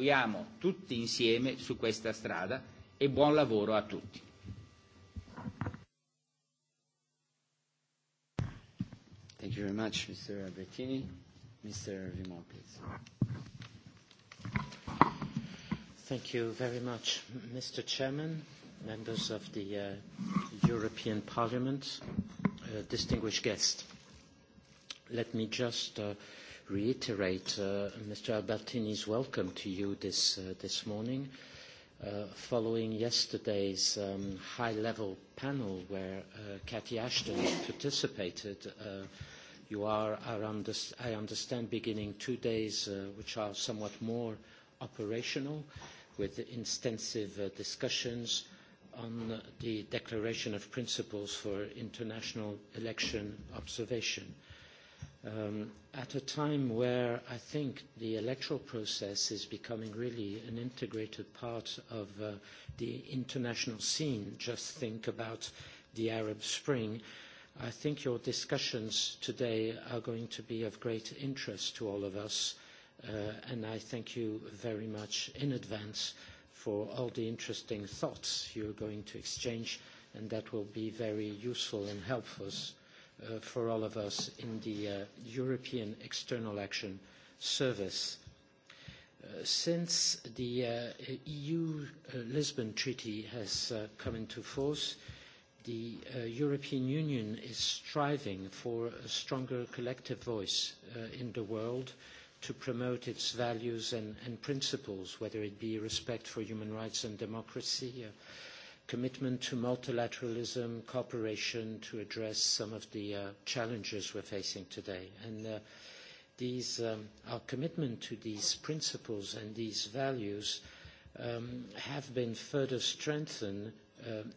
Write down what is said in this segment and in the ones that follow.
costruiamo tutti insieme su questa strada e buon lavoro a tutti. Thank you very much, Mr. Bettini. Mr. Vimon, please. Thank you very much, Mr. Chairman, members of the European Parliament, distinguished guests. Let me just reiterate Mr. Albertini's welcome to you this morning. Following yesterday's high-level panel where Cathy Ashton participated, you are, I understand, beginning two days which are somewhat more operational with extensive discussions on the Declaration of Principles for International Election Observation at a time where I think the electoral process is becoming really an integrated part of the international scene. Just think about the Arab Spring. I think your discussions today are going to be of great interest to all of us, and I thank you very much in advance for all the interesting thoughts you are going to exchange, and that will be very useful and helpful for all of us in the European External Action Service. Since the EU Lisbon Treaty has come into force, the European Union is striving for a stronger collective voice in the world to promote its values and principles, whether it be respect for human rights and democracy, commitment to multilateralism, cooperation to address some of the challenges we're facing today. And these, our commitment to these principles and these values have been further strengthened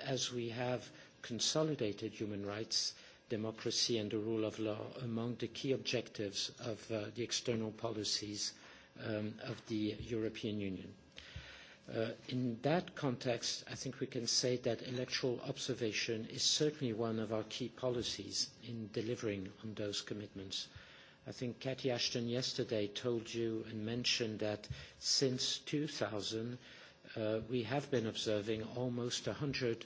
as we have consolidated human rights, democracy and the rule of law among the key objectives of the external policies of the European Union. In that context, I think we can say that electoral observation is certainly one of our key policies in delivering on those commitments. I think Cathy Ashton yesterday told you and mentioned that since 2000, we have been observing almost 100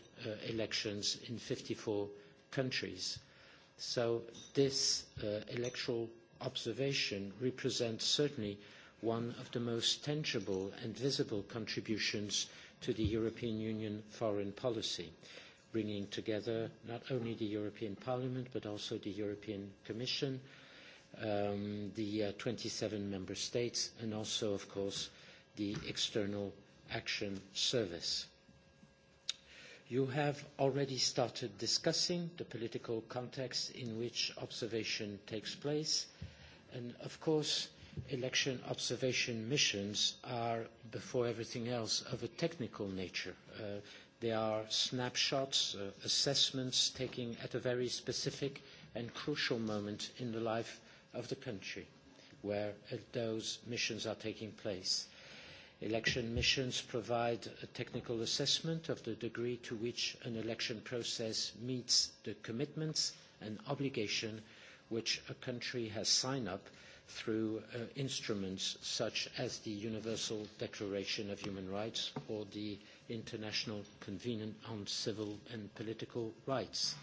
elections in 54 countries. So this electoral observation represents certainly one of the most tangible and visible contributions to the European Union foreign policy, bringing together not only the European Parliament but also the European Commission, the 27 member states and also, of course, the External Action Service. You have already started discussing the political context in which observation takes place, and of course election observation missions are, before everything else, of a technical nature. They are snapshots, assessments taking at a very specific and crucial moment in the life of the country where those missions are taking place. Election missions provide a technical assessment of the degree to which an election process meets the commitments and obligation which a country has signed up through instruments such as the Universal Declaration of Human Rights or the International Convention on Civil and Political Rights.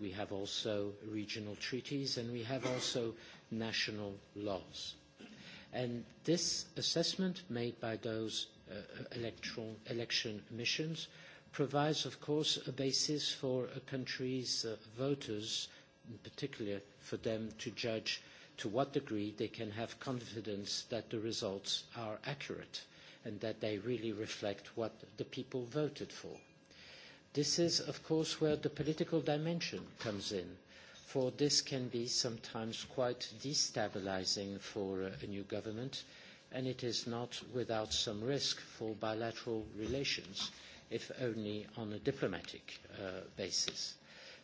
We have also regional treaties and we have also national laws. And this assessment made by those election missions provides, of course, a basis for a country's voters, in particular for them to judge to what degree they can have confidence that the results are accurate and that they really reflect what the people voted for. This is, of course, where the political dimension comes in, for this can be sometimes quite destabilizing for a new government, and it is not without some risk for bilateral relations, if only on a diplomatic basis.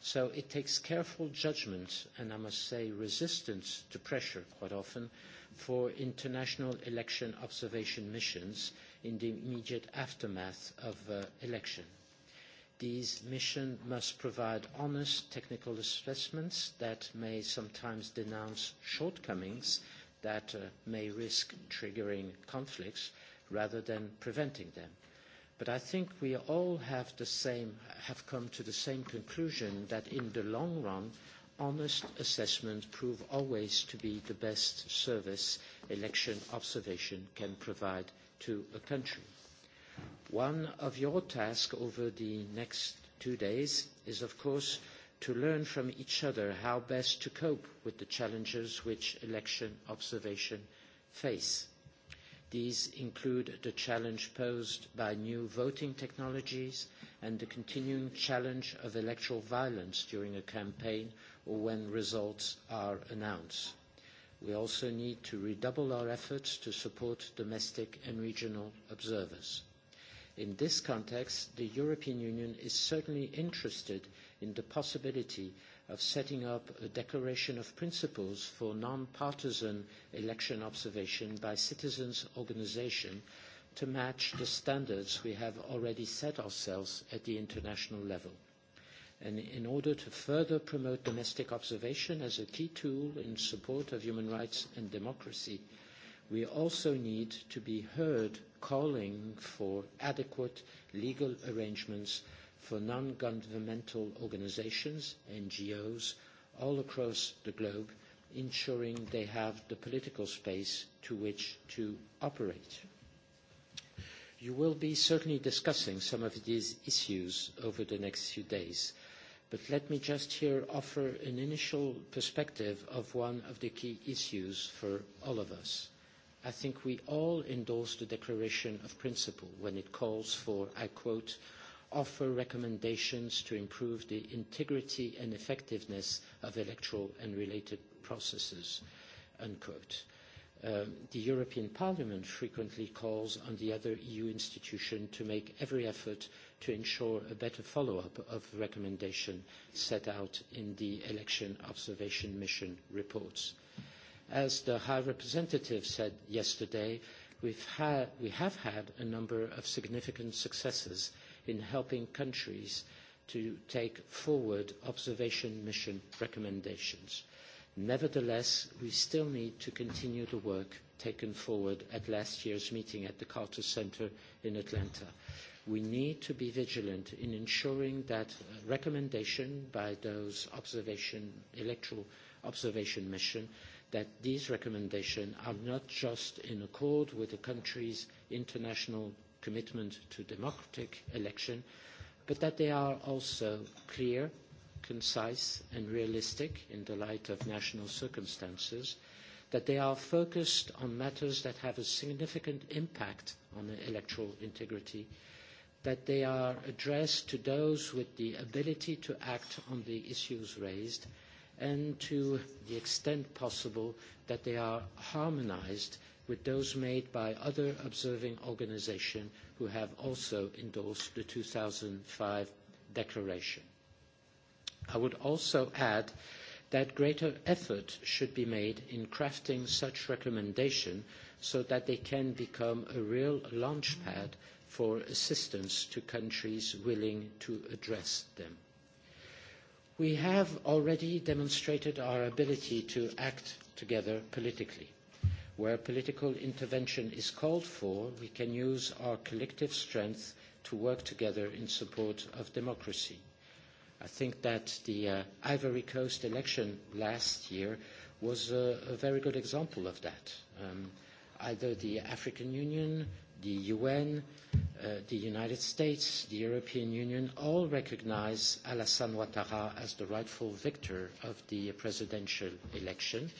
So it takes careful judgment and, I must say, resistance to pressure quite often for international election observation missions in the immediate aftermath of election. These missions must provide honest technical assessments that may sometimes denounce shortcomings that may risk triggering conflicts rather than preventing them. But I think we all have the same, have come to the same conclusion that in the long run, honest assessment prove always to be the best service election observation can provide to a country. One of your tasks over the next two days is, of course, to learn from each other how best to cope with the challenges which election observation face. These include the challenge posed by new voting technologies and the continuing challenge of electoral violence during a campaign or when results are announced. We also need to redouble our efforts to support domestic and regional observers. In this context, the European Union is certainly interested in the possibility of setting up a declaration of principles for non-partisan election observation by citizens' organization to match the standards we have already set ourselves at the international level. And in order to further promote domestic observation as a key tool in support of human rights and democracy, we also need to be heard calling for adequate legal arrangements for non-governmental organizations, NGOs, all across the globe, ensuring they have the political space to which to operate. You will be certainly discussing some of these issues over the next few days, but let me just here offer an initial perspective of one of the key issues for all of us. I think we all endorse the Declaration of Principle when it calls for, I quote, offer recommendations to improve the integrity and effectiveness of electoral and related processes." The European Parliament frequently calls on the other EU institutions to make every effort to ensure a better follow-up of recommendations set out in the Election Observation Mission reports. As the High Representative said yesterday, we have had a number of significant successes in helping countries to take forward observation mission recommendations. Nevertheless, we still need to continue the work taken forward at last year's meeting at the Carter Center in Atlanta. We need to be vigilant in ensuring that recommendation by those observation, electoral observation mission, that these recommendations are not just in accord with the country's international commitment to democratic election, but that they are also clear, concise and realistic in the light of national circumstances, that they are focused on matters that have a significant impact on electoral integrity, that they are addressed to those with the ability to act on the issues raised, and to the extent possible that they are harmonised with those made by other observing organisations who have also endorsed the 2005 declaration. I would also add that greater effort should be made in crafting such recommendations so that they can become a real launchpad for assistance to countries willing to address them. We have already demonstrated our ability to act together politically. Where political intervention is called for, we can use our collective strength to work together in support of democracy. I think that the Ivory Coast election last year was a very good example of that. Either the African Union, the UN, the United States, the European Union all recognize Alassane Ouattara as the rightful victor of the presidential election.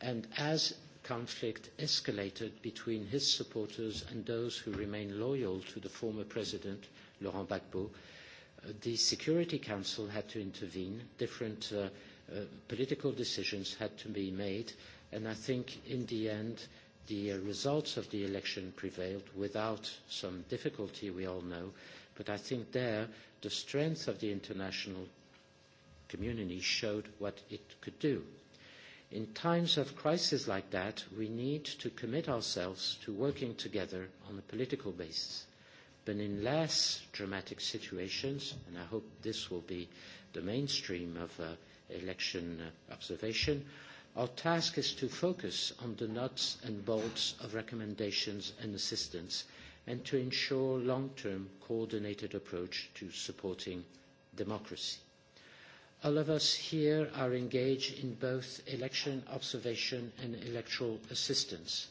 And as conflict escalated between his supporters and those who remain loyal to the former president, Laurent Gbagbo. The Security Council had to intervene. Different political decisions had to be made. And I think in the end, the results of the election prevailed without some difficulty, we all know. But I think there, the strength of the international community showed what it could do In times of crisis like that, we need to commit ourselves to working together on a political basis. But in less dramatic situations, and I hope this will be the mainstream of election observation, our task is to focus on the nuts and bolts of recommendations and assistance and to ensure long-term coordinated approach to supporting democracy. All of us here are engaged in both election observation and electoral assistance.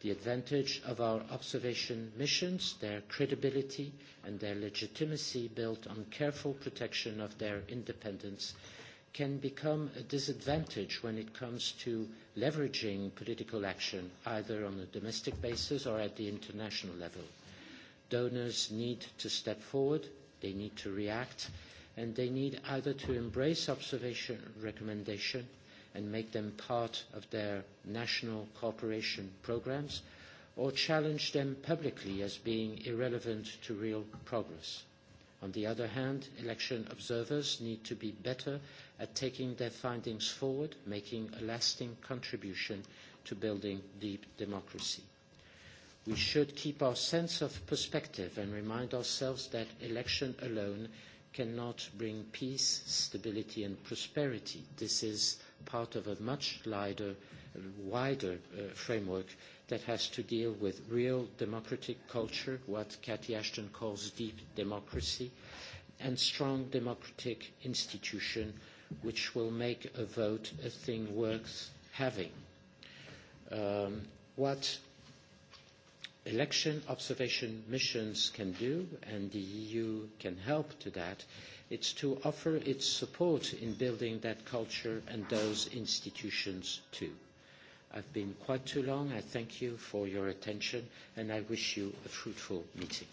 The advantage of our observation missions, their credibility and their legitimacy built on careful protection of their independence, can become a disadvantage when it comes to leveraging political action, either on a domestic basis or at the international level. Donors need to step forward, they need to react and they need either to embrace observation recommendation and make them part of their national cooperation programs, or challenge them publicly as being irrelevant to real progress. On the other hand, election observers need to be better at taking their findings forward, making a lasting contribution to building deep democracy. We should keep our sense of perspective and remind ourselves that election alone cannot bring peace, stability and prosperity. This is part of a much wider framework that has to deal with real democratic culture, what Cathy Ashton calls deep democracy, and strong democratic institution which will make a vote a thing worth having. What election observation missions can do, and the EU can help to that, it's to offer its support in building that culture and those institutions too. I've been quite too long. I thank you for your attention, and I wish you a fruitful meeting.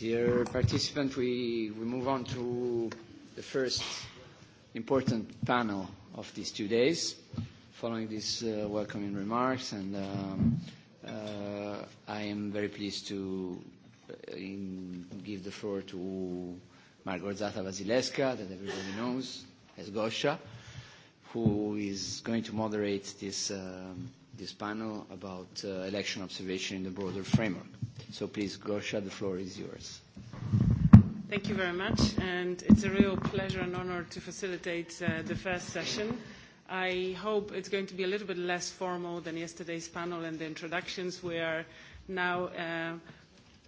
Dear participant, we move on to the first important panel of these two days. Following these welcoming remarks, and I am very pleased to give the floor to Margorzata Basileska that everybody knows as Gosha, who is going to moderate this this panel about election observation in the broader framework. So please, Gosha, the floor is yours. Thank you very much, and it's a real pleasure and honor to facilitate the first session. I hope it's going to be a little bit less formal than yesterday's panel and the introductions. We are now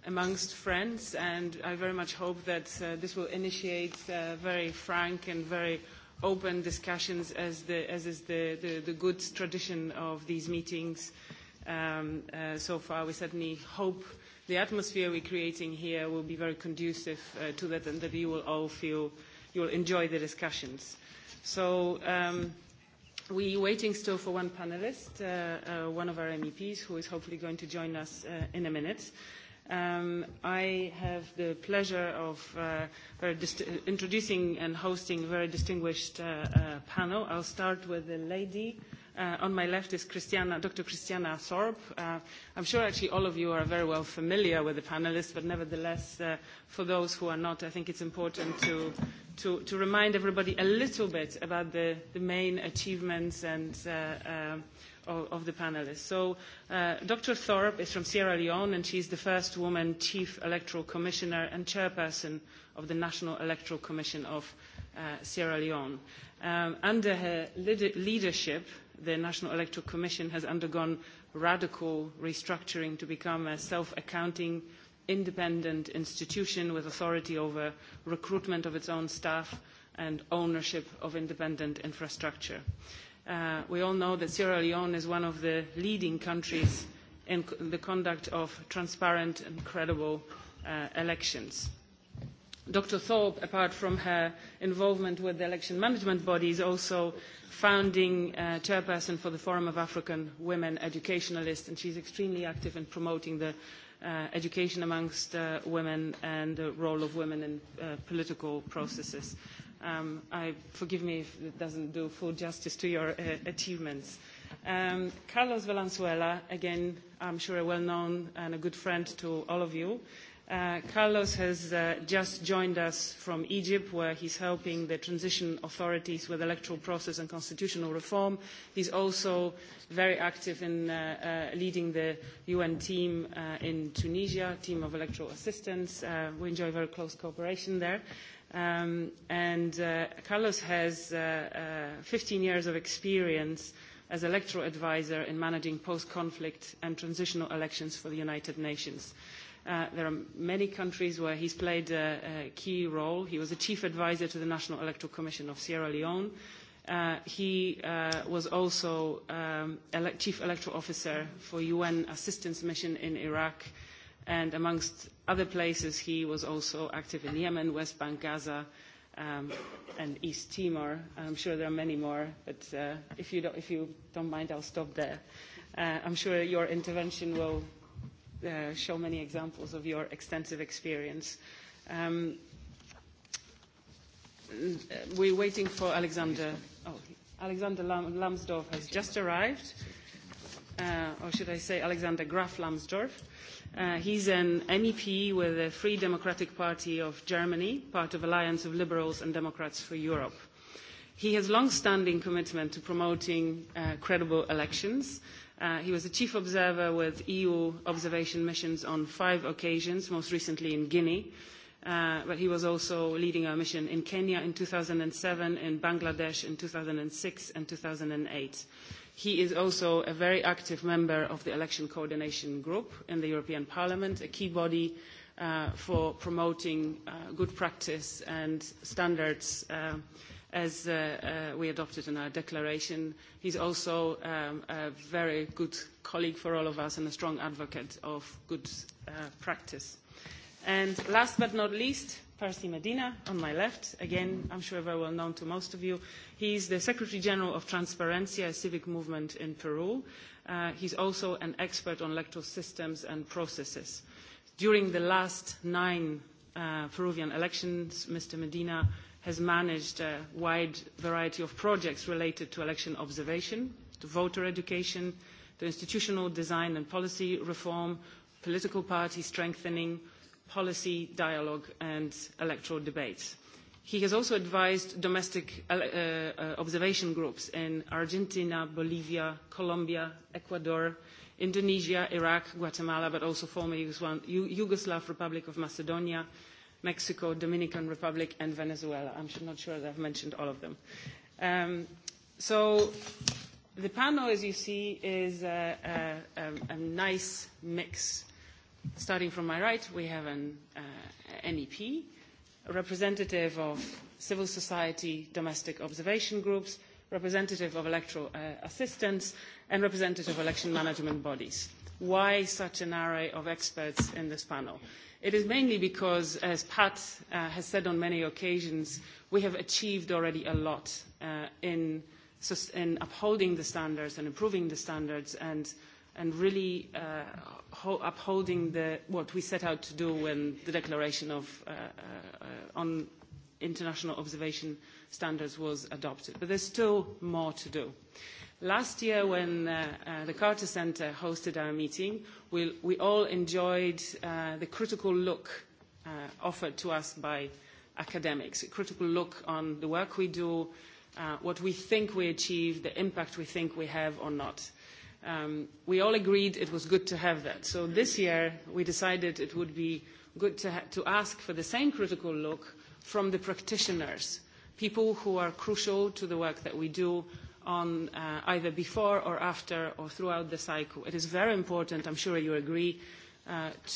amongst friends, and I very much hope that this will initiate a very frank and very open discussions as is the good tradition of these meetings so far. We certainly hope the atmosphere we're creating here will be very conducive to that and that you will all feel you will enjoy the discussions. So we're waiting still for one panelist, one of our MEPs, who is hopefully going to join us in a minute. I have the pleasure of introducing and hosting a very distinguished panel. I'll start with the lady. On my left is Dr. Christiana Sorb. I'm sure actually all of you are very well familiar with the panelists, but nevertheless, for those who are not, I think it's important to remind everybody a little bit about the main achievements and of the panelists. So Dr. Thorpe is from Sierra Leone, and she is the first woman Chief Electoral Commissioner and Chairperson of the National Electoral Commission of Sierra Leone. Under her leadership, the National Electoral Commission has undergone radical restructuring to become a self-accounting, independent institution with authority over recruitment of its own staff and ownership of independent infrastructure. We all know that Sierra Leone is one of the leading countries in the conduct of transparent and credible elections. Dr. Thorpe, apart from her involvement with the election management body, is also founding chairperson for the Forum of African Women Educationalists, and she's extremely active in promoting the education amongst women and the role of women in political processes. I forgive me if it doesn't do full justice to your achievements. Carlos Valenzuela, again, I'm sure a well-known and a good friend to all of you. Carlos has just joined us from Egypt, where he's helping the transition authorities with electoral process and constitutional reform. He's also very active in leading the UN team in Tunisia, team of electoral assistance. We enjoy very close cooperation there. And Carlos has 15 years of experience as electoral adviser in managing post-conflict and transitional elections for the United Nations. There are many countries where he's played a key role. He was a chief advisor to the National Electoral Commission of Sierra Leone. He was also chief electoral officer for UN assistance mission in Iraq and amongst other places he was also active in Yemen, West Bank, Gaza and East Timor. I'm sure there are many more, but if you don't if you don't mind I'll stop there. I'm sure your intervention will show many examples of your extensive experience. We're waiting for Alexander. Oh, Alexander Lamsdorf has just arrived, or should I say Alexander Graf Lambsdorff. He is an MEP with the Free Democratic Party of Germany, part of Alliance of Liberals and Democrats for Europe. He has long-standing commitment to promoting credible elections. He was a chief observer with EU observation missions on five occasions, most recently in Guinea, but he was also leading a mission in Kenya in 2007, in Bangladesh in 2006 and 2008. He is also a very active member of the Election Coordination Group in the European Parliament, a key body for promoting good practice and standards as we adopted in our declaration. He is also a very good colleague for all of us and a strong advocate of good practice. And last but not least, Percy Medina, on my left. Again, I'm sure very well known to most of you. He is the Secretary General of Transparencia, a civic movement in Peru. He's also an expert on electoral systems and processes. During the last nine Peruvian elections, Mr. Medina has managed a wide variety of projects related to election observation, to voter education, to institutional design and policy reform, political party strengthening, policy dialogue and electoral debates. He has also advised domestic observation groups in Argentina, Bolivia, Colombia, Ecuador, Indonesia, Iraq, Guatemala, but also former Yugoslav Republic of Macedonia, Mexico, Dominican Republic, and Venezuela. I'm not sure that I've mentioned all of them. So the panel, as you see, is a nice mix Starting from my right, we have an NEP, a representative of civil society, domestic observation groups, representative of electoral assistance, and representative of election management bodies. Why such an array of experts in this panel? It is mainly because, as Pat has said on many occasions, we have achieved already a lot in upholding the standards and improving the standards and and really upholding the what we set out to do when the declaration of on international observation standards was adopted. But there's still more to do. Last year, when the Carter Center hosted our meeting, we all enjoyed the critical look offered to us by academics, a critical look on the work we do, what we think we achieve, the impact we think we have or not. We all agreed it was good to have that. So this year we decided it would be good to ask for the same critical look from the practitioners, people who are crucial to the work that we do on either before or after or throughout the cycle. It is very important, I'm sure you agree,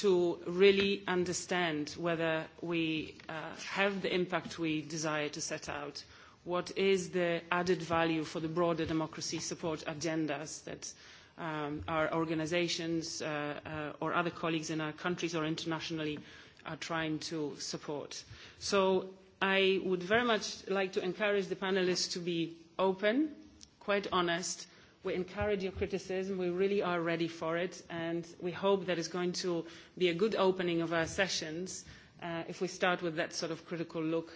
to really understand whether we have the impact we desire to set out, what is the added value for the broader democracy support agendas that our organisations or other colleagues in our countries or internationally are trying to support. So I would very much like to encourage the panelists to be open, quite honest. We encourage your criticism. We really are ready for it. And we hope that it's going to be a good opening of our sessions if we start with that sort of critical look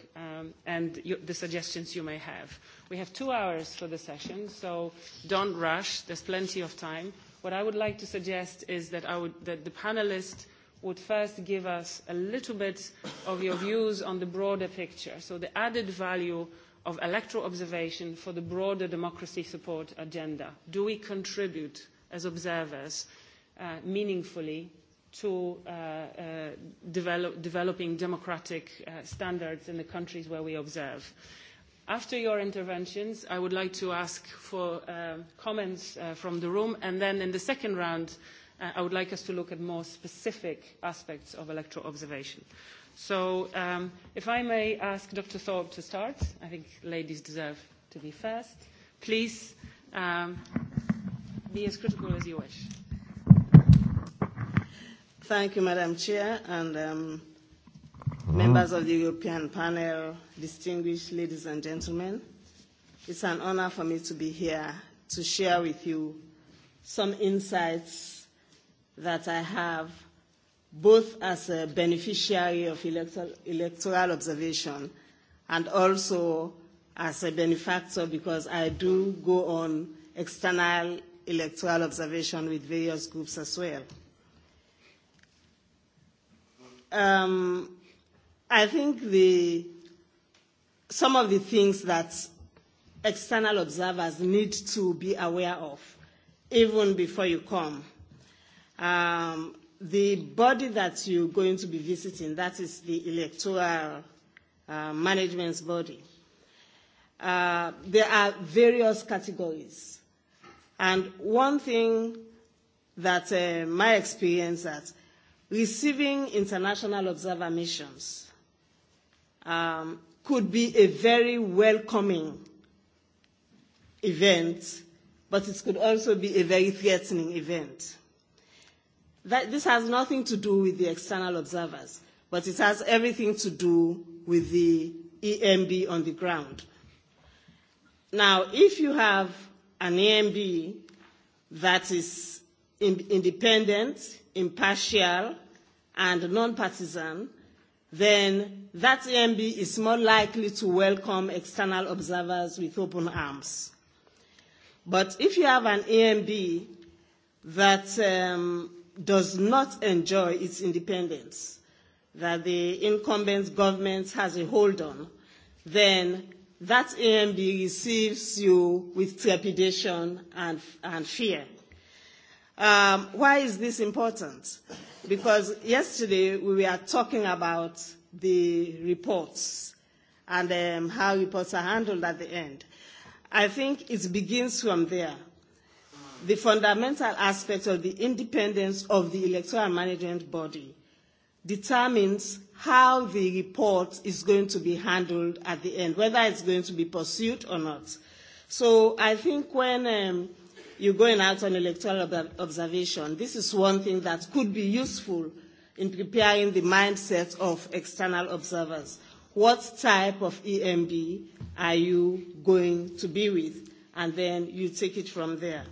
and the suggestions you may have. We have two hours for the session, so don't rush. There's plenty of time. What I would like to suggest is that the panelists would first give us a little bit of your views on the broader picture, so the added value of electoral observation for the broader democracy support agenda. Do we contribute as observers meaningfully to developing democratic standards in the countries where we observe. After your interventions, I would like to ask for comments from the room, and then in the second round, I would like us to look at more specific aspects of electoral observation. So if I may ask Dr. Thorpe to start, I think ladies deserve to be first. Please be as critical as you wish. Thank you, Madam Chair, and members of the European panel, distinguished ladies and gentlemen. It's an honour for me to be here to share with you some insights that I have both as a beneficiary of electoral observation and also as a benefactor because I do go on external electoral observation with various groups as well um, I think the, some of the things that external observers need to be aware of, even before you come. the body that you're going to be visiting, that is the electoral management's management body. there are various categories. And one thing that my experience that receiving international observer missions could be a very welcoming event, but it could also be a very threatening event. This has nothing to do with the external observers, but it has everything to do with the EMB on the ground. Now, if you have an EMB that is independent, impartial, and non-partisan, then that EMB is more likely to welcome external observers with open arms. But if you have an EMB that does not enjoy its independence, that the incumbent government has a hold on, then that EMB receives you with trepidation and fear. Why is this important? Because yesterday we were talking about the reports and how reports are handled at the end. I think it begins from there. The fundamental aspect of the independence of the electoral management body determines how the report is going to be handled at the end, whether it's going to be pursued or not. So I think when you're going out on electoral observation. This is one thing that could be useful in preparing the mindset of external observers. What type of EMB are you going to be with? And then you take it from there.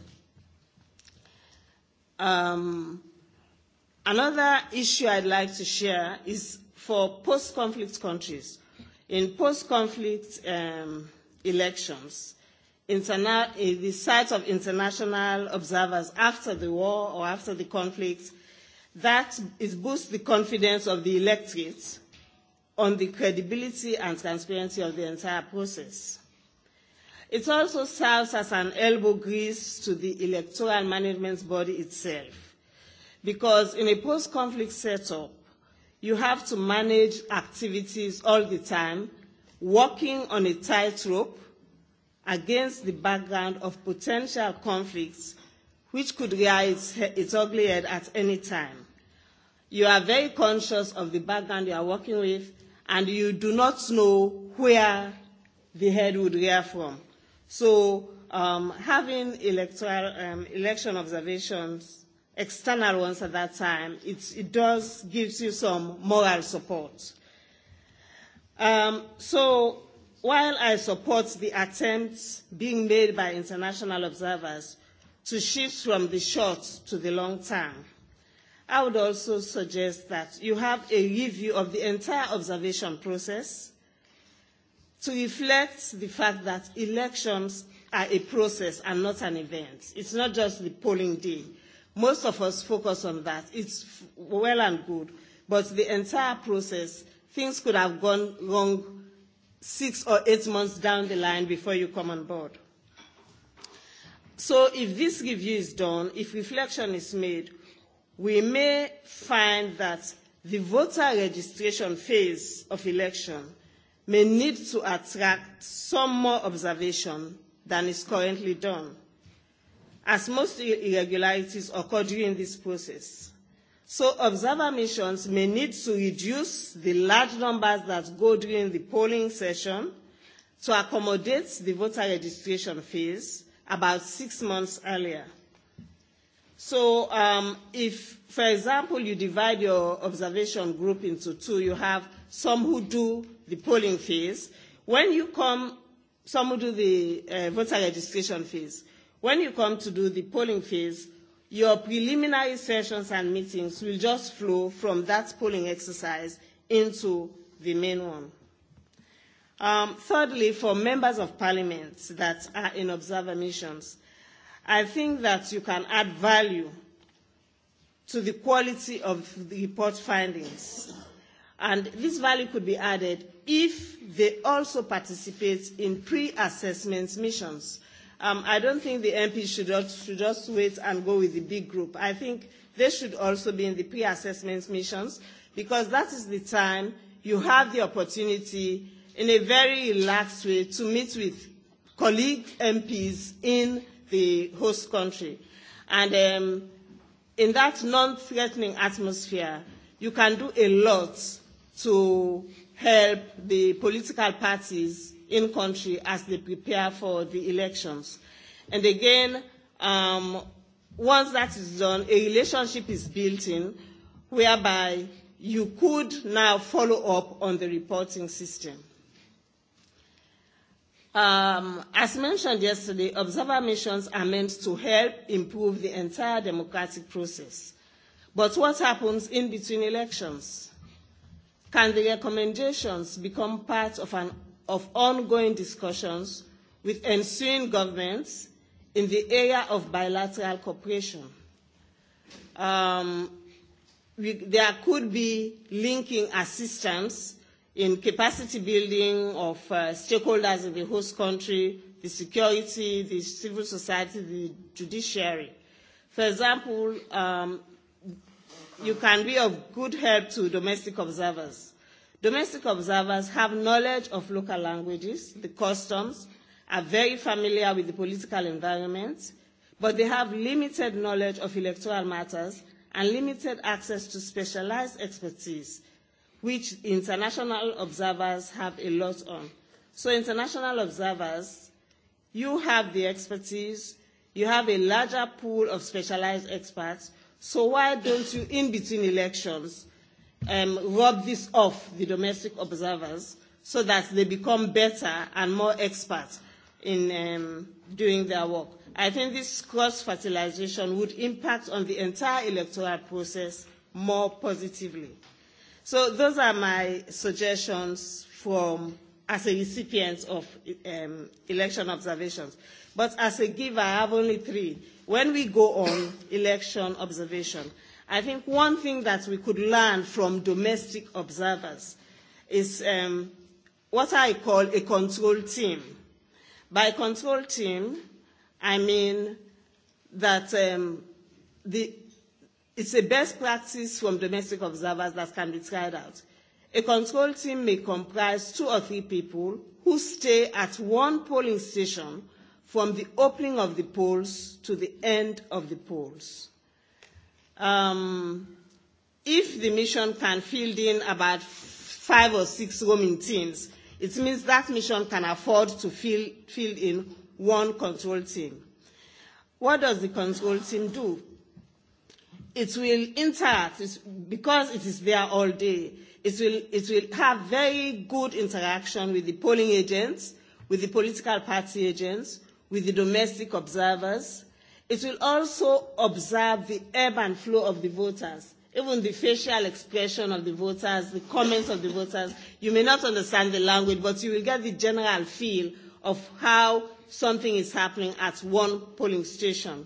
Another issue I'd like to share is for post-conflict countries. In post-conflict elections, the sight of international observers after the war or after the conflict, that is boosts the confidence of the electorate on the credibility and transparency of the entire process. It also serves as an elbow grease to the electoral management body itself, because in a post-conflict setup, you have to manage activities all the time, working on a tightrope against the background of potential conflicts which could rear its ugly head at any time. You are very conscious of the background you are working with, and you do not know where the head would rear from. So having electoral election observations, external ones at that time, it does give you some moral support. So While I support the attempts being made by international observers to shift from the short to the long term, I would also suggest that you have a review of the entire observation process to reflect the fact that elections are a process and not an event. It's not just the polling day. Most of us focus on that. It's well and good. But the entire process, things could have gone wrong six or eight months down the line before you come on board. So if this review is done, if reflection is made, we may find that the voter registration phase of election may need to attract some more observation than is currently done, as most irregularities occur during this process. So observer missions may need to reduce the large numbers that go during the polling session to accommodate the voter registration phase about six months earlier. So um, if, for example, you divide your observation group into two, you have some who do the polling phase. When you come, some who do the voter registration phase. When you come to do the polling phase, Your preliminary sessions and meetings will just flow from that polling exercise into the main one. Thirdly, for members of parliament that are in observer missions, I think that you can add value to the quality of the report findings. And this value could be added if they also participate in pre-assessment missions I don't think the MPs should just wait and go with the big group. I think they should also be in the pre-assessment missions because that is the time you have the opportunity in a very relaxed way to meet with colleague MPs in the host country. And in that non-threatening atmosphere, you can do a lot to help the political parties in country as they prepare for the elections. And again, once that is done, a relationship is built in whereby you could now follow up on the reporting system. As mentioned yesterday, observer missions are meant to help improve the entire democratic process. But what happens in between elections? Can the recommendations become part of an of ongoing discussions with ensuing governments in the area of bilateral cooperation. There could be linking assistance in capacity building of stakeholders in the host country, the security, the civil society, the judiciary. For example, you can be of good help to domestic observers Domestic observers have knowledge of local languages, the customs, are very familiar with the political environment, but they have limited knowledge of electoral matters and limited access to specialized expertise, which international observers have a lot on. So international observers, you have the expertise, you have a larger pool of specialized experts, so why don't you, in between elections, Rub this off the domestic observers so that they become better and more expert in doing their work. I think this cross-fertilization would impact on the entire electoral process more positively. So those are my suggestions from as a recipient of election observations. But as a giver, I have only three. When we go on election observation, I think one thing that we could learn from domestic observers is what I call a control team. By control team, I mean that the it's a best practice from domestic observers that can be tried out. A control team may comprise two or three people who stay at one polling station from the opening of the polls to the end of the polls if the mission can field in about five or six roaming teams, it means that mission can afford to field in one control team. What does the control team do? It will interact because it is there all day. It will it will have very good interaction with the polling agents, with the political party agents, with the domestic observers, It will also observe the ebb and flow of the voters, even the facial expression of the voters, the comments of the voters. You may not understand the language, but you will get the general feel of how something is happening at one polling station.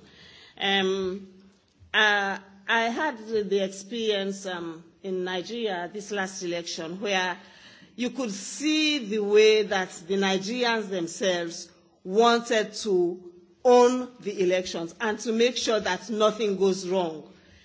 I had the experience in Nigeria this last election where you could see the way that the Nigerians themselves wanted to on the elections and to make sure that nothing goes wrong.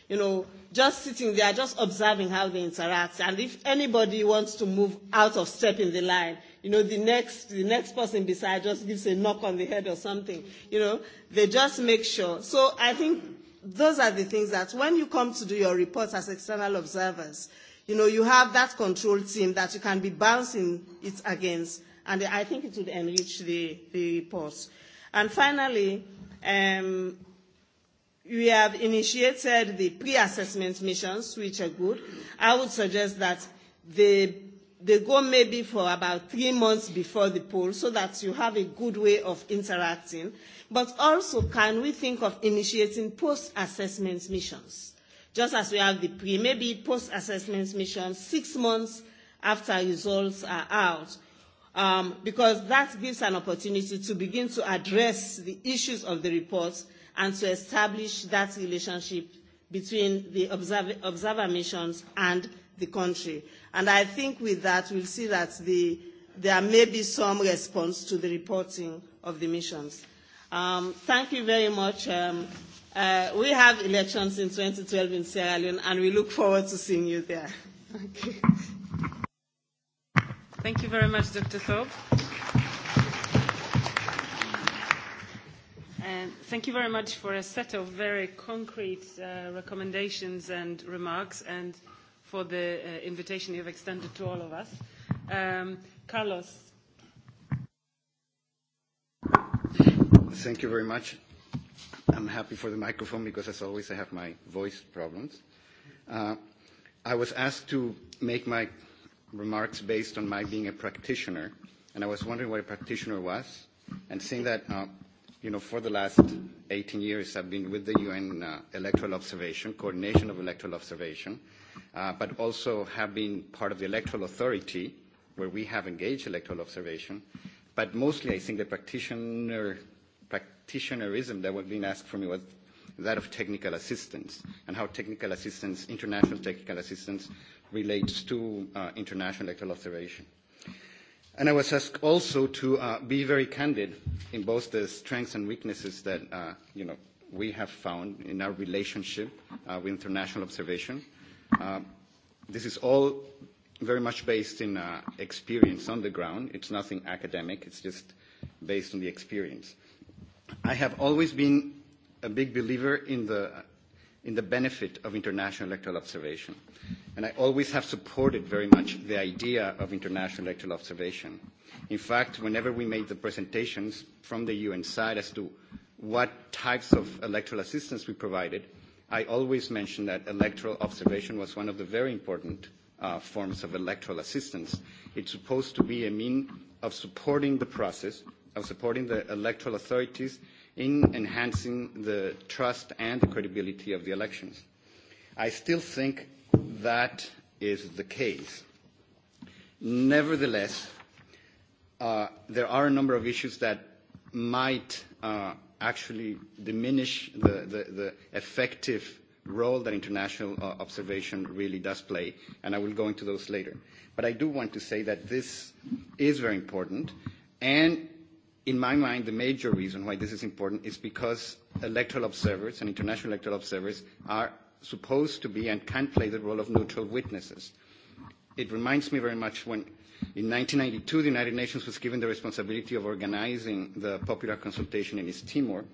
You know, just sitting there, just observing how they interact. And if anybody wants to move out of step in the line, you know, the next, the next person beside just gives a knock on the head or something. You know, they just make sure. So I think those are the things that when you come to do your reports as external observers, you know, you have that control team that you can be bouncing it against. And I think it would enrich the, the reports. And finally, we have initiated the pre-assessment missions, which are good. I would suggest that they go maybe for about three months before the poll so that you have a good way of interacting. But also, can we think of initiating post-assessment missions? Just as we have the pre, maybe post-assessment missions six months after results are out because that gives an opportunity to begin to address the issues of the report and to establish that relationship between the observer missions and the country. And I think with that, we'll see that there may be some response to the reporting of the missions. Thank you very much. We have elections in 2012 in Sierra Leone, and we look forward to seeing you there. Thank you very much, Dr. Thorpe. And thank you very much for a set of very concrete recommendations and remarks and for the invitation you've extended to all of us. Carlos. Thank you very much. I'm happy for the microphone because, as always, I have my voice problems. I was asked to make my remarks based on my being a practitioner, and I was wondering what a practitioner was, and seeing that, you know, for the last 18 years I've been with the UN Electoral Observation, coordination of electoral observation, but also have been part of the Electoral Authority, where we have engaged electoral observation, but mostly I think the practitioner practitionerism that was being asked for me was that of technical assistance and how technical assistance, international technical assistance, relates to international electoral observation. And I was asked also to be very candid in both the strengths and weaknesses that you know we have found in our relationship with international observation. This is all very much based in experience on the ground. It's nothing academic. It's just based on the experience. I have always been a big believer in the in the benefit of international electoral observation. And I always have supported very much the idea of international electoral observation. In fact, whenever we made the presentations from the UN side as to what types of electoral assistance we provided, I always mentioned that electoral observation was one of the very important forms of electoral assistance. It's supposed to be a means of supporting the process, of supporting the electoral authorities in enhancing the trust and the credibility of the elections. I still think that is the case. Nevertheless, there are a number of issues that might actually diminish the effective role that international observation really does play, and I will go into those later. But I do want to say that this is very important, and in my mind, the major reason why this is important is because electoral observers and international electoral observers are supposed to be and can play the role of neutral witnesses. It reminds me very much when in 1992 the United Nations was given the responsibility of organizing the popular consultation in East Timor.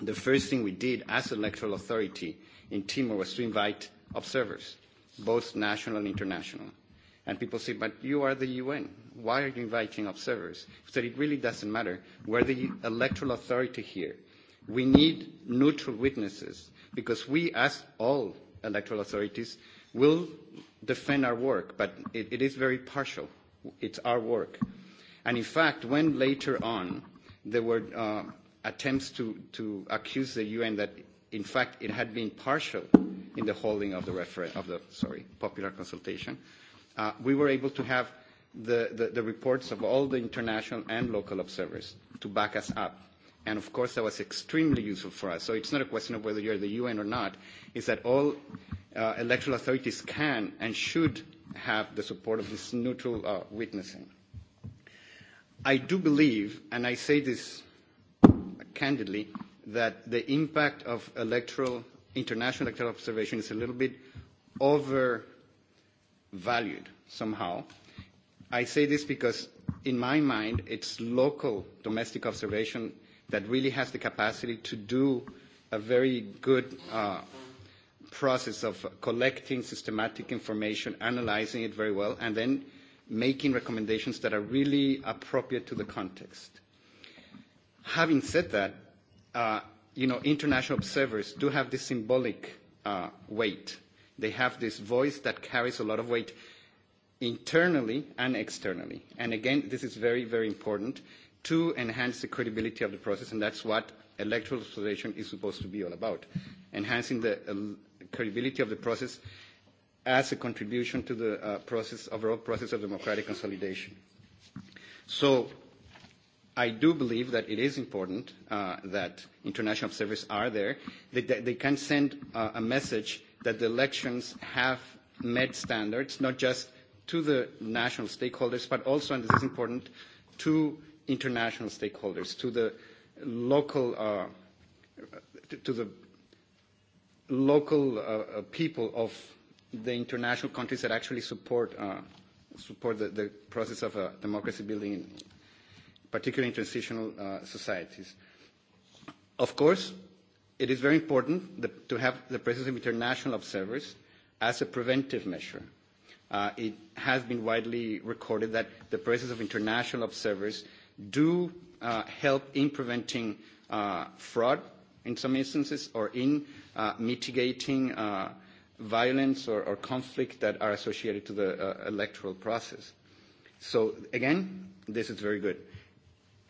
The first thing we did as electoral authority in Timor was to invite observers, both national and international. And people say, but you are the UN. Why are you inviting observers? said it really doesn't matter. We're the electoral authority here. We need neutral witnesses because we, as all electoral authorities, will defend our work, but it, it is very partial. It's our work. And in fact, when later on there were uh, attempts to, to accuse the UN that, in fact, it had been partial in the holding of the, referendum of the sorry, popular consultation, we were able to have the reports of all the international and local observers to back us up. And of course, that was extremely useful for us. So it's not a question of whether you're the UN or not. It's that all electoral authorities can and should have the support of this neutral witnessing. I do believe, and I say this candidly, that the impact of electoral international electoral observation is a little bit over valued somehow. I say this because in my mind it's local domestic observation that really has the capacity to do a very good process of collecting systematic information, analyzing it very well, and then making recommendations that are really appropriate to the context. Having said that, you know, international observers do have this symbolic weight They have this voice that carries a lot of weight internally and externally. And again, this is very, very important to enhance the credibility of the process, and that's what electoral observation is supposed to be all about, enhancing the credibility of the process as a contribution to the process, overall process of democratic consolidation. So I do believe that it is important that international observers are there, that they can send a message that the elections have met standards, not just to the national stakeholders, but also, and this is important, to international stakeholders, to the local, to the local people of the international countries that actually support support the process of democracy building, particularly in transitional societies. Of course, It is very important to have the presence of international observers as a preventive measure. It has been widely recorded that the presence of international observers do help in preventing fraud in some instances or in mitigating violence or conflict that are associated to the electoral process. So, again, this is very good.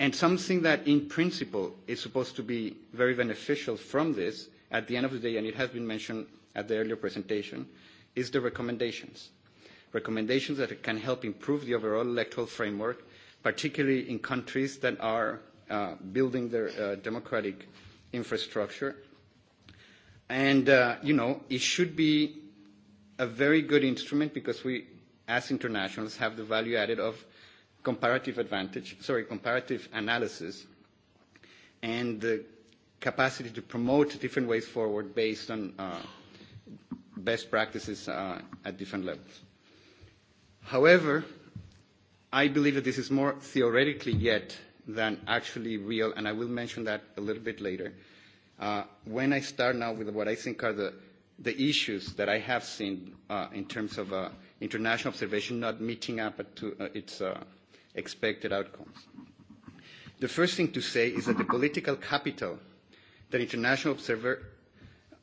And something that in principle is supposed to be very beneficial from this at the end of the day, and it has been mentioned at the earlier presentation, is the recommendations. Recommendations that can help improve the overall electoral framework, particularly in countries that are building their democratic infrastructure. And, you know, it should be a very good instrument because we, as internationals, have the value added of comparative advantage, sorry, comparative analysis, and the capacity to promote different ways forward based on best practices at different levels. However, I believe that this is more theoretically yet than actually real, and I will mention that a little bit later. When I start now with what I think are the the issues that I have seen in terms of international observation not meeting up to its expected outcomes. The first thing to say is that the political capital that international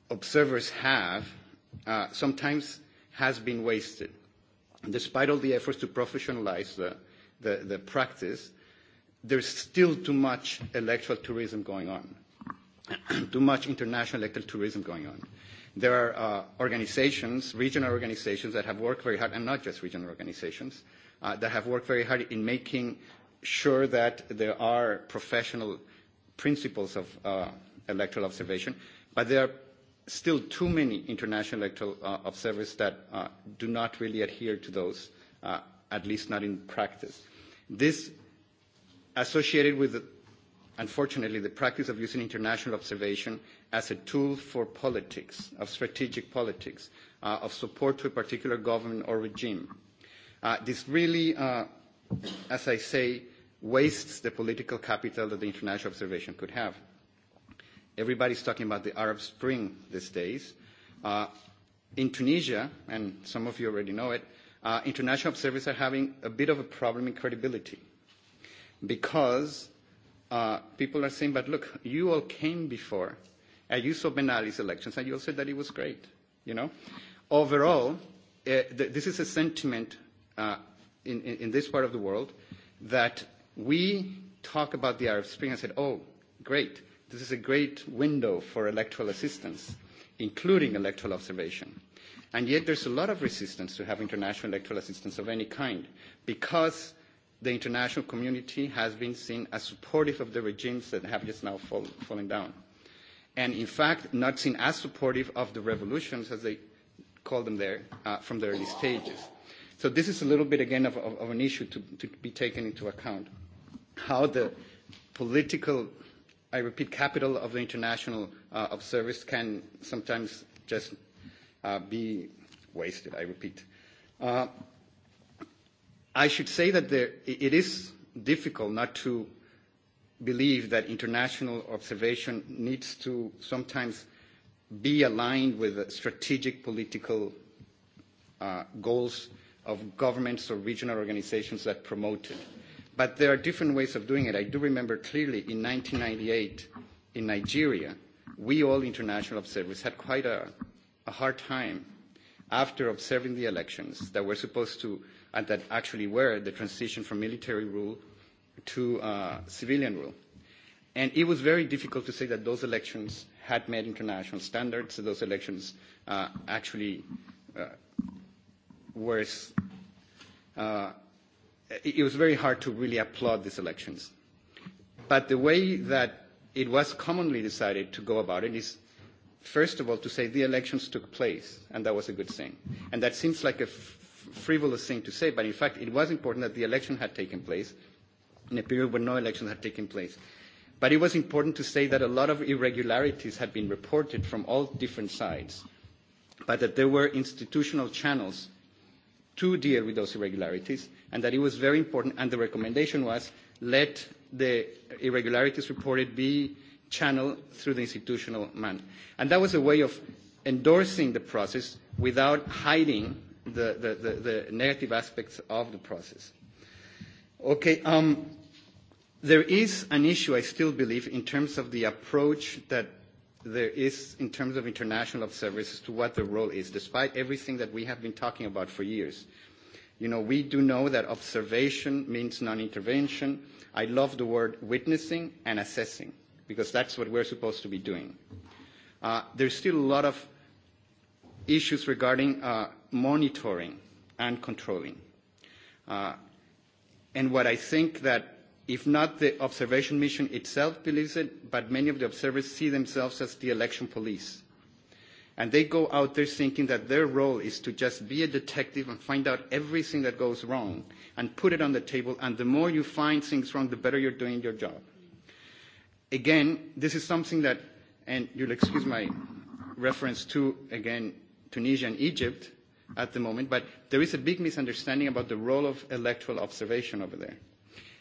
observers have sometimes has been wasted. Despite all the efforts to professionalize the the practice, there's still too much electoral tourism going on, too much international electoral tourism going on. There are organizations, regional organizations, that have worked very hard, and not just regional organizations, that have worked very hard in making sure that there are professional principles of electoral observation, but there are still too many international electoral observers that do not really adhere to those, at least not in practice. This, associated with, unfortunately, the practice of using international observation as a tool for politics, of strategic politics, of support to a particular government or regime, This really, as I say, wastes the political capital that the international observation could have. Everybody's talking about the Arab Spring these days. In Tunisia, and some of you already know it, international observers are having a bit of a problem in credibility because people are saying, but look, you all came before, and you saw Ben Ali's elections, and you all said that it was great. You know, Overall, this is a sentiment in this part of the world that we talk about the Arab Spring and said, oh, great, this is a great window for electoral assistance, including electoral observation. And yet there's a lot of resistance to have international electoral assistance of any kind because the international community has been seen as supportive of the regimes that have just now fallen down. And in fact, not seen as supportive of the revolutions, as they call them there, from the early stages. So this is a little bit, again, of an issue to be taken into account, how the political, I repeat, capital of the international of service can sometimes just be wasted, I repeat. I should say that it is difficult not to believe that international observation needs to sometimes be aligned with strategic political goals of governments or regional organizations that promoted, But there are different ways of doing it. I do remember clearly in 1998 in Nigeria, we all international observers had quite a hard time after observing the elections that were supposed to, and that actually were, the transition from military rule to civilian rule. And it was very difficult to say that those elections had met international standards, that those elections actually worse. It was very hard to really applaud these elections. But the way that it was commonly decided to go about it is, first of all, to say the elections took place, and that was a good thing. And that seems like a frivolous thing to say, but in fact it was important that the election had taken place in a period when no elections had taken place. But it was important to say that a lot of irregularities had been reported from all different sides, but that there were institutional channels to deal with those irregularities and that it was very important and the recommendation was let the irregularities reported be channeled through the institutional man. And that was a way of endorsing the process without hiding the negative aspects of the process. Okay, there is an issue I still believe in terms of the approach that there is in terms of international observers as to what the role is, despite everything that we have been talking about for years. You know, we do know that observation means non-intervention. I love the word witnessing and assessing, because that's what we're supposed to be doing. There's still a lot of issues regarding monitoring and controlling. And what I think that if not the observation mission itself believes it, but many of the observers see themselves as the election police. And they go out there thinking that their role is to just be a detective and find out everything that goes wrong and put it on the table. And the more you find things wrong, the better you're doing your job. Again, this is something that, and you'll excuse my reference to, again, Tunisia and Egypt at the moment, but there is a big misunderstanding about the role of electoral observation over there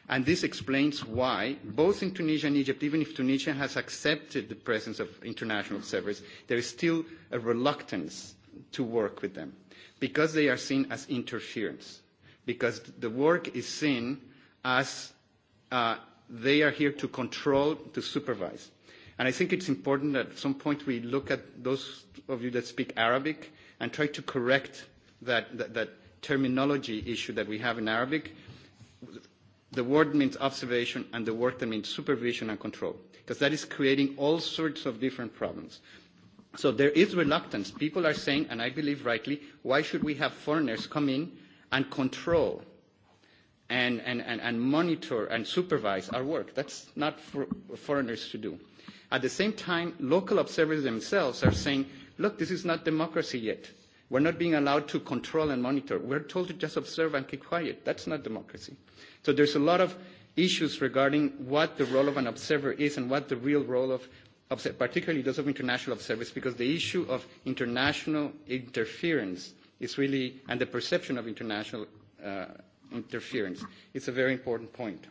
And this explains why, both in Tunisia and Egypt, even if Tunisia has accepted the presence of international observers, there is still a reluctance to work with them, because they are seen as interference, because the work is seen as they are here to control, to supervise. And I think it's important that at some point we look at those of you that speak Arabic and try to correct that terminology issue that we have in Arabic the word means observation and the word that means supervision and control because that is creating all sorts of different problems. So there is reluctance. People are saying, and I believe rightly, why should we have foreigners come in and control and, and, and, and monitor and supervise our work? That's not for foreigners to do. At the same time, local observers themselves are saying, look, this is not democracy yet We're not being allowed to control and monitor. We're told to just observe and keep quiet. That's not democracy. So there's a lot of issues regarding what the role of an observer is and what the real role of, particularly those of international observers, because the issue of international interference is really, and the perception of international interference, is a very important point.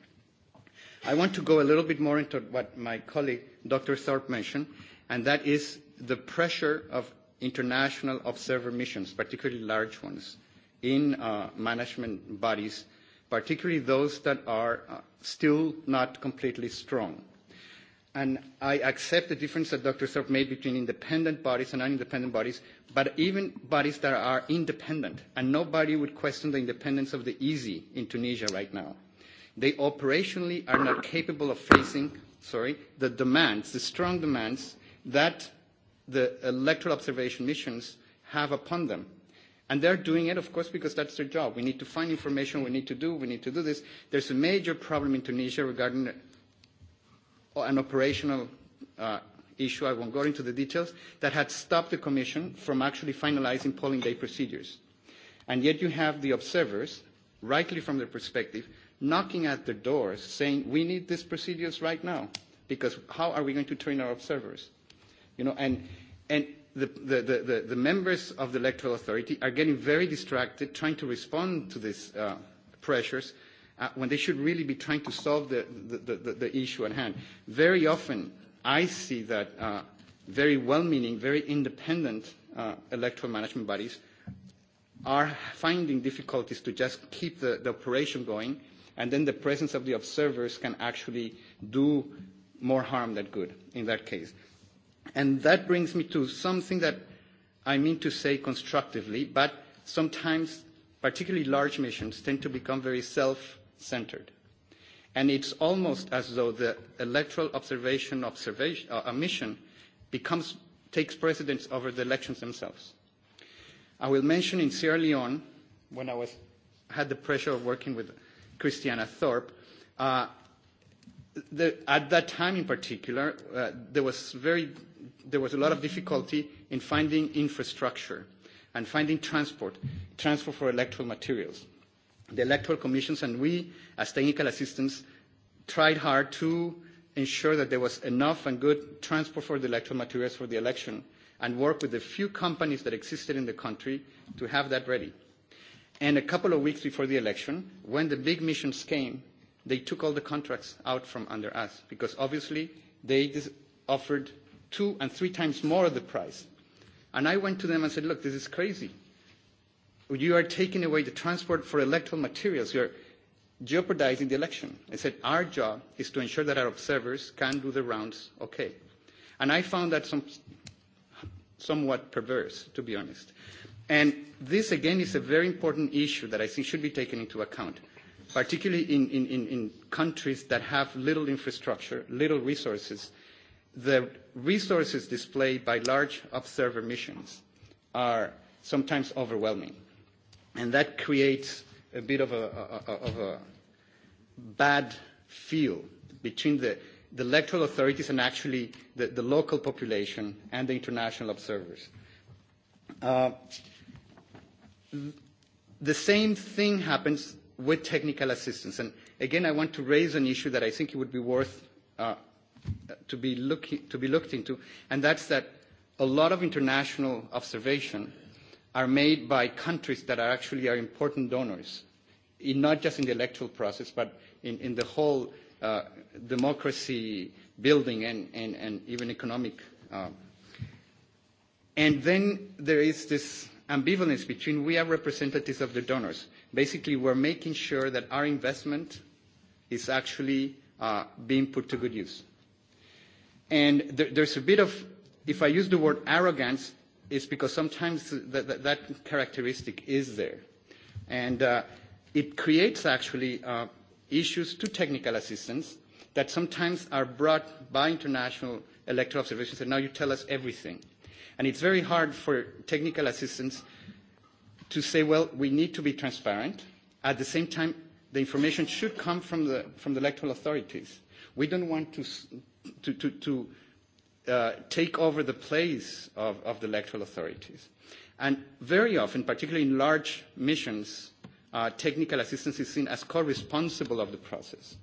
I want to go a little bit more into what my colleague, Dr. Thorpe, mentioned, and that is the pressure of international observer missions, particularly large ones, in management bodies, particularly those that are still not completely strong. And I accept the difference that Dr. Serp made between independent bodies and non-independent bodies, but even bodies that are independent, and nobody would question the independence of the EASY in Tunisia right now. They operationally are not capable of facing, sorry, the demands, the strong demands that the electoral observation missions have upon them. And they're doing it, of course, because that's their job. We need to find information. We need to do. We need to do this. There's a major problem in Tunisia regarding an operational issue. I won't go into the details that had stopped the Commission from actually finalizing polling day procedures. And yet you have the observers, rightly from their perspective, knocking at their doors, saying, "We need these procedures right now, because how are we going to train our observers?" You know, and and the the the the members of the electoral authority are getting very distracted trying to respond to these pressures when they should really be trying to solve the the the issue at hand. Very often I see that very well meaning, very independent electoral management bodies are finding difficulties to just keep the the operation going and then the presence of the observers can actually do more harm than good in that case. And that brings me to something that I mean to say constructively, but sometimes particularly large missions tend to become very self centred And it's almost as though the electoral observation mission becomes takes precedence over the elections themselves. I will mention in Sierra Leone, when I was had the pressure of working with Christiana Thorpe, at that time in particular, there was very there was a lot of difficulty in finding infrastructure and finding transport, transport for electoral materials. The electoral commissions and we, as technical assistants, tried hard to ensure that there was enough and good transport for the electoral materials for the election and work with the few companies that existed in the country to have that ready. And a couple of weeks before the election, when the big missions came, they took all the contracts out from under us because obviously they offered two and three times more of the price. And I went to them and said, look, this is crazy. You are taking away the transport for electoral materials. You're jeopardizing the election. I said, our job is to ensure that our observers can do the rounds okay. And I found that somewhat perverse, to be honest. And this, again, is a very important issue that I think should be taken into account, particularly in, in, in countries that have little infrastructure, little resources, the resources displayed by large observer missions are sometimes overwhelming. And that creates a bit of a bad feel between the electoral authorities and actually the local population and the international observers. The same thing happens with technical assistance. And again, I want to raise an issue that I think it would be worth to be looked into, and that's that a lot of international observation are made by countries that are actually are important donors, not just in the electoral process, but in the whole democracy building and even economic. And then there is this ambivalence between we are representatives of the donors. Basically, we're making sure that our investment is actually being put to good use. And there's a bit of, if I use the word arrogance, it's because sometimes that characteristic is there. And it creates actually issues to technical assistance that sometimes are brought by international electoral observations, and now you tell us everything. And it's very hard for technical assistance to say, well, we need to be transparent. At the same time, the information should come from the from the electoral authorities. We don't want to to to take over the place of the electoral authorities. And very often, particularly in large missions, technical assistance is seen as co-responsible of the process.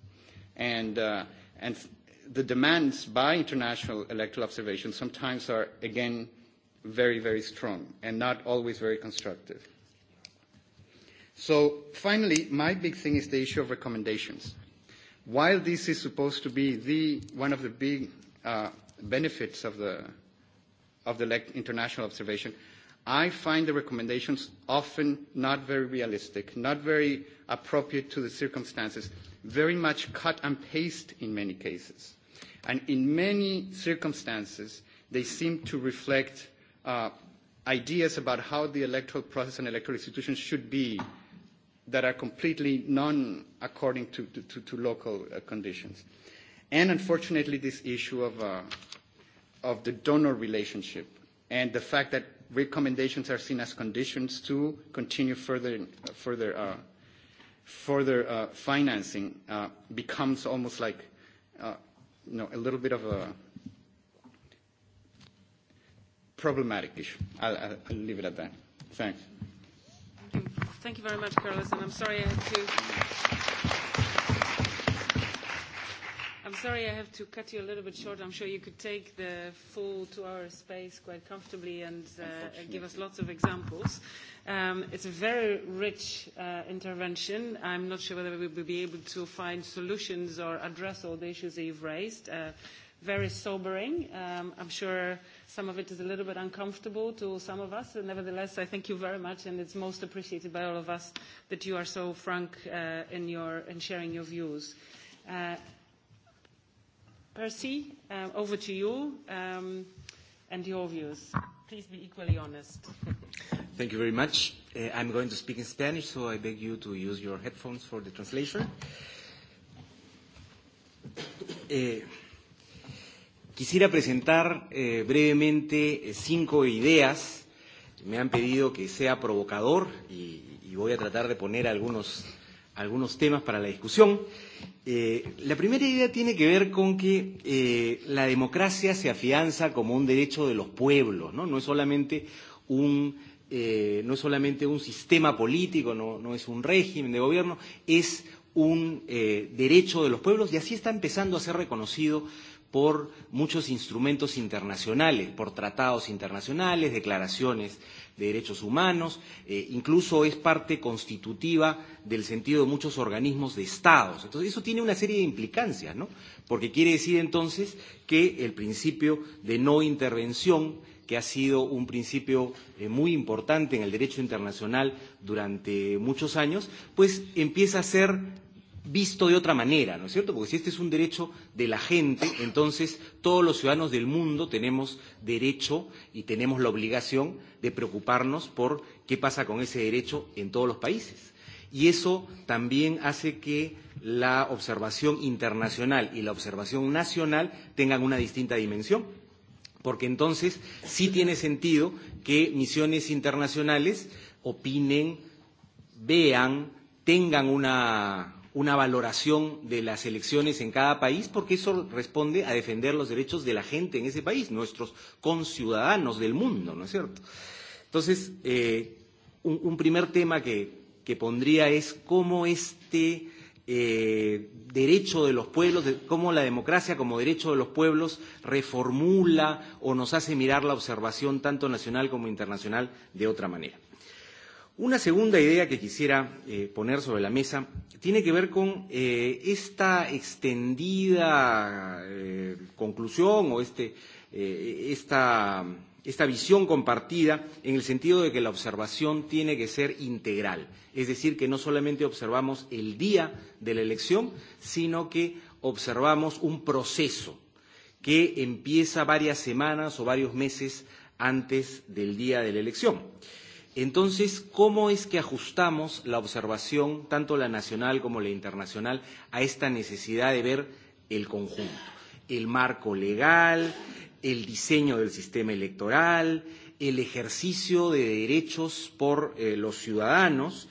And the demands by international electoral observation sometimes are, again, very, very strong and not always very constructive. So finally, my big thing is the issue of recommendations. While this is supposed to be the one of the big benefits of the of the international observation, I find the recommendations often not very realistic, not very appropriate to the circumstances, very much cut and paste in many cases. And in many circumstances, they seem to reflect ideas about how the electoral process and electoral institutions should be that are completely non according to to local conditions. And unfortunately, this issue of of the donor relationship and the fact that recommendations are seen as conditions to continue further further further financing becomes almost like you know a little bit of a problematic issue. I'll leave it at that. Thanks. Thank you very much, Carlos, and I'm sorry I have to. I'm sorry I have to cut you a little bit short. I'm sure you could take the full two-hour space quite comfortably and give us lots of examples. It's a very rich intervention. I'm not sure whether we will be able to find solutions or address all the issues that you've raised. Very sobering. I'm sure Some of it is a little bit uncomfortable to some of us. Nevertheless, I thank you very much, and it's most appreciated by all of us that you are so frank in your in sharing your views. Percy, over to you and your views. Please be equally honest. Thank you very much. I'm going to speak in Spanish, so I beg you to use your headphones for the translation. Quisiera presentar brevemente cinco ideas. Me han pedido que sea provocador y voy a tratar de poner algunos algunos temas para la discusión. Eh, la primera idea tiene que ver con que eh, la democracia se afianza como un derecho de los pueblos, ¿no? No es solamente un, eh, no es solamente un sistema político, no, no es un régimen de gobierno, es un derecho de los pueblos y así está empezando a ser reconocido por muchos instrumentos internacionales, por tratados internacionales, declaraciones de derechos humanos, incluso es parte constitutiva del sentido de muchos organismos de estados. Entonces eso tiene una serie de implicancias, ¿no? Porque quiere decir entonces que el principio de no intervención que ha sido un principio muy importante en el derecho internacional durante muchos años, pues empieza a ser visto de otra manera, ¿no es cierto? Porque si este es un derecho de la gente, entonces todos los ciudadanos del mundo tenemos derecho y tenemos la obligación de preocuparnos por qué pasa con ese derecho en todos los países. Y eso también hace que la observación internacional y la observación nacional tengan una distinta dimensión, porque entonces sí tiene sentido que misiones internacionales opinen, vean, tengan una una valoración de las elecciones en cada país, porque eso responde a defender los derechos de la gente en ese país, nuestros conciudadanos del mundo, ¿no es cierto? Entonces, eh, un, un primer tema que, que pondría es cómo este eh, derecho de los pueblos, de, cómo la democracia como derecho de los pueblos reformula o nos hace mirar la observación tanto nacional como internacional de otra manera. Una segunda idea que quisiera poner sobre la mesa tiene que ver con esta extendida conclusión o este esta esta visión compartida en el sentido de que la observación tiene que ser integral, es decir, que no solamente observamos el día de la elección, sino que observamos un proceso que empieza varias semanas o varios meses antes del día de la elección. Entonces, ¿cómo es que ajustamos la observación, tanto la nacional como la internacional, a esta necesidad de ver el conjunto? El marco legal, el diseño del sistema electoral, el ejercicio de derechos por los ciudadanos,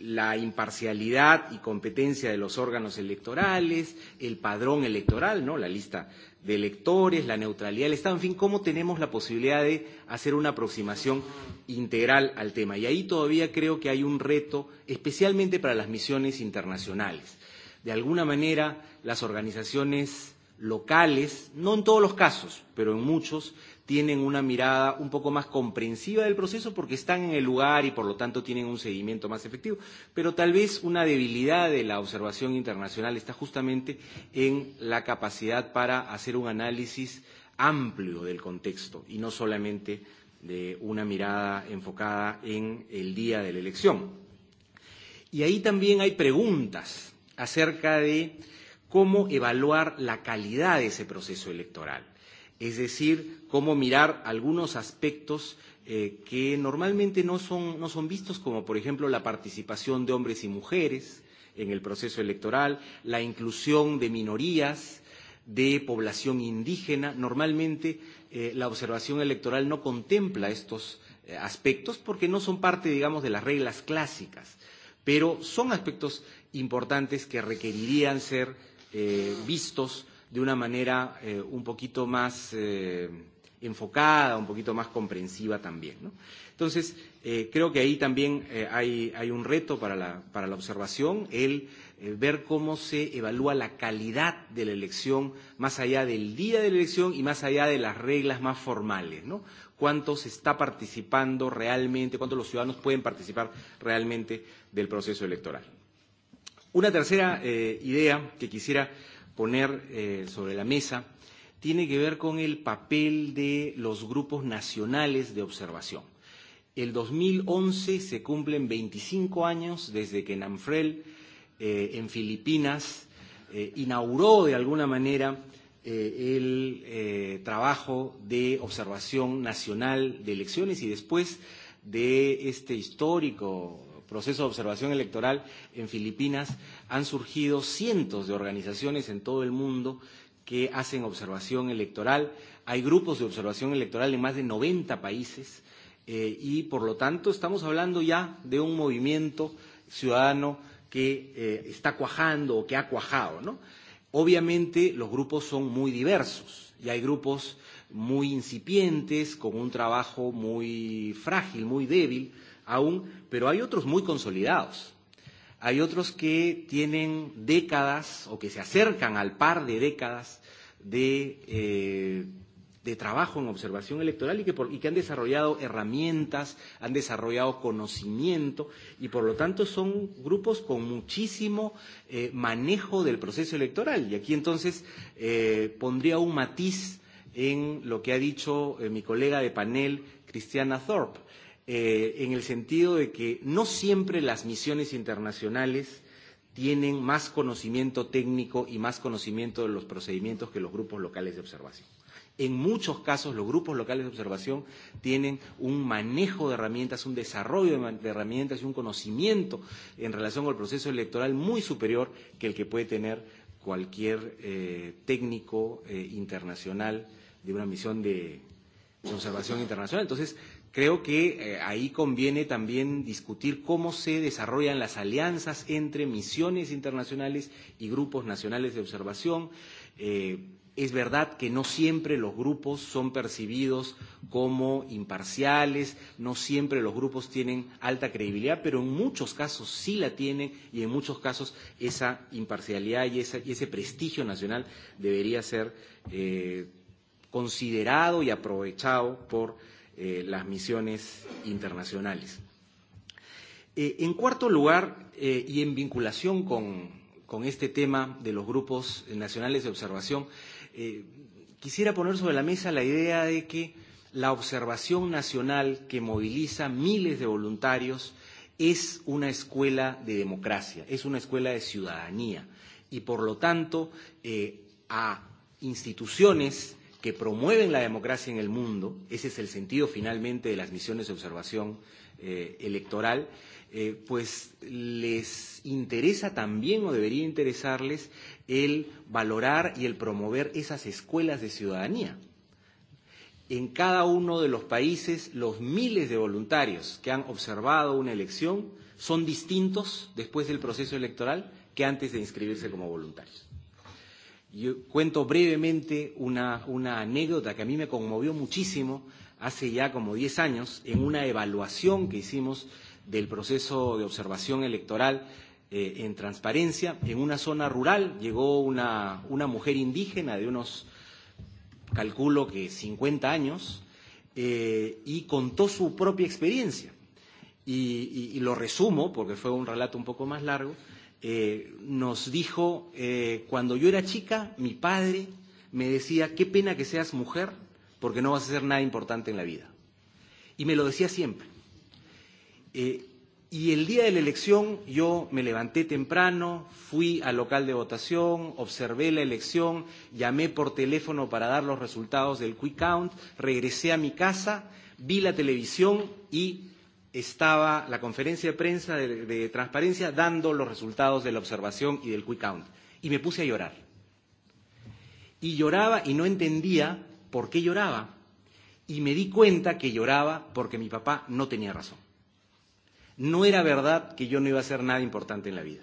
la imparcialidad y competencia de los órganos electorales, el padrón electoral, ¿no? La lista de electores, la neutralidad del Estado, en fin, cómo tenemos la posibilidad de hacer una aproximación integral al tema. Y ahí todavía creo que hay un reto, especialmente para las misiones internacionales. De alguna manera, las organizaciones locales, no en todos los casos, pero en muchos, tienen una mirada un poco más comprensiva del proceso porque están en el lugar y por lo tanto tienen un seguimiento más efectivo. Pero tal vez una debilidad de la observación internacional está justamente en la capacidad para hacer un análisis amplio del contexto y no solamente de una mirada enfocada en el día de la elección. Y ahí también hay preguntas acerca de cómo evaluar la calidad de ese proceso electoral, es decir, cómo mirar algunos aspectos que normalmente no son no son vistos como por ejemplo la participación de hombres y mujeres en el proceso electoral, la inclusión de minorías, de población indígena, normalmente la observación electoral no contempla estos aspectos porque no son parte digamos de las reglas clásicas, pero son aspectos importantes que requerirían ser vistos de una manera un poquito más enfocada, un poquito más comprensiva también. ¿no? Entonces, creo que ahí también hay un reto para la observación, el ver cómo se evalúa la calidad de la elección más allá del día de la elección y más allá de las reglas más formales, ¿no? Cuánto se está participando realmente, cuánto los ciudadanos pueden participar realmente del proceso electoral. Una tercera idea que quisiera poner sobre la mesa tiene que ver con el papel de los grupos nacionales de observación. El 2011 se cumplen 25 años desde que Namfrel en Filipinas inauguró de alguna manera el trabajo de observación nacional de elecciones y después de este histórico proceso de observación electoral en Filipinas han surgido cientos de organizaciones en todo el mundo que hacen observación electoral. Hay grupos de observación electoral en más de 90 países y, por lo tanto, estamos hablando ya de un movimiento ciudadano que está cuajando o que ha cuajado. ¿no? Obviamente, los grupos son muy diversos y hay grupos muy incipientes, con un trabajo muy frágil, muy débil, aún, pero hay otros muy consolidados. Hay otros que tienen décadas o que se acercan al par de décadas de de trabajo en observación electoral y que y que han desarrollado herramientas, han desarrollado conocimiento y por lo tanto son grupos con muchísimo manejo del proceso electoral y aquí entonces eh pondría un matiz en lo que ha dicho mi colega de panel Cristiana Thorpe en el sentido de que no siempre las misiones internacionales tienen más conocimiento técnico y más conocimiento de los procedimientos que los grupos locales de observación. En muchos casos los grupos locales de observación tienen un manejo de herramientas, un desarrollo de herramientas y un conocimiento en relación al proceso electoral muy superior que el que puede tener cualquier técnico internacional de una misión de observación internacional. Entonces, Creo que ahí conviene también discutir cómo se desarrollan las alianzas entre misiones internacionales y grupos nacionales de observación. Es verdad que no siempre los grupos son percibidos como imparciales, no siempre los grupos tienen alta credibilidad, pero en muchos casos sí la tienen y en muchos casos esa imparcialidad y ese prestigio nacional debería ser considerado y aprovechado por las misiones internacionales. En cuarto lugar, y en vinculación con este tema de los grupos nacionales de observación, quisiera poner sobre la mesa la idea de que la observación nacional que moviliza miles de voluntarios es una escuela de democracia, es una escuela de ciudadanía y por lo tanto a instituciones que promueven la democracia en el mundo, ese es el sentido finalmente de las misiones de observación electoral, pues les interesa también o debería interesarles el valorar y el promover esas escuelas de ciudadanía. En cada uno de los países, los miles de voluntarios que han observado una elección son distintos después del proceso electoral que antes de inscribirse como voluntarios. Yo cuento brevemente una, una anécdota que a mí me conmovió muchísimo hace ya como 10 años en una evaluación que hicimos del proceso de observación electoral en transparencia. En una zona rural llegó una, una mujer indígena de unos, calculo que 50 años, eh, y contó su propia experiencia. y, y lo resumo, porque fue un relato un poco más largo, nos dijo, cuando yo era chica, mi padre me decía, qué pena que seas mujer, porque no vas a hacer nada importante en la vida. Y me lo decía siempre. Y el día de la elección yo me levanté temprano, fui al local de votación, observé la elección, llamé por teléfono para dar los resultados del quick count, regresé a mi casa, vi la televisión y estaba la conferencia de prensa de transparencia dando los resultados de la observación y del quick count. Y me puse a llorar. Y lloraba y no entendía por qué lloraba. Y me di cuenta que lloraba porque mi papá no tenía razón. No era verdad que yo no iba a ser nada importante en la vida.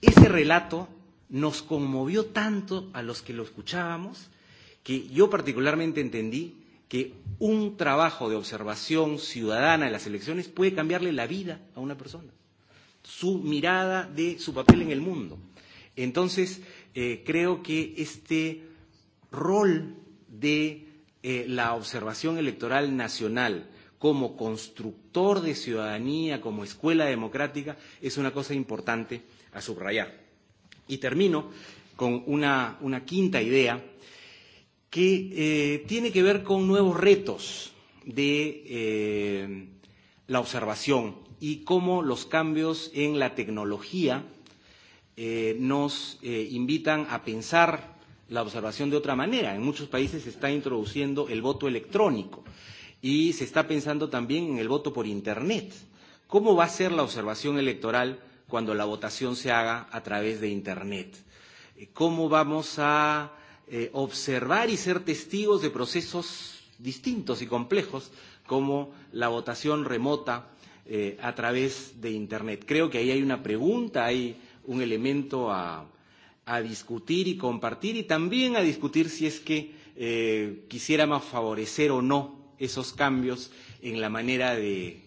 Ese relato nos conmovió tanto a los que lo escuchábamos que yo particularmente entendí que un trabajo de observación ciudadana en las elecciones puede cambiarle la vida a una persona, su mirada de su papel en el mundo. Entonces, creo que este rol de la observación electoral nacional como constructor de ciudadanía, como escuela democrática, es una cosa importante a subrayar. Y termino con una quinta idea que tiene que ver con nuevos retos de la observación y cómo los cambios en la tecnología nos invitan a pensar la observación de otra manera. En muchos países se está introduciendo el voto electrónico y se está pensando también en el voto por Internet. ¿Cómo va a ser la observación electoral cuando la votación se haga a través de Internet? ¿Cómo vamos a observar y ser testigos de procesos distintos y complejos como la votación remota a través de Internet. Creo que ahí hay una pregunta, hay un elemento a discutir y compartir y también a discutir si es que quisiéramos favorecer o no esos cambios en la manera de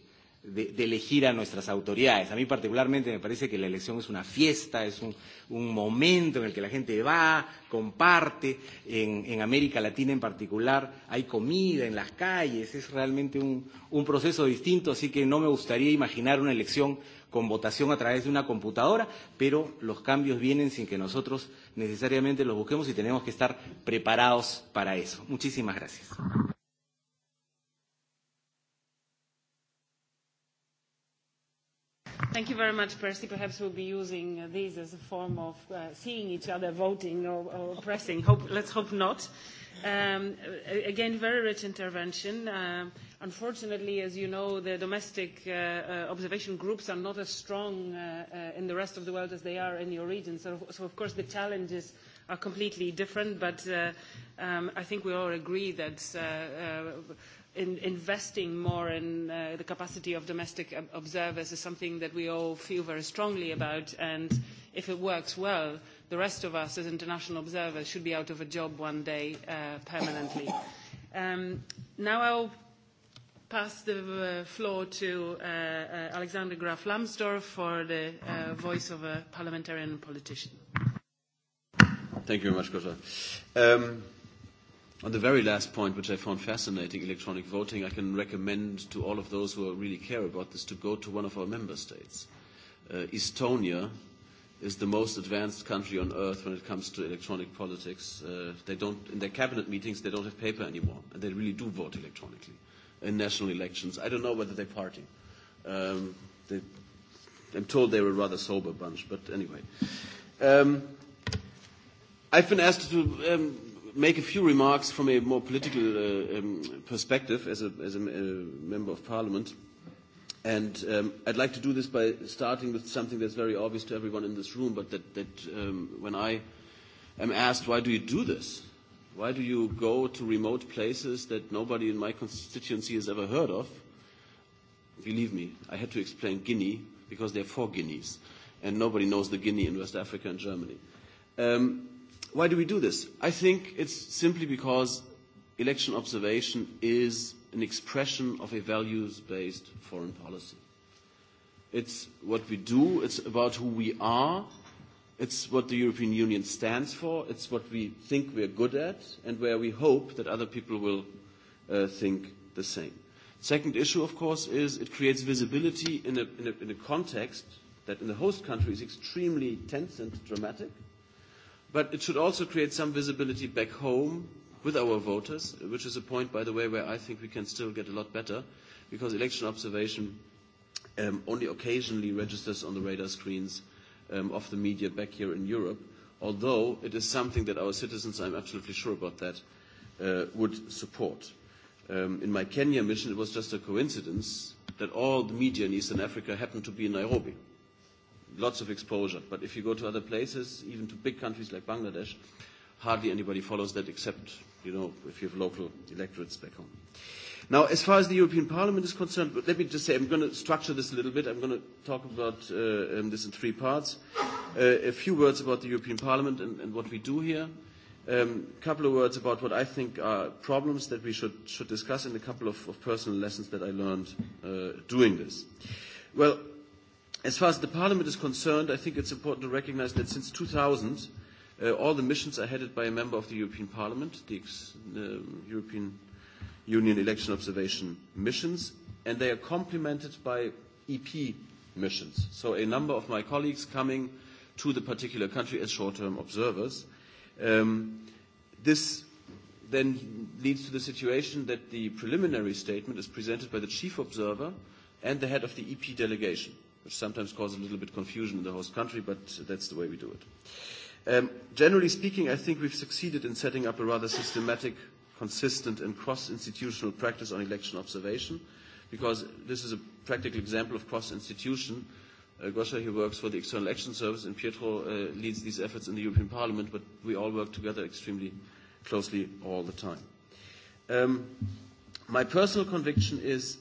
de, elegir a nuestras autoridades. A mí particularmente me parece que la elección es una fiesta, es un, un momento en el que la gente va, comparte. En, en América Latina en particular hay comida en las calles, es realmente un, un proceso distinto, así que no me gustaría imaginar una elección con votación a través de una computadora, pero los cambios vienen sin que nosotros necesariamente los busquemos y tenemos que estar preparados para eso. Muchísimas gracias. Thank you very much, Percy. Perhaps we'll be using these as a form of seeing each other voting or pressing. Let's hope not. Again, very rich intervention. Unfortunately, as you know, the domestic observation groups are not as strong in the rest of the world as they are in your region. So, of course, the challenges are completely different, but I think we all agree that investing more in the capacity of domestic observers is something that we all feel very strongly about, and if it works well, the rest of us as international observers should be out of a job one day permanently. Now I'll pass the floor to Alexander Graf Lambsdorff for the voice of a parliamentarian and politician. Thank you very much, Kosa. On the very last point, which I found fascinating, electronic voting, I can recommend to all of those who really care about this to go to one of our member states. Estonia is the most advanced country on earth when it comes to electronic politics. They don't, in their cabinet meetings, they don't have paper anymore, and they really do vote electronically in national elections. I don't know whether they party. Um, they, I'm told they were a rather sober bunch, but anyway. Um, I've been asked to um, make a few remarks from a more political perspective as a as a member of parliament and I'd like to do this by starting with something that's very obvious to everyone in this room but that that when I am asked why do you do this why do you go to remote places that nobody in my constituency has ever heard of believe me I had to explain Guinea because there are four Guineas and nobody knows the Guinea in West Africa and Germany um Why do we do this? I think it's simply because election observation is an expression of a values-based foreign policy. It's what we do. It's about who we are. It's what the European Union stands for. It's what we think we're good at and where we hope that other people will think the same. Second issue, of course, is it creates visibility in a context that in the host country is extremely tense and dramatic But it should also create some visibility back home with our voters, which is a point, by the way, where I think we can still get a lot better, because election observation only occasionally registers on the radar screens of the media back here in Europe, although it is something that our citizens, I'm absolutely sure about that, would support. In my Kenya mission, it was just a coincidence that all the media in Eastern Africa happened to be in Nairobi lots of exposure. But if you go to other places, even to big countries like Bangladesh, hardly anybody follows that except, you know, if you have local electorates back home. Now, as far as the European Parliament is concerned, let me just say I'm going to structure this a little bit. I'm going to talk about this in three parts. A few words about the European Parliament and what we do here. A couple of words about what I think are problems that we should discuss and a couple of personal lessons that I learned doing this. Well, As far as the Parliament is concerned, I think it's important to recognize that since 2000, all the missions are headed by a member of the European Parliament, the European Union Election Observation Missions, and they are complemented by EP missions. So a number of my colleagues coming to the particular country as short-term observers. This then leads to the situation that the preliminary statement is presented by the chief observer and the head of the EP delegation which sometimes causes a little bit of confusion in the host country, but that's the way we do it. Generally speaking, I think we've succeeded in setting up a rather systematic, consistent, and cross-institutional practice on election observation, because this is a practical example of cross-institution. Gosha, here works for the External Action Service, and Pietro leads these efforts in the European Parliament, but we all work together extremely closely all the time. My personal conviction is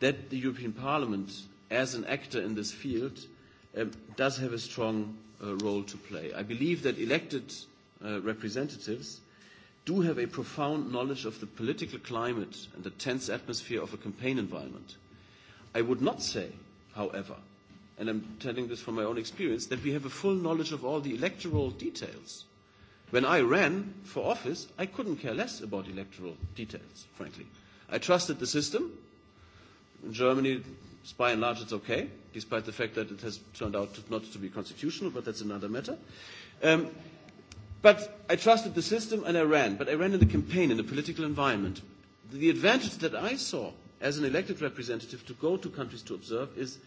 that the European Parliament as an actor in this field, does have a strong role to play. I believe that elected representatives do have a profound knowledge of the political climate and the tense atmosphere of a campaign environment. I would not say, however, and I'm telling this from my own experience, that we have a full knowledge of all the electoral details. When I ran for office, I couldn't care less about electoral details, frankly. I trusted the system. In Germany, by and large it's okay, despite the fact that it has turned out not to be constitutional, but that's another matter. But I trusted the system and I ran, but I ran in the campaign, in the political environment. The advantage that I saw as an elected representative to go to countries to observe is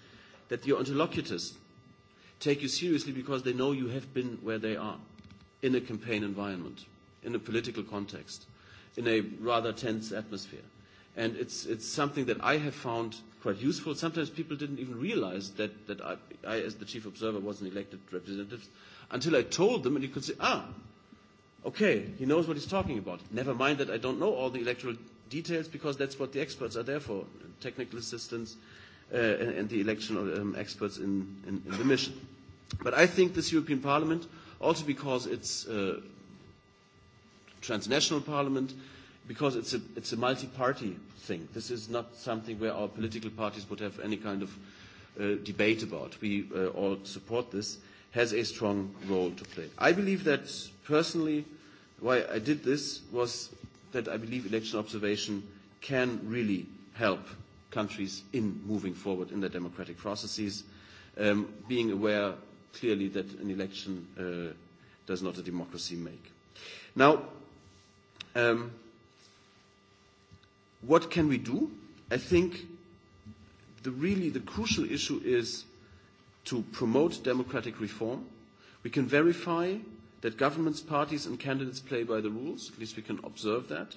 that your interlocutors take you seriously because they know you have been where they are, in a campaign environment, in a political context, in a rather tense atmosphere. And it's it's something that I have found quite useful. Sometimes people didn't even realize that that I, as the chief observer, was an elected representative until I told them, and you could say, ah, okay, he knows what he's talking about. Never mind that I don't know all the electoral details because that's what the experts are there for, technical assistance and the election experts in, in, the mission. But I think this European Parliament, also because it's a transnational parliament, because it's a multi-party thing. This is not something where our political parties would have any kind of debate about. We all support this. Has a strong role to play. I believe that personally, why I did this was that I believe election observation can really help countries in moving forward in their democratic processes, being aware clearly that an election does not a democracy make. Now, What can we do? I think the really the crucial issue is to promote democratic reform. We can verify that governments, parties and candidates play by the rules, at least we can observe that.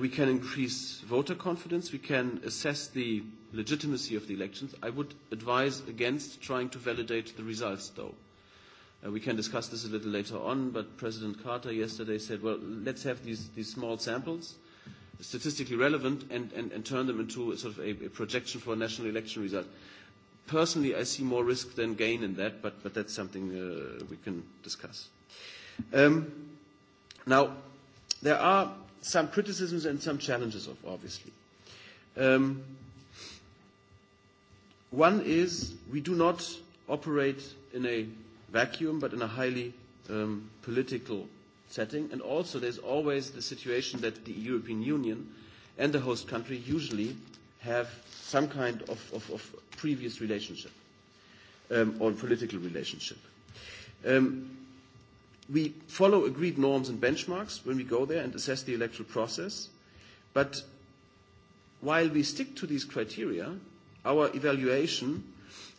We can increase voter confidence, we can assess the legitimacy of the elections. I would advise against trying to validate the results though. We can discuss this a little later on, but President Carter yesterday said, well, let's have these small samples statistically relevant and, and, and turn them into sort of a, a projection for a national election result. Personally, I see more risk than gain in that, but, but that's something we can discuss. Um, now, there are some criticisms and some challenges, of obviously. Um, one is we do not operate in a vacuum, but in a highly political setting, and also there's always the situation that the European Union and the host country usually have some kind of, of, of previous relationship um, or political relationship. Um, we follow agreed norms and benchmarks when we go there and assess the electoral process, but while we stick to these criteria, our evaluation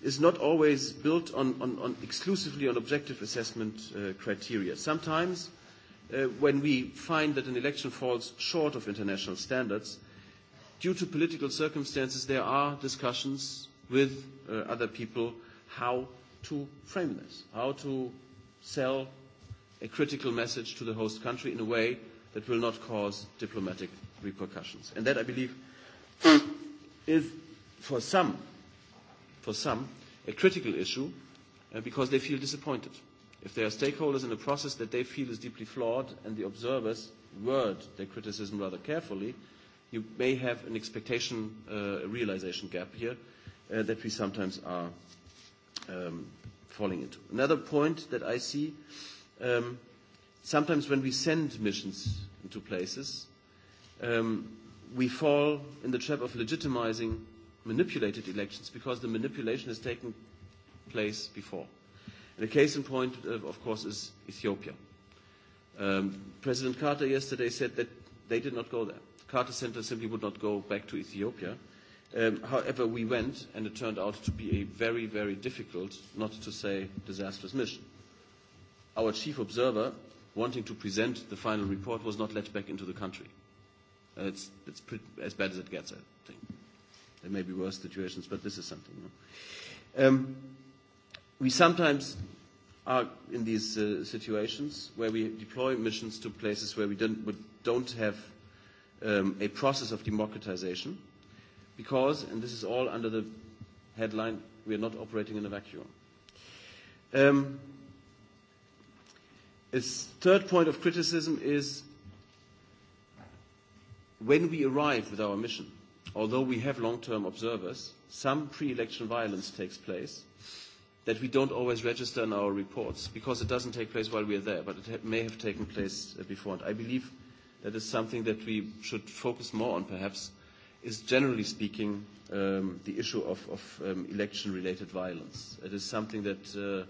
is not always built on, on, on exclusively on objective assessment criteria. Sometimes when we find that an election falls short of international standards, due to political circumstances, there are discussions with other people how to frame this, how to sell a critical message to the host country in a way that will not cause diplomatic repercussions. And that, I believe, is for some, for some, a critical issue because they feel disappointed if there are stakeholders in a process that they feel is deeply flawed and the observers word their criticism rather carefully, you may have an expectation realization gap here that we sometimes are falling into. Another point that I see, sometimes when we send missions into places, we fall in the trap of legitimizing manipulated elections because the manipulation has taken place before. The case in point, of course, is Ethiopia. President Carter yesterday said that they did not go there. Carter Center simply would not go back to Ethiopia. However, we went, and it turned out to be a very, very difficult, not to say disastrous mission. Our chief observer, wanting to present the final report, was not let back into the country. It's as bad as it gets, I think. There may be worse situations, but this is something. We sometimes are in these situations where we deploy missions to places where we don't have a process of democratization because, and this is all under the headline, we are not operating in a vacuum. Um, third point of criticism is when we arrive with our mission, although we have long-term observers, some pre-election violence takes place that we don't always register in our reports because it doesn't take place while we are there, but it may have taken place before. I believe that is something that we should focus more on, perhaps, is generally speaking the issue of election-related violence. It is something that,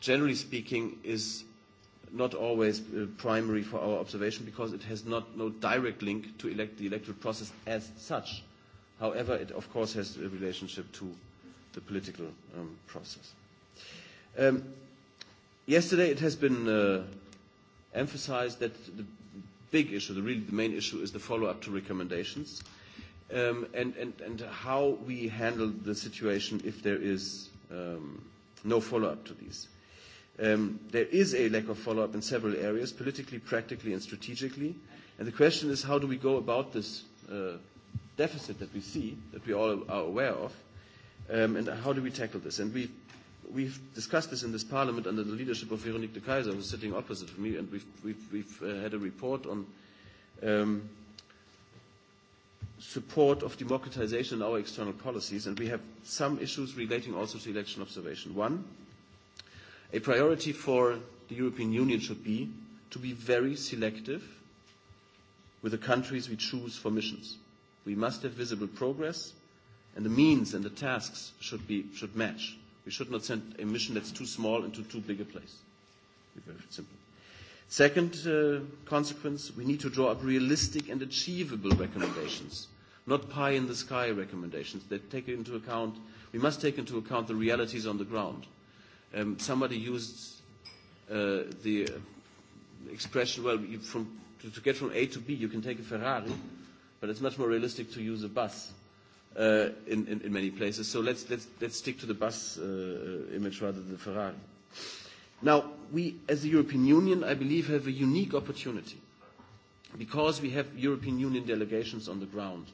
generally speaking, is not always primary for our observation because it has not no direct link to the electoral process as such. However, it, of course, has a relationship to the political process. Yesterday it has been emphasized that the big issue, the really the main issue, is the follow-up to recommendations and how we handle the situation if there is no follow-up to these. There is a lack of follow-up in several areas, politically, practically, and strategically. And the question is, how do we go about this deficit that we see, that we all are aware of, And how do we tackle this? And we've we've discussed this in this parliament under the leadership of Veronique de Kaiser, who's sitting opposite me, and we've we've we've had a report on support of democratization in our external policies, and we have some issues relating also to election observation. One, a priority for the European Union should be to be very selective with the countries we choose for missions. We must have visible progress and the means and the tasks should be should match. We should not send a mission that's too small into too big a place. Very simple. Second consequence, we need to draw up realistic and achievable recommendations, not pie in the sky recommendations that take into account. We must take into account the realities on the ground. Somebody used the expression, well, to get from A to B, you can take a Ferrari, but it's much more realistic to use a bus in many places. So let's stick to the bus image rather than the Ferrari. Now, we as the European Union, I believe, have a unique opportunity because we have European Union delegations on the ground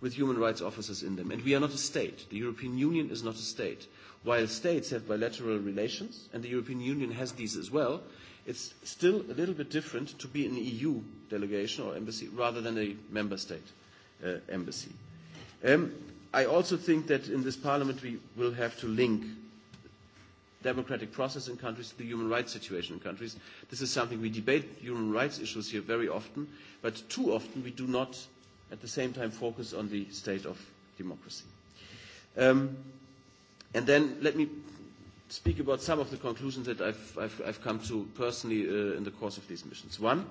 with human rights officers in them. And we are not a state. The European Union is not a state. While states have bilateral relations, and the European Union has these as well, it's still a little bit different to be an EU delegation or embassy rather than a member state embassy. I also think that in this Parliament we will have to link democratic process in countries to the human rights situation in countries. This is something we debate human rights issues here very often, but too often we do not at the same time focus on the state of democracy. And then let me speak about some of the conclusions that I've come to personally in the course of these missions. One,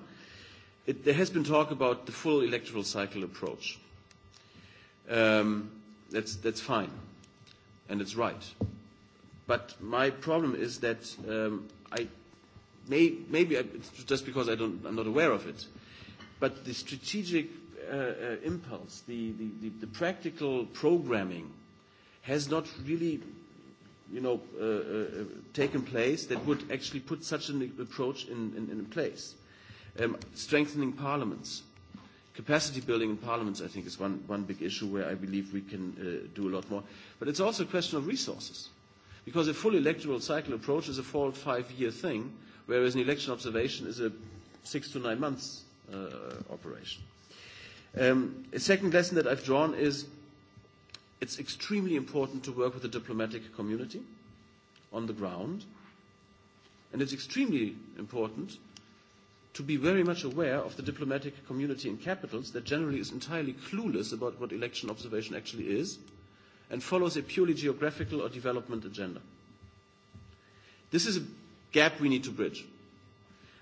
there has been talk about the full electoral cycle approach. That's that's fine, and it's right. But my problem is that I may maybe it's just because I don't I'm not aware of it, but the strategic impulse, the the the practical programming, has not really you know, taken place that would actually put such an approach in, in, in place. Um, strengthening parliaments, capacity building in parliaments, I think, is one, one big issue where I believe we can do a lot more. But it's also a question of resources. Because a full electoral cycle approach is a four or five-year thing, whereas an election observation is a six to nine months operation. A second lesson that I've drawn is it's extremely important to work with the diplomatic community on the ground, and it's extremely important to be very much aware of the diplomatic community in capitals that generally is entirely clueless about what election observation actually is and follows a purely geographical or development agenda. This is a gap we need to bridge.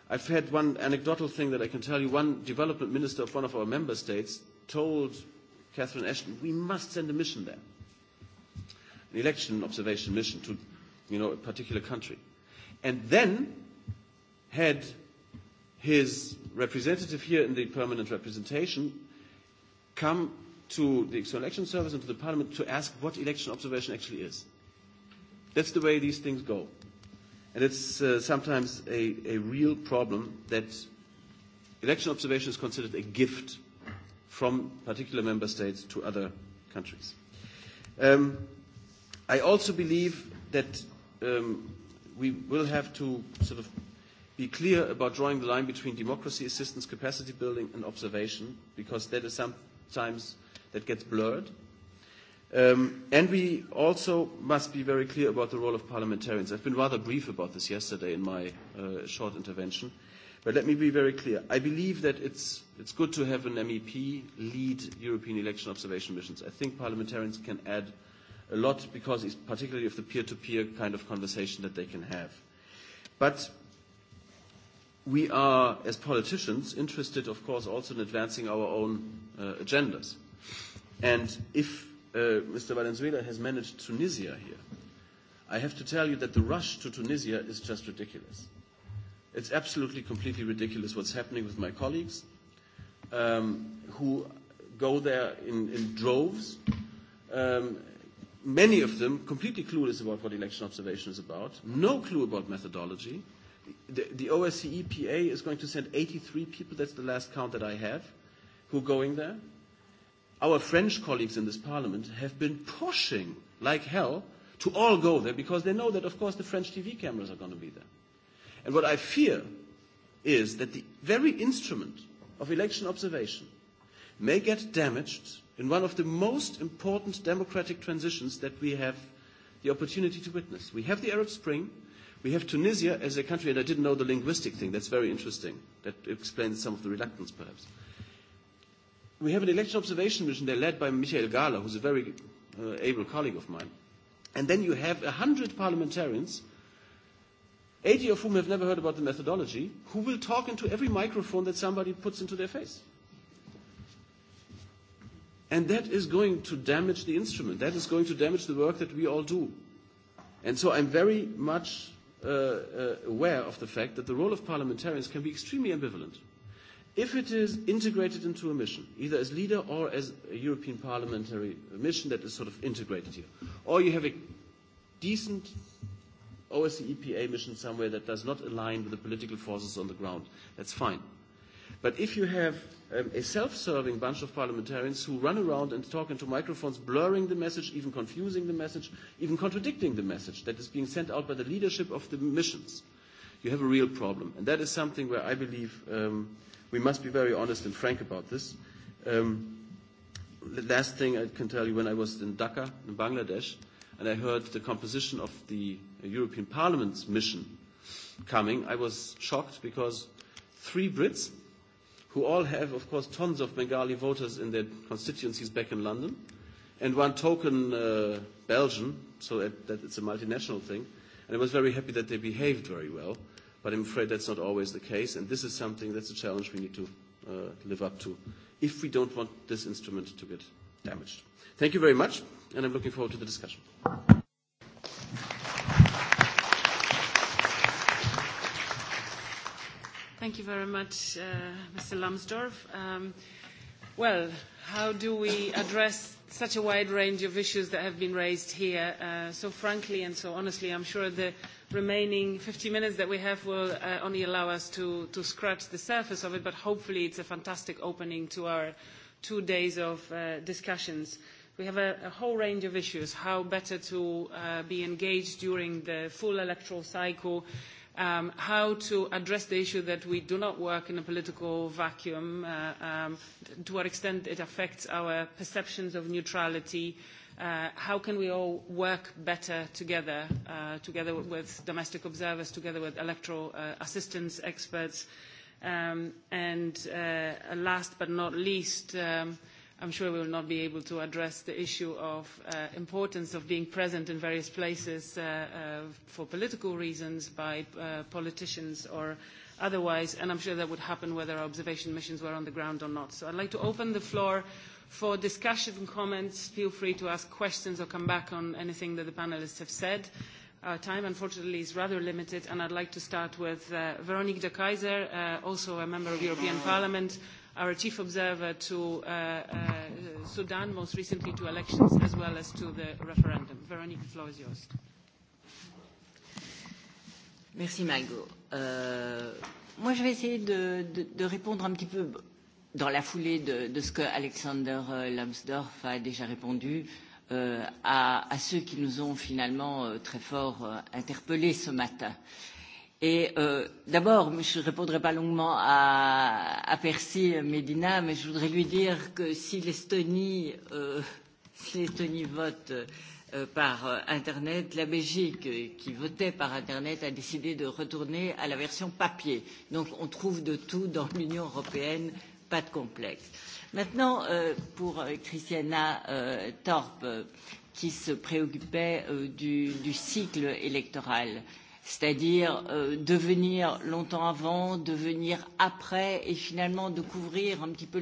I've had one anecdotal thing that I can tell you. One development minister of one of our member states told Catherine Ashton, we must send a mission there, an election observation mission to you know, a particular country. And then had his representative here in the permanent representation come to the External Election Service and to the Parliament to ask what election observation actually is. That's the way these things go. And it's sometimes a real problem that election observation is considered a gift from particular member states to other countries. I also believe that we will have to sort of be clear about drawing the line between democracy assistance, capacity building, and observation, because that is sometimes that gets blurred. And we also must be very clear about the role of parliamentarians. I've been rather brief about this yesterday in my short intervention, but let me be very clear. I believe that it's good to have an MEP lead European election observation missions. I think parliamentarians can add a lot because particularly of the peer-to-peer kind of conversation that they can have. But we are, as politicians, interested, of course, also in advancing our own agendas. And if Mr. Valenzuela has managed Tunisia here, I have to tell you that the rush to Tunisia is just ridiculous. It's absolutely, completely ridiculous what's happening with my colleagues who go there in droves. Many of them completely clueless about what election observation is about, no clue about methodology the OSCE PA is going to send 83 people, that's the last count that I have, who are going there. Our French colleagues in this parliament have been pushing like hell to all go there because they know that, of course, the French TV cameras are going to be there. And what I fear is that the very instrument of election observation may get damaged in one of the most important democratic transitions that we have the opportunity to witness. We have the Arab Spring. We have Tunisia as a country, and I didn't know the linguistic thing. That's very interesting. That explains some of the reluctance, perhaps. We have an election observation mission. They're led by Michael Gala, who's a very able colleague of mine. And then you have 100 parliamentarians, 80 of whom have never heard about the methodology, who will talk into every microphone that somebody puts into their face. And that is going to damage the instrument. That is going to damage the work that we all do. And so I'm very much aware of the fact that the role of parliamentarians can be extremely ambivalent. If it is integrated into a mission, either as leader or as a European parliamentary mission that is sort of integrated here, or you have a decent OSCE EPA mission somewhere that does not align with the political forces on the ground, that's fine. But if you have a self-serving bunch of parliamentarians who run around and talk into microphones, blurring the message, even confusing the message, even contradicting the message that is being sent out by the leadership of the missions, you have a real problem. And that is something where I believe we must be very honest and frank about this. The last thing I can tell you, when I was in Dhaka, in Bangladesh, and I heard the composition of the European Parliament's mission coming, I was shocked because three Brits, who all have, of course, tons of Bengali voters in their constituencies back in London, and one token Belgian, so that it's a multinational thing. And I was very happy that they behaved very well, but I'm afraid that's not always the case, and this is something that's a challenge we need to live up to if we don't want this instrument to get damaged. Thank you very much, and I'm looking forward to the discussion. Thank you very much, Mr. Lambsdorff. Well, how do we address such a wide range of issues that have been raised here so frankly and so honestly? I'm sure the remaining 50 minutes that we have will only allow us to scratch the surface of it, but hopefully it's a fantastic opening to our two days of discussions. We have a whole range of issues, how better to be engaged during the full electoral cycle, how to address the issue that we do not work in a political vacuum, to what extent it affects our perceptions of neutrality, how can we all work better together, together with domestic observers, together with electoral assistance experts, and last but not least, I'm sure we will not be able to address the issue of importance of being present in various places for political reasons by politicians or otherwise, and I'm sure that would happen whether our observation missions were on the ground or not. So I'd like to open the floor for discussion and comments. Feel free to ask questions or come back on anything that the panelists have said. Our time, unfortunately, is rather limited, and I'd like to start with Veronique de Keyser, also a member of European Parliament our chief observer to Sudan, most recently to elections as well as to the referendum. Veronique, the floor is yours. Merci Margot. Moi, je vais essayer de de, répondre un petit peu dans la foulée de ce que Alexander Lambsdorff a déjà répondu euh, à à ceux qui nous ont finalement très fort interpellés ce matin. Et d'abord, je ne répondrai pas longuement à Percy Medina, mais je voudrais lui dire que si l'Estonie vote par Internet, la Belgique, qui votait par Internet, a décidé de retourner à la version papier. Donc on trouve de tout dans l'Union européenne, pas de complexe. Maintenant, pour Christiana Torp, qui se préoccupait du cycle électoral c'est-à-dire de venir longtemps avant, de venir après et finalement de couvrir un petit peu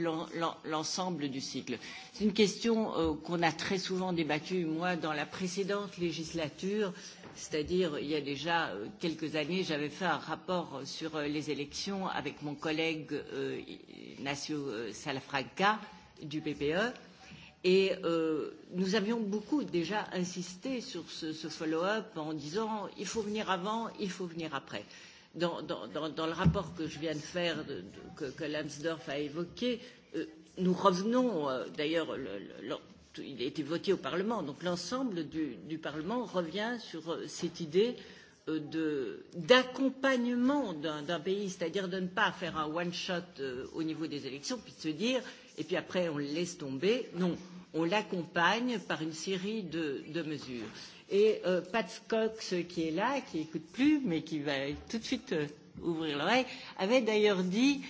l'ensemble du cycle. C'est une question qu'on a très souvent débattue, moi, dans la précédente législature, c'est-à-dire il y a déjà quelques années, j'avais fait un rapport sur les élections avec mon collègue Nacio Salafranca du PPE Et nous avions beaucoup déjà insisté sur ce follow-up en disant il faut venir avant, il faut venir après. Dans le rapport que je viens de faire, que Lansdorff a évoqué, nous revenons, d'ailleurs, il a été voté au Parlement, donc l'ensemble du Parlement revient sur cette idée d'accompagnement d'un pays, c'est-à-dire de ne pas faire un one-shot au niveau des élections, puis de se dire et puis après on le laisse tomber. Non, on l'accompagne par une série de mesures. Et Pat Cox, qui est là, qui n'écoute plus, mais qui va tout de suite ouvrir l'oreille, avait d'ailleurs dit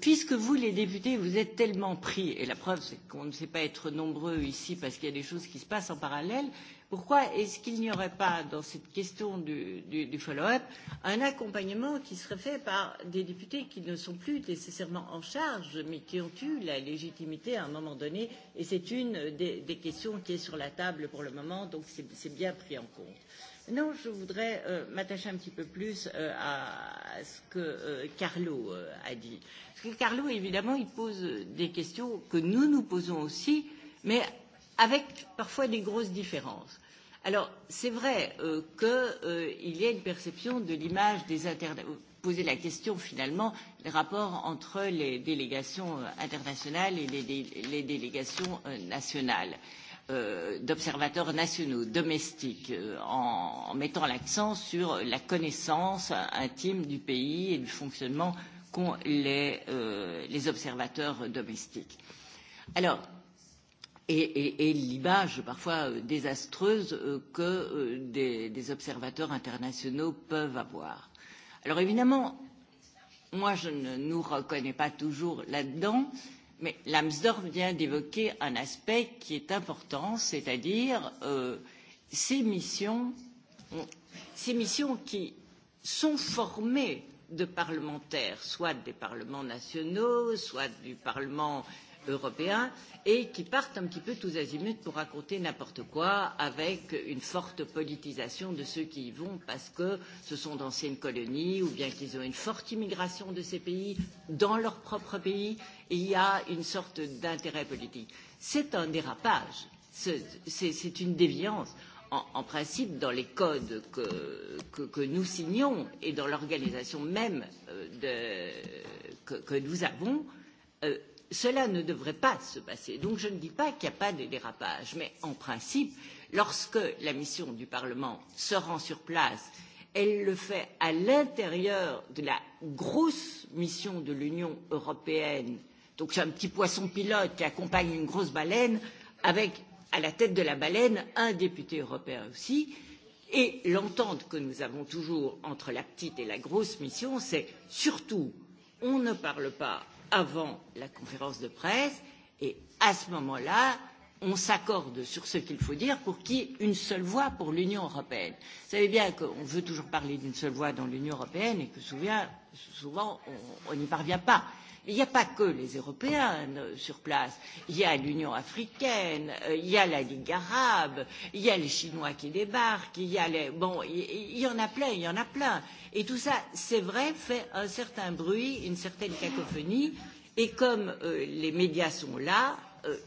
puisque vous, les députés, vous êtes tellement pris, et la preuve, c'est qu'on ne sait pas être nombreux ici parce qu'il y a des choses qui se passent en parallèle, Pourquoi est-ce qu'il n'y aurait pas, dans cette question du follow-up, un accompagnement qui serait fait par des députés qui ne sont plus nécessairement en charge, mais qui ont eu la légitimité à un moment donné Et c'est une des questions qui est sur la table pour le moment, donc c'est bien pris en compte. Non, je voudrais m'attacher un petit peu plus à ce que Carlo a dit. Parce que Carlo, évidemment, il pose des questions que nous nous posons aussi, mais avec parfois des grosses différences. Alors, c'est vrai qu'il y a une perception de l'image des internationaux. Poser la question, finalement, des rapports entre les délégations internationales et les délégations nationales, d'observateurs nationaux, domestiques, en mettant l'accent sur la connaissance intime du pays et du fonctionnement qu'ont les observateurs domestiques. Alors, et l'image parfois désastreuse que des observateurs internationaux peuvent avoir. Alors évidemment, moi je ne nous reconnais pas toujours là-dedans, mais Lambsdorff vient d'évoquer un aspect qui est important, c'est-à-dire ces missions qui sont formées de parlementaires, soit des parlements nationaux, soit du Parlement européens et qui partent un petit peu tous azimuts pour raconter n'importe quoi avec une forte politisation de ceux qui y vont parce que ce sont d'anciennes colonies ou bien qu'ils ont une forte immigration de ces pays dans leur propre pays et il y a une sorte d'intérêt politique. C'est un dérapage, c'est une déviance. En principe, dans les codes que nous signons et dans l'organisation même que nous avons, cela ne devrait pas se passer. donc je ne dis pas qu'il n'y a pas de dérapage mais en principe lorsque la mission du parlement se rend sur place elle le fait à l'intérieur de la grosse mission de l'union européenne donc c'est un petit poisson pilote qui accompagne une grosse baleine avec à la tête de la baleine un député européen aussi et l'entente que nous avons toujours entre la petite et la grosse mission c'est surtout on ne parle pas avant la conférence de presse et à ce moment-là, on s'accorde sur ce qu'il faut dire pour qu'il une seule voix pour l'Union européenne. Vous savez bien qu'on veut toujours parler d'une seule voix dans l'Union européenne et que souvent, on n'y parvient pas il n'y a pas que les Européens sur place. Il y a l'Union africaine, il y a la Ligue arabe, il y a les Chinois qui débarquent, il y a les. Bon, il y en a plein, il y en a plein. Et tout ça, c'est vrai, fait un certain bruit, une certaine cacophonie. Et comme les médias sont là,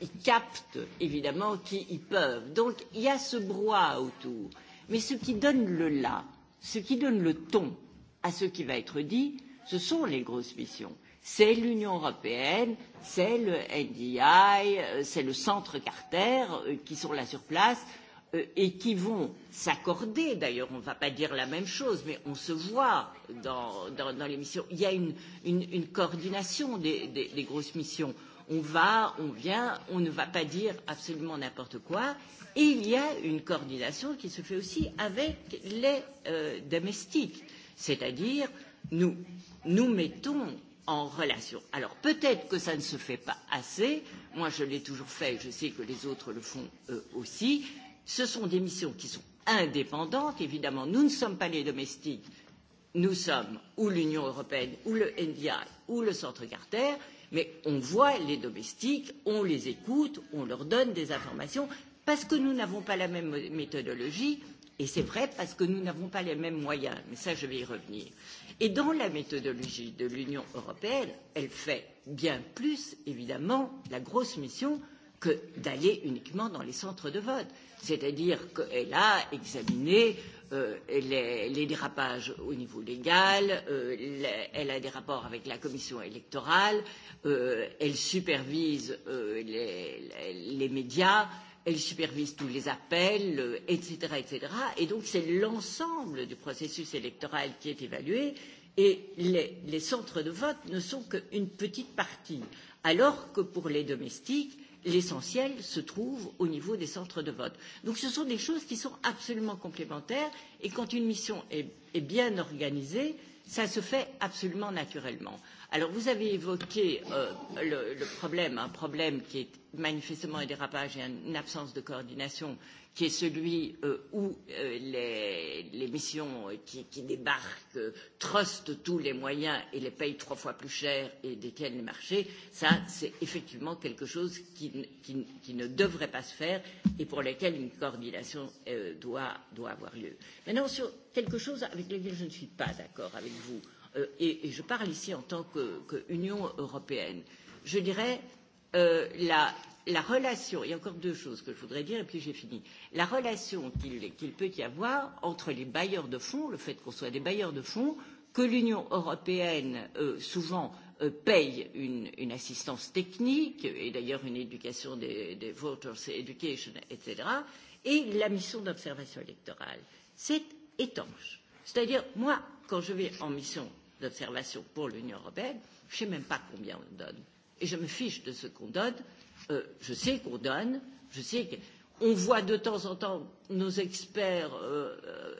ils captent évidemment qui ils peuvent. Donc il y a ce brouhaha autour. Mais ce qui donne le là, ce qui donne le ton à ce qui va être dit, ce sont les grosses missions c'est l'Union européenne, c'est le NDI, c'est le centre Carter qui sont là sur place et qui vont s'accorder d'ailleurs on ne va pas dire la même chose mais on se voit dans les missions il y a une coordination des grosses missions on va on vient on ne va pas dire absolument n'importe quoi et il y a une coordination qui se fait aussi avec les domestiques c'est-à-dire nous nous mettons en relation. Alors peut-être que ça ne se fait pas assez, moi je l'ai toujours fait et je sais que les autres le font eux aussi, ce sont des missions qui sont indépendantes, évidemment nous ne sommes pas les domestiques, nous sommes ou l'Union européenne ou le NDI ou le centre Carter, mais on voit les domestiques, on les écoute, on leur donne des informations, parce que nous n'avons pas la même méthodologie, et c'est vrai parce que nous n'avons pas les mêmes moyens, mais ça je vais y revenir. Et dans la méthodologie de l'Union européenne, elle fait bien plus, évidemment, la grosse mission que d'aller uniquement dans les centres de vote. C'est-à-dire qu'elle a examiné les dérapages au niveau légal, elle a des rapports avec la commission électorale, elle supervise les médias, elle supervise tous les appels, etc. etc. Et donc c'est l'ensemble du processus électoral qui est évalué et les centres de vote ne sont qu'une petite partie, alors que pour les domestiques, l'essentiel se trouve au niveau des centres de vote. Donc ce sont des choses qui sont absolument complémentaires et quand une mission est bien organisée, ça se fait absolument naturellement. Alors, vous avez évoqué le problème, un problème qui est manifestement un dérapage et une absence de coordination, qui est celui où les missions qui débarquent trustent tous les moyens et les payent trois fois plus cher et détiennent les marchés. Ça, c'est effectivement quelque chose qui ne devrait pas se faire et pour lequel une coordination doit avoir lieu. Maintenant, sur quelque chose avec lequel je ne suis pas d'accord avec vous et je parle ici en tant qu'Union européenne, je dirais la relation, il y a encore deux choses que je voudrais dire et puis j'ai fini, la relation qu'il peut y avoir entre les bailleurs de fonds, le fait qu'on soit des bailleurs de fonds, que l'Union européenne souvent paye une assistance technique et d'ailleurs une éducation des voters education, etc., et la mission d'observation électorale. C'est étanche. C'est-à-dire, moi, quand je vais en mission d'observation pour l'Union européenne, je ne sais même pas combien on donne. Et je me fiche de ce qu'on donne. Je sais qu'on donne. Je sais qu'on voit de temps en temps nos experts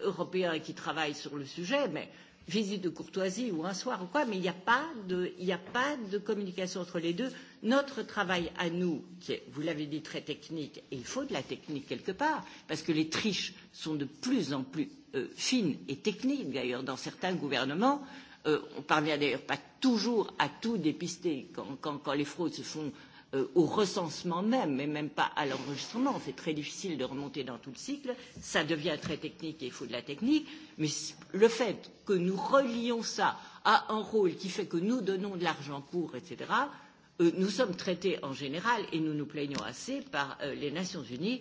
européens qui travaillent sur le sujet, mais visite de courtoisie ou un soir ou quoi, mais il n'y a pas de communication entre les deux. Notre travail à nous, qui est, vous l'avez dit, très technique, et il faut de la technique quelque part, parce que les triches sont de plus en plus fines et techniques, d'ailleurs, dans certains gouvernements, on ne parvient d'ailleurs pas toujours à tout dépister quand les fraudes se font au recensement même mais même pas à l'enregistrement. C'est très difficile de remonter dans tout le cycle. Ça devient très technique et il faut de la technique. Mais le fait que nous relions ça à un rôle qui fait que nous donnons de l'argent pour, etc., nous sommes traités en général, et nous nous plaignons assez par les Nations Unies,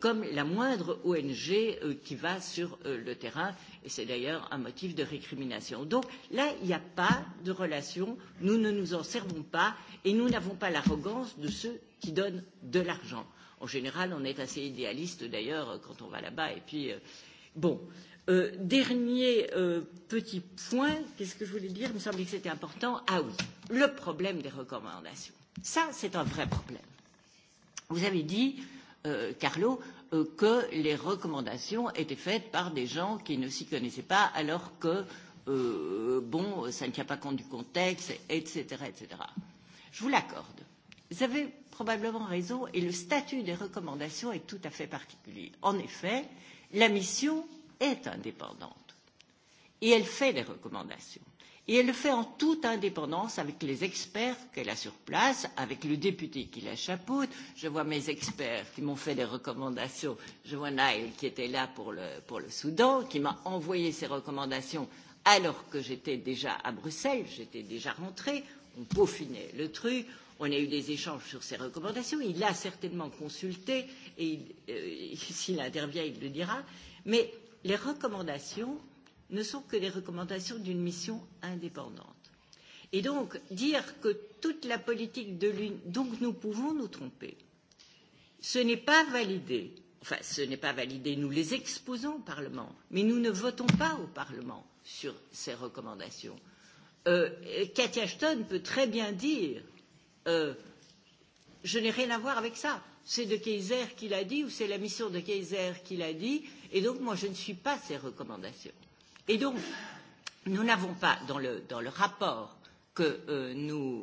comme la moindre ONG qui va sur le terrain, et c'est d'ailleurs un motif de récrimination. Donc là, il n'y a pas de relation, nous ne nous en servons pas, et nous n'avons pas l'arrogance de ceux qui donnent de l'argent. En général, on est assez idéaliste d'ailleurs quand on va là-bas, et bon. Dernier petit point, qu'est-ce que je voulais dire Il me semblait que c'était important. Ah oui, le problème des recommandations. Ça, c'est un vrai problème. Vous avez dit Carlo que les recommandations étaient faites par des gens qui ne s'y connaissaient pas alors que bon ça ne tient pas compte du contexte etc. Je vous l'accorde. Vous avez probablement raison et le statut des recommandations est tout à fait particulier. En effet, la mission est indépendante et elle fait des recommandations et elle le fait en toute indépendance avec les experts qu'elle a sur place avec le député qui la chapeaute je vois mes experts qui m'ont fait des recommandations je vois Naël qui était là pour le Soudan qui m'a envoyé ses recommandations alors que j'étais déjà à Bruxelles j'étais déjà rentrée on peaufinait le truc on a eu des échanges sur ses recommandations il l'a certainement consulté et s'il intervient il le dira mais les recommandations ne sont que les recommandations d'une mission indépendante. Et donc, dire que toute la politique de l'Union. Donc, nous pouvons nous tromper. Ce n'est pas validé. Enfin, ce n'est pas validé. Nous les exposons au Parlement. Mais nous ne votons pas au Parlement sur ces recommandations. Cathy Ashton peut très bien dire Je n'ai rien à voir avec ça. C'est de Kaiser qui l'a dit ou c'est la mission de Kaiser qui l'a dit. Et donc, moi, je ne suis pas ces recommandations. Et donc, nous n'avons pas, dans le rapport que nous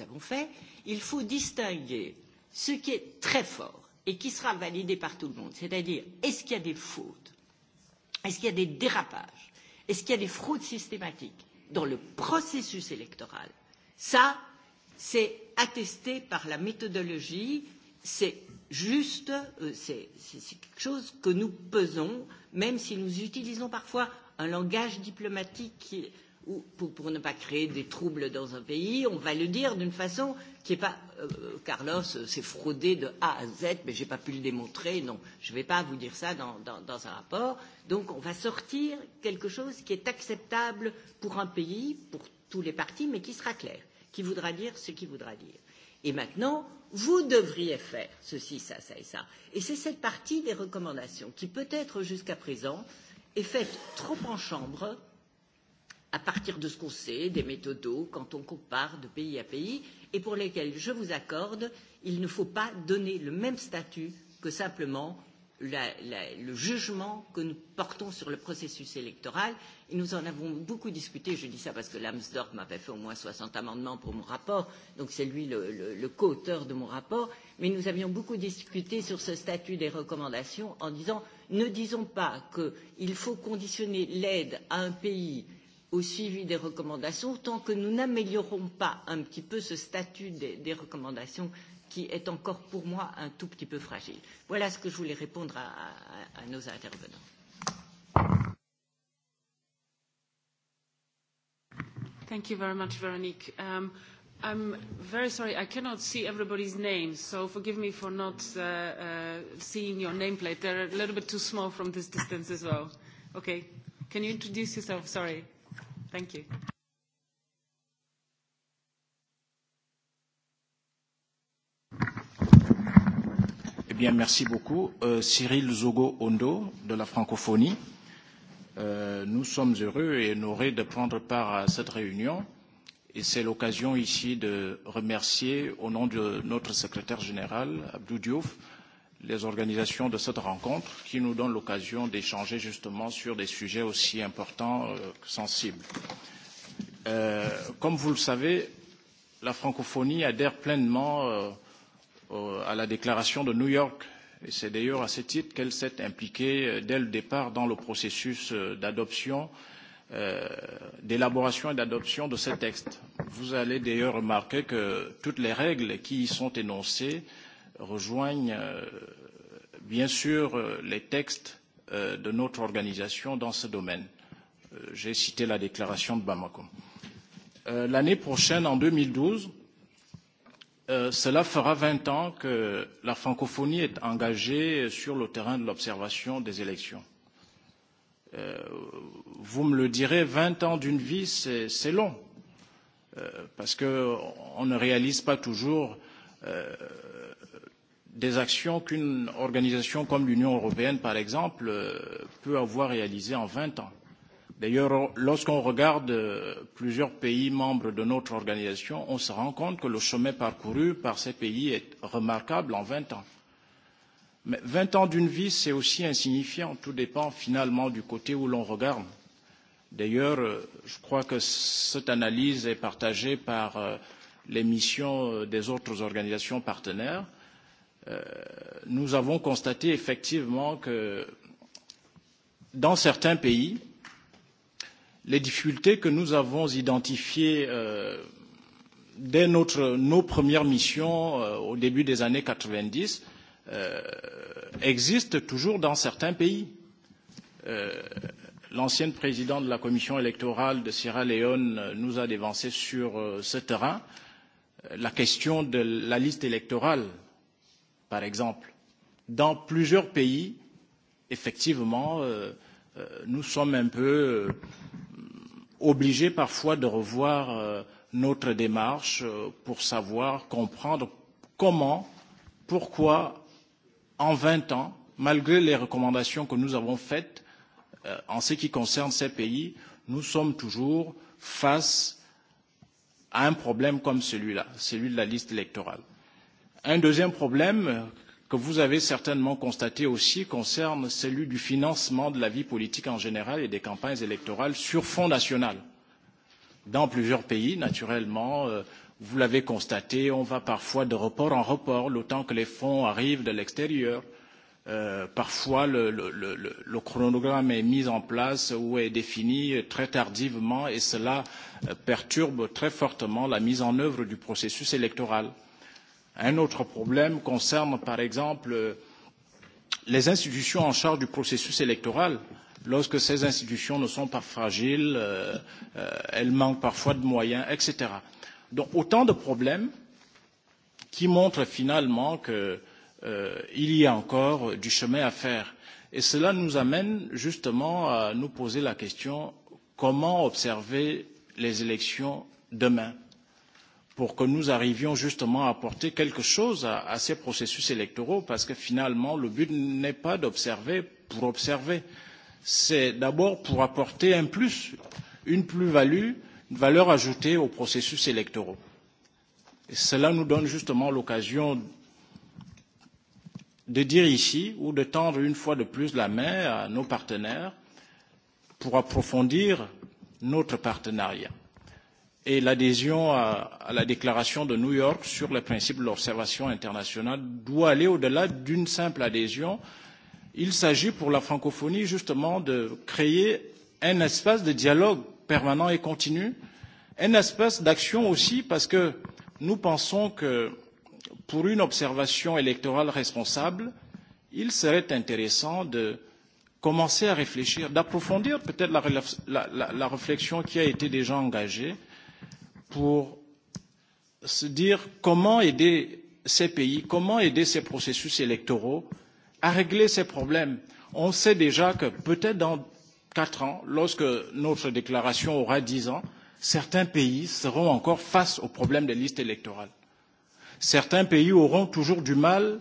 avons fait, il faut distinguer ce qui est très fort et qui sera validé par tout le monde, c'est-à-dire est-ce qu'il y a des fautes, est-ce qu'il y a des dérapages, est-ce qu'il y a des fraudes systématiques dans le processus électoral. Ça, c'est attesté par la méthodologie, c'est juste, c'est quelque chose que nous pesons, même si nous utilisons parfois un langage diplomatique qui, pour, ne pas créer des troubles dans un pays, on va le dire d'une façon qui n'est pas Carlos s'est fraudé de A à Z, mais je n'ai pas pu le démontrer, non, je ne vais pas vous dire ça dans, dans, dans un rapport. Donc on va sortir quelque chose qui est acceptable pour un pays, pour tous les partis, mais qui sera clair, qui voudra dire ce qu'il voudra dire. Et maintenant, vous devriez faire ceci, ça, ça et ça. Et c'est cette partie des recommandations qui, peut-être jusqu'à présent, est faite trop en chambre à partir de ce qu'on sait des méthodos quand on compare de pays à pays et pour lesquels je vous accorde il ne faut pas donner le même statut que simplement le jugement que nous portons sur le processus électoral. Et nous en avons beaucoup discuté. Je dis ça parce que Lambsdorff m'avait fait au moins 60 amendements pour mon rapport. Donc c'est lui le co-auteur de mon rapport. Mais nous avions beaucoup discuté sur ce statut des recommandations en disant ne disons pas qu'il faut conditionner l'aide à un pays au suivi des recommandations tant que nous n'améliorons pas un petit peu ce statut des recommandations qui est encore pour moi un tout petit peu fragile. Voilà ce que je voulais répondre à à, nos intervenants. Thank you very much, Veronique. Um, I'm very sorry, I cannot see everybody's names, so forgive me for not seeing your nameplate. They're a little bit too small from this distance as well. Okay, can you introduce yourself? Sorry. Thank you. bien, merci beaucoup. Cyril Zogo-Ondo, de la francophonie. Nous sommes heureux et honorés de prendre part à cette réunion. Et c'est l'occasion ici de remercier, au nom de notre secrétaire général, Abdou Diouf, les organisations de cette rencontre qui nous donnent l'occasion d'échanger justement sur des sujets aussi importants que sensibles. Comme vous le savez, la francophonie adhère pleinement à la déclaration de New York. Et c'est d'ailleurs à ce titre qu'elle s'est impliquée dès le départ dans le processus d'adoption, d'élaboration et d'adoption de ce texte. Vous allez d'ailleurs remarquer que toutes les règles qui y sont énoncées rejoignent bien sûr les textes de notre organisation dans ce domaine. J'ai cité la déclaration de Bamako. L'année prochaine, en 2012, Cela fera 20 ans que la francophonie est engagée sur le terrain de l'observation des élections. Vous me le direz, 20 ans d'une vie, c'est long, parce qu'on ne réalise pas toujours des actions qu'une organisation comme l'Union européenne, par exemple, peut avoir réalisées en 20 ans. D'ailleurs, lorsqu'on regarde plusieurs pays membres de notre organisation, on se rend compte que le chemin parcouru par ces pays est remarquable en 20 ans. Mais 20 ans d'une vie, c'est aussi insignifiant. Tout dépend finalement du côté où l'on regarde. D'ailleurs, je crois que cette analyse est partagée par les missions des autres organisations partenaires. Nous avons constaté effectivement que dans certains pays, les difficultés que nous avons identifiées dès nos premières missions au début des années 90 existent toujours dans certains pays. L'ancienne présidente de la commission électorale de Sierra Leone nous a dévancé sur ce terrain. La question de la liste électorale, par exemple. Dans plusieurs pays, effectivement, nous sommes un peu obligés parfois de revoir notre démarche pour savoir, comprendre comment, pourquoi, en 20 ans, malgré les recommandations que nous avons faites en ce qui concerne ces pays, nous sommes toujours face à un problème comme celui-là, celui de la liste électorale. Un deuxième problème que vous avez certainement constaté aussi concerne celui du financement de la vie politique en général et des campagnes électorales sur fonds national. Dans plusieurs pays, naturellement, vous l'avez constaté, on va parfois de report en report, le temps que les fonds arrivent de l'extérieur. Parfois, le chronogramme est mis en place ou est défini très tardivement et cela perturbe très fortement la mise en œuvre du processus électoral. Un autre problème concerne, par exemple, les institutions en charge du processus électoral. Lorsque ces institutions ne sont pas fragiles, elles manquent parfois de moyens, etc. Donc autant de problèmes qui montrent finalement qu'il y a encore du chemin à faire. Et cela nous amène justement à nous poser la question comment observer les élections demain pour que nous arrivions justement à apporter quelque chose à ces processus électoraux, parce que finalement, le but n'est pas d'observer pour observer. C'est d'abord pour apporter un plus, une plus-value, une valeur ajoutée aux processus électoraux. Et cela nous donne justement l'occasion de dire ici, ou de tendre une fois de plus la main à nos partenaires pour approfondir notre partenariat et l'adhésion à la déclaration de New York sur les principes de l'observation internationale doit aller au-delà d'une simple adhésion. Il s'agit pour la francophonie justement de créer un espace de dialogue permanent et continu, un espace d'action aussi parce que nous pensons que pour une observation électorale responsable, il serait intéressant de commencer à réfléchir, d'approfondir peut-être la réflexion qui a été déjà engagée pour se dire comment aider ces pays, comment aider ces processus électoraux à régler ces problèmes. On sait déjà que peut-être dans quatre ans, lorsque notre déclaration aura dix ans, certains pays seront encore face au problème des listes électorales. Certains pays auront toujours du mal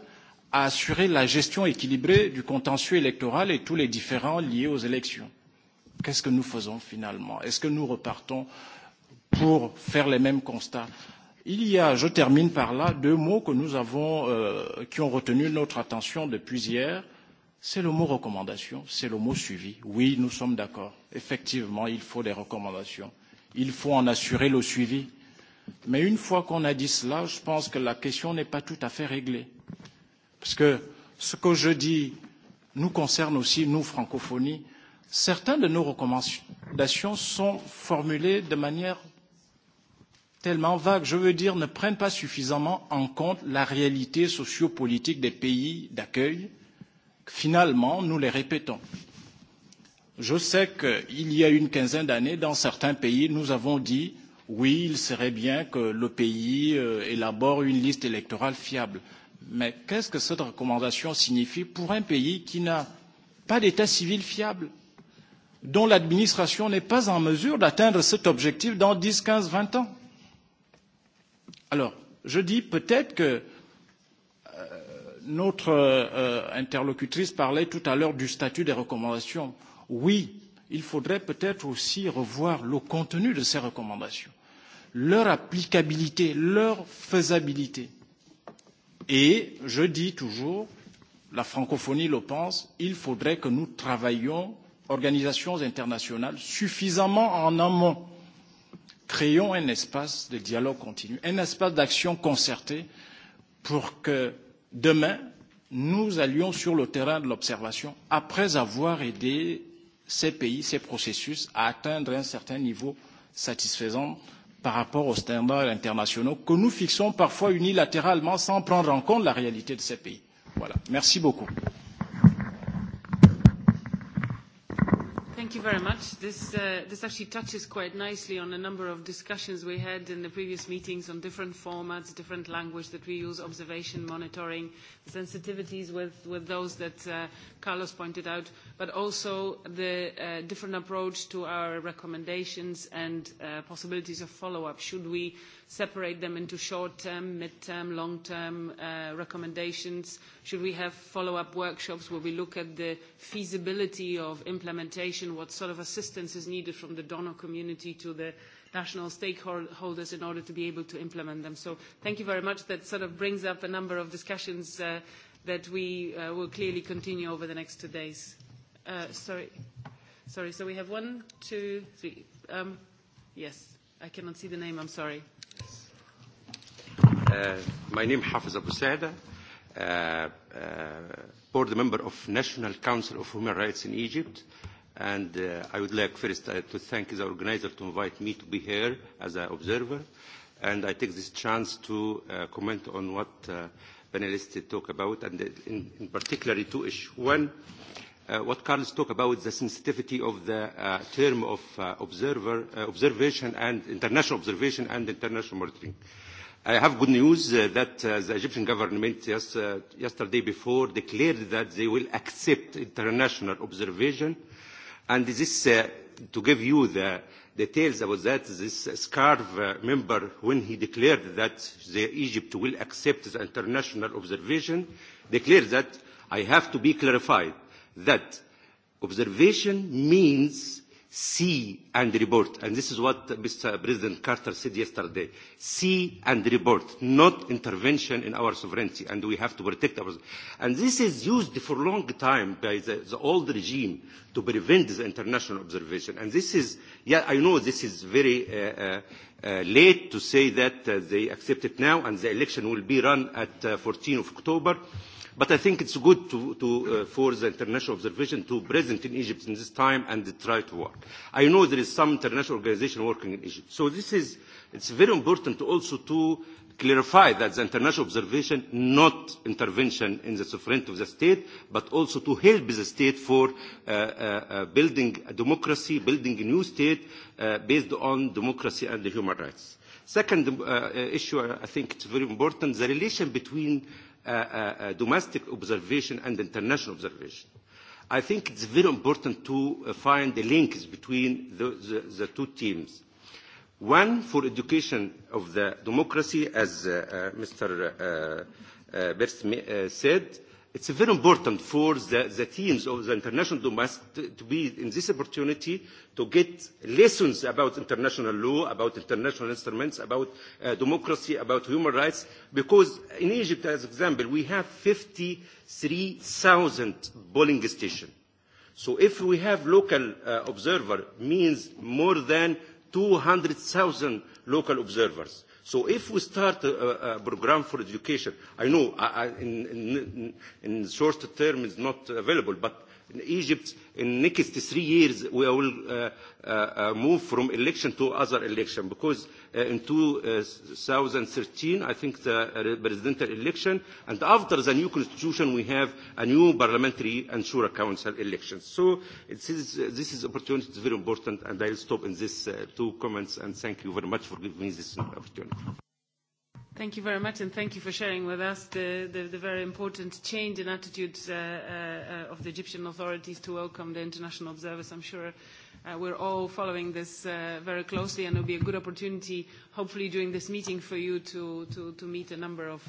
à assurer la gestion équilibrée du contentieux électoral et tous les différends liés aux élections. Qu'est-ce que nous faisons finalement Est-ce que nous repartons pour faire les mêmes constats. Il y a, je termine par là, deux mots que nous avons, qui ont retenu notre attention depuis hier. C'est le mot recommandation, c'est le mot suivi. Oui, nous sommes d'accord. Effectivement, il faut des recommandations. Il faut en assurer le suivi. Mais une fois qu'on a dit cela, je pense que la question n'est pas tout à fait réglée. Parce que ce que je dis nous concerne aussi, nous, francophonie. Certaines de nos recommandations sont formulées de manière tellement vague, je veux dire, ne prennent pas suffisamment en compte la réalité sociopolitique des pays d'accueil. Finalement, nous les répétons. Je sais qu'il y a une quinzaine d'années, dans certains pays, nous avons dit oui, il serait bien que le pays élabore une liste électorale fiable. Mais qu'est-ce que cette recommandation signifie pour un pays qui n'a pas d'état civil fiable, dont l'administration n'est pas en mesure d'atteindre cet objectif dans 10, 15, 20 ans Alors, je dis peut-être que notre interlocutrice parlait tout à l'heure du statut des recommandations. Oui, il faudrait peut-être aussi revoir le contenu de ces recommandations, leur applicabilité, leur faisabilité. Et je dis toujours, la francophonie le pense, il faudrait que nous travaillions, organisations internationales, suffisamment en amont Créons un espace de dialogue continu, un espace d'action concertée pour que demain, nous allions sur le terrain de l'observation après avoir aidé ces pays, ces processus à atteindre un certain niveau satisfaisant par rapport aux standards internationaux que nous fixons parfois unilatéralement sans prendre en compte la réalité de ces pays. Voilà. Merci beaucoup. Thank you very much. This actually touches quite nicely on a number of discussions we had in the previous meetings on different formats, different language that we use, observation, monitoring, sensitivities with those that Carlos pointed out, but also the different approach to our recommendations and possibilities of follow-up. Should we separate them into short-term, mid-term, long-term recommendations? Should we have follow-up workshops where we look at the feasibility of implementation, what sort of assistance is needed from the donor community to the national stakeholders in order to be able to implement them? So thank you very much. That sort of brings up a number of discussions that we will clearly continue over the next two days. Sorry. Sorry, so we have one, two, three. Yes, I cannot see the name, I'm sorry. My name is Hafiz Abu Saada, board member of National Council of Human Rights in Egypt, and I would like first to thank the organizer to invite me to be here as an observer, and I take this chance to comment on what panelists talk about, and in particular two issues. One, what Carlos talked about, the sensitivity of the term of observer observation and international observation and international monitoring. I have good news that the Egyptian government yesterday before declared that they will accept international observation. And this, to give you the details about that, this SCARV member, when he declared that Egypt will accept the international observation, declared that I have to be clarified that observation means see and report. And this is what Mr. President Carter said yesterday. See and report, not intervention in our sovereignty. And we have to protect our And this is used for a long time by the old regime to prevent the international observation. And this is, yeah, I know this is very late to say that they accept it now and the election will be run at 14 of October. But I think it's good for the international observation to present in Egypt in this time and try to work. I know there is some international organization working in Egypt. So this is it's very important also to clarify that the international observation not intervention in the sovereignty of the state, but also to help the state for building a democracy, building a new state based on democracy and human rights. Second issue, I think is very important, the relation between domestic observation and international observation. I think it's very important to find the links between the two teams. One for education of the democracy, as Mr. Berst said, It's very important for the teams of the international domestic to be in this opportunity to get lessons about international law, about international instruments, about democracy, about human rights, because in Egypt, as example, we have 53,000 polling stations. So if we have local observer, means more than 200,000 local observers. So if we start a programme for education, I know in short term it's not available, but in Egypt in next three years we will move from election to other election because in 2013 I think the presidential election and after the new constitution we have a new parliamentary and shura council election. So this is opportunity is very important and I will stop in these two comments and thank you very much for giving me this opportunity. Thank you very much, and thank you for sharing with us the very important change in attitudes of the Egyptian authorities to welcome the international observers. I'm sure we're all following this very closely, and will be a good opportunity, hopefully during this meeting, for you to meet a number of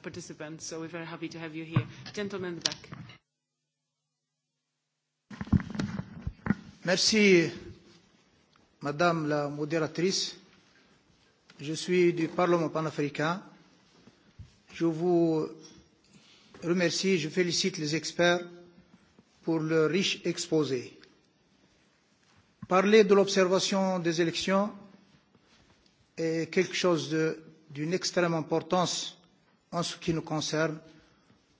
participants. So we're very happy to have you here. Gentleman in the back. Merci, Madame la modératrice. Je suis du Parlement panafricain. Je vous remercie, je félicite les experts pour leur riche exposé. Parler de l'observation des élections est quelque chose d'une extrême importance en ce qui nous concerne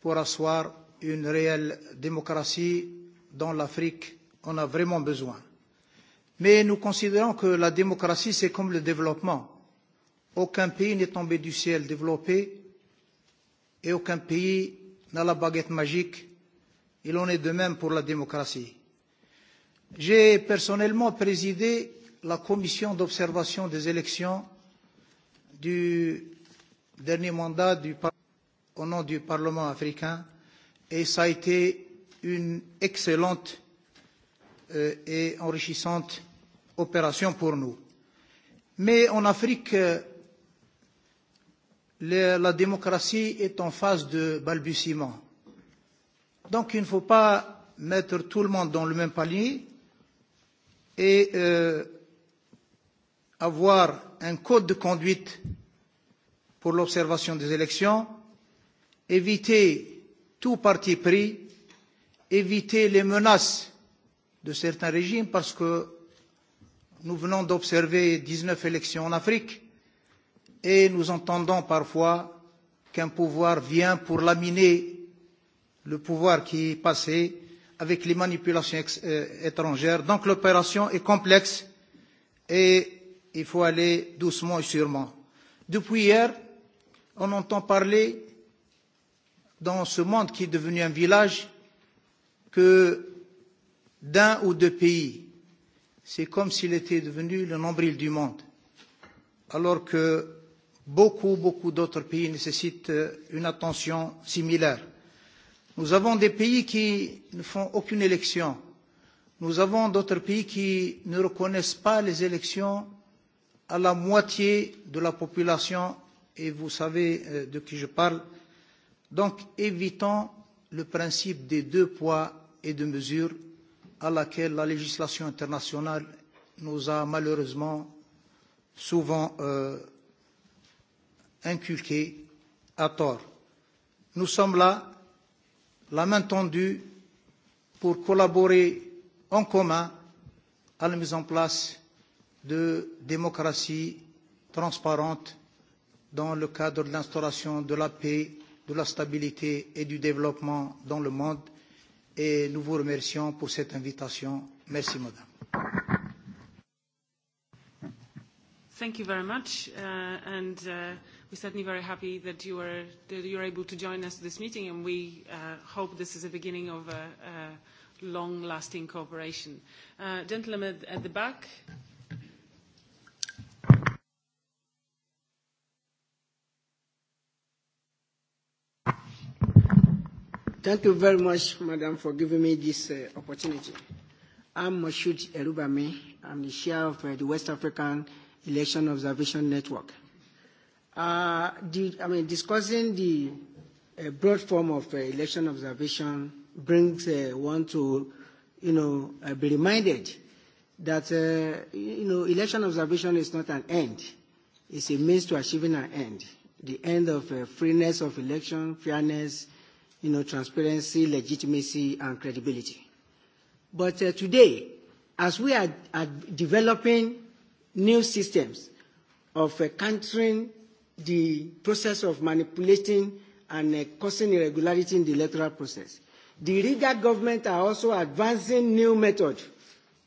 pour asseoir une réelle démocratie dont l'Afrique en a vraiment besoin. Mais nous considérons que la démocratie, c'est comme le développement Aucun pays n'est tombé du ciel développé et aucun pays n'a la baguette magique. Il en est de même pour la démocratie. J'ai personnellement présidé la commission d'observation des élections du dernier mandat du au nom du Parlement africain et ça a été une excellente et enrichissante opération pour nous. Mais en Afrique, la démocratie est en phase de balbutiement. Donc il ne faut pas mettre tout le monde dans le même panier et avoir un code de conduite pour l'observation des élections, éviter tout parti pris, éviter les menaces de certains régimes parce que nous venons d'observer 19 élections en Afrique et nous entendons parfois qu'un pouvoir vient pour laminer le pouvoir qui est passé avec les manipulations étrangères. Donc l'opération est complexe et il faut aller doucement et sûrement. Depuis hier, on entend parler dans ce monde qui est devenu un village que d'un ou deux pays. C'est comme s'il était devenu le nombril du monde. Alors que Beaucoup, beaucoup d'autres pays nécessitent une attention similaire. Nous avons des pays qui ne font aucune élection. Nous avons d'autres pays qui ne reconnaissent pas les élections à la moitié de la population, et vous savez de qui je parle. Donc, évitons le principe des deux poids et deux mesures à laquelle la législation internationale nous a malheureusement souvent inculquée à tort. Nous sommes là, la main tendue, pour collaborer en commun à la mise en place de démocratie transparente dans le cadre de l'instauration de la paix, de la stabilité et du développement dans le monde. Et nous vous remercions pour cette invitation. Merci, madame. Thank you very much. And We're certainly very happy that you are able to join us this meeting, and we hope this is the beginning of a long-lasting cooperation. Gentlemen at the back. Thank you very much, Madam, for giving me this opportunity. I'm Moshood Erubami. I'm the chair of the West African Election Observation Network. I mean, discussing the broad form of election observation brings one to, you know, be reminded that, you know, election observation is not an end. It's a means to achieving an end. The end of freeness of election, fairness, you know, transparency, legitimacy, and credibility. But today, as we are developing new systems of countering the process of manipulating and causing irregularity in the electoral process. The Riga government are also advancing new methods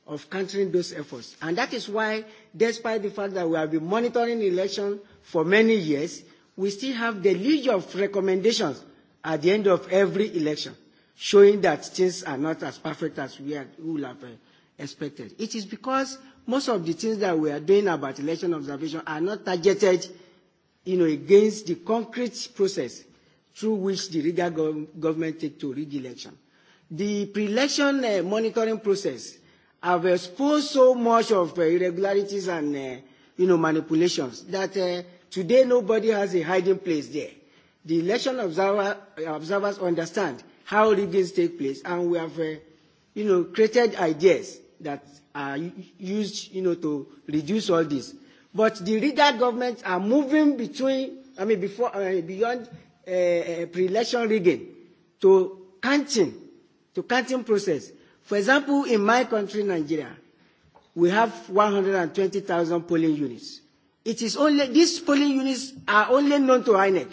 of countering those efforts. And that is why, despite the fact that we have been monitoring elections for many years, we still have the league of recommendations at the end of every election, showing that things are not as perfect as we would have expected. It is because most of the things that we are doing about election observation are not targeted you know, against the concrete process through which the Riga government takes to rig election. The pre-election monitoring process have exposed so much of irregularities and, you know, manipulations that today nobody has a hiding place there. The election observers understand how rigging take place, and we have, you know, created ideas that are used, you know, to reduce all this. But the leader governments are moving between, I mean, before, beyond pre-election rigging to counting, to counting process. For example, in my country, Nigeria, we have 120,000 polling units. It is only, these polling units are only known to INEC.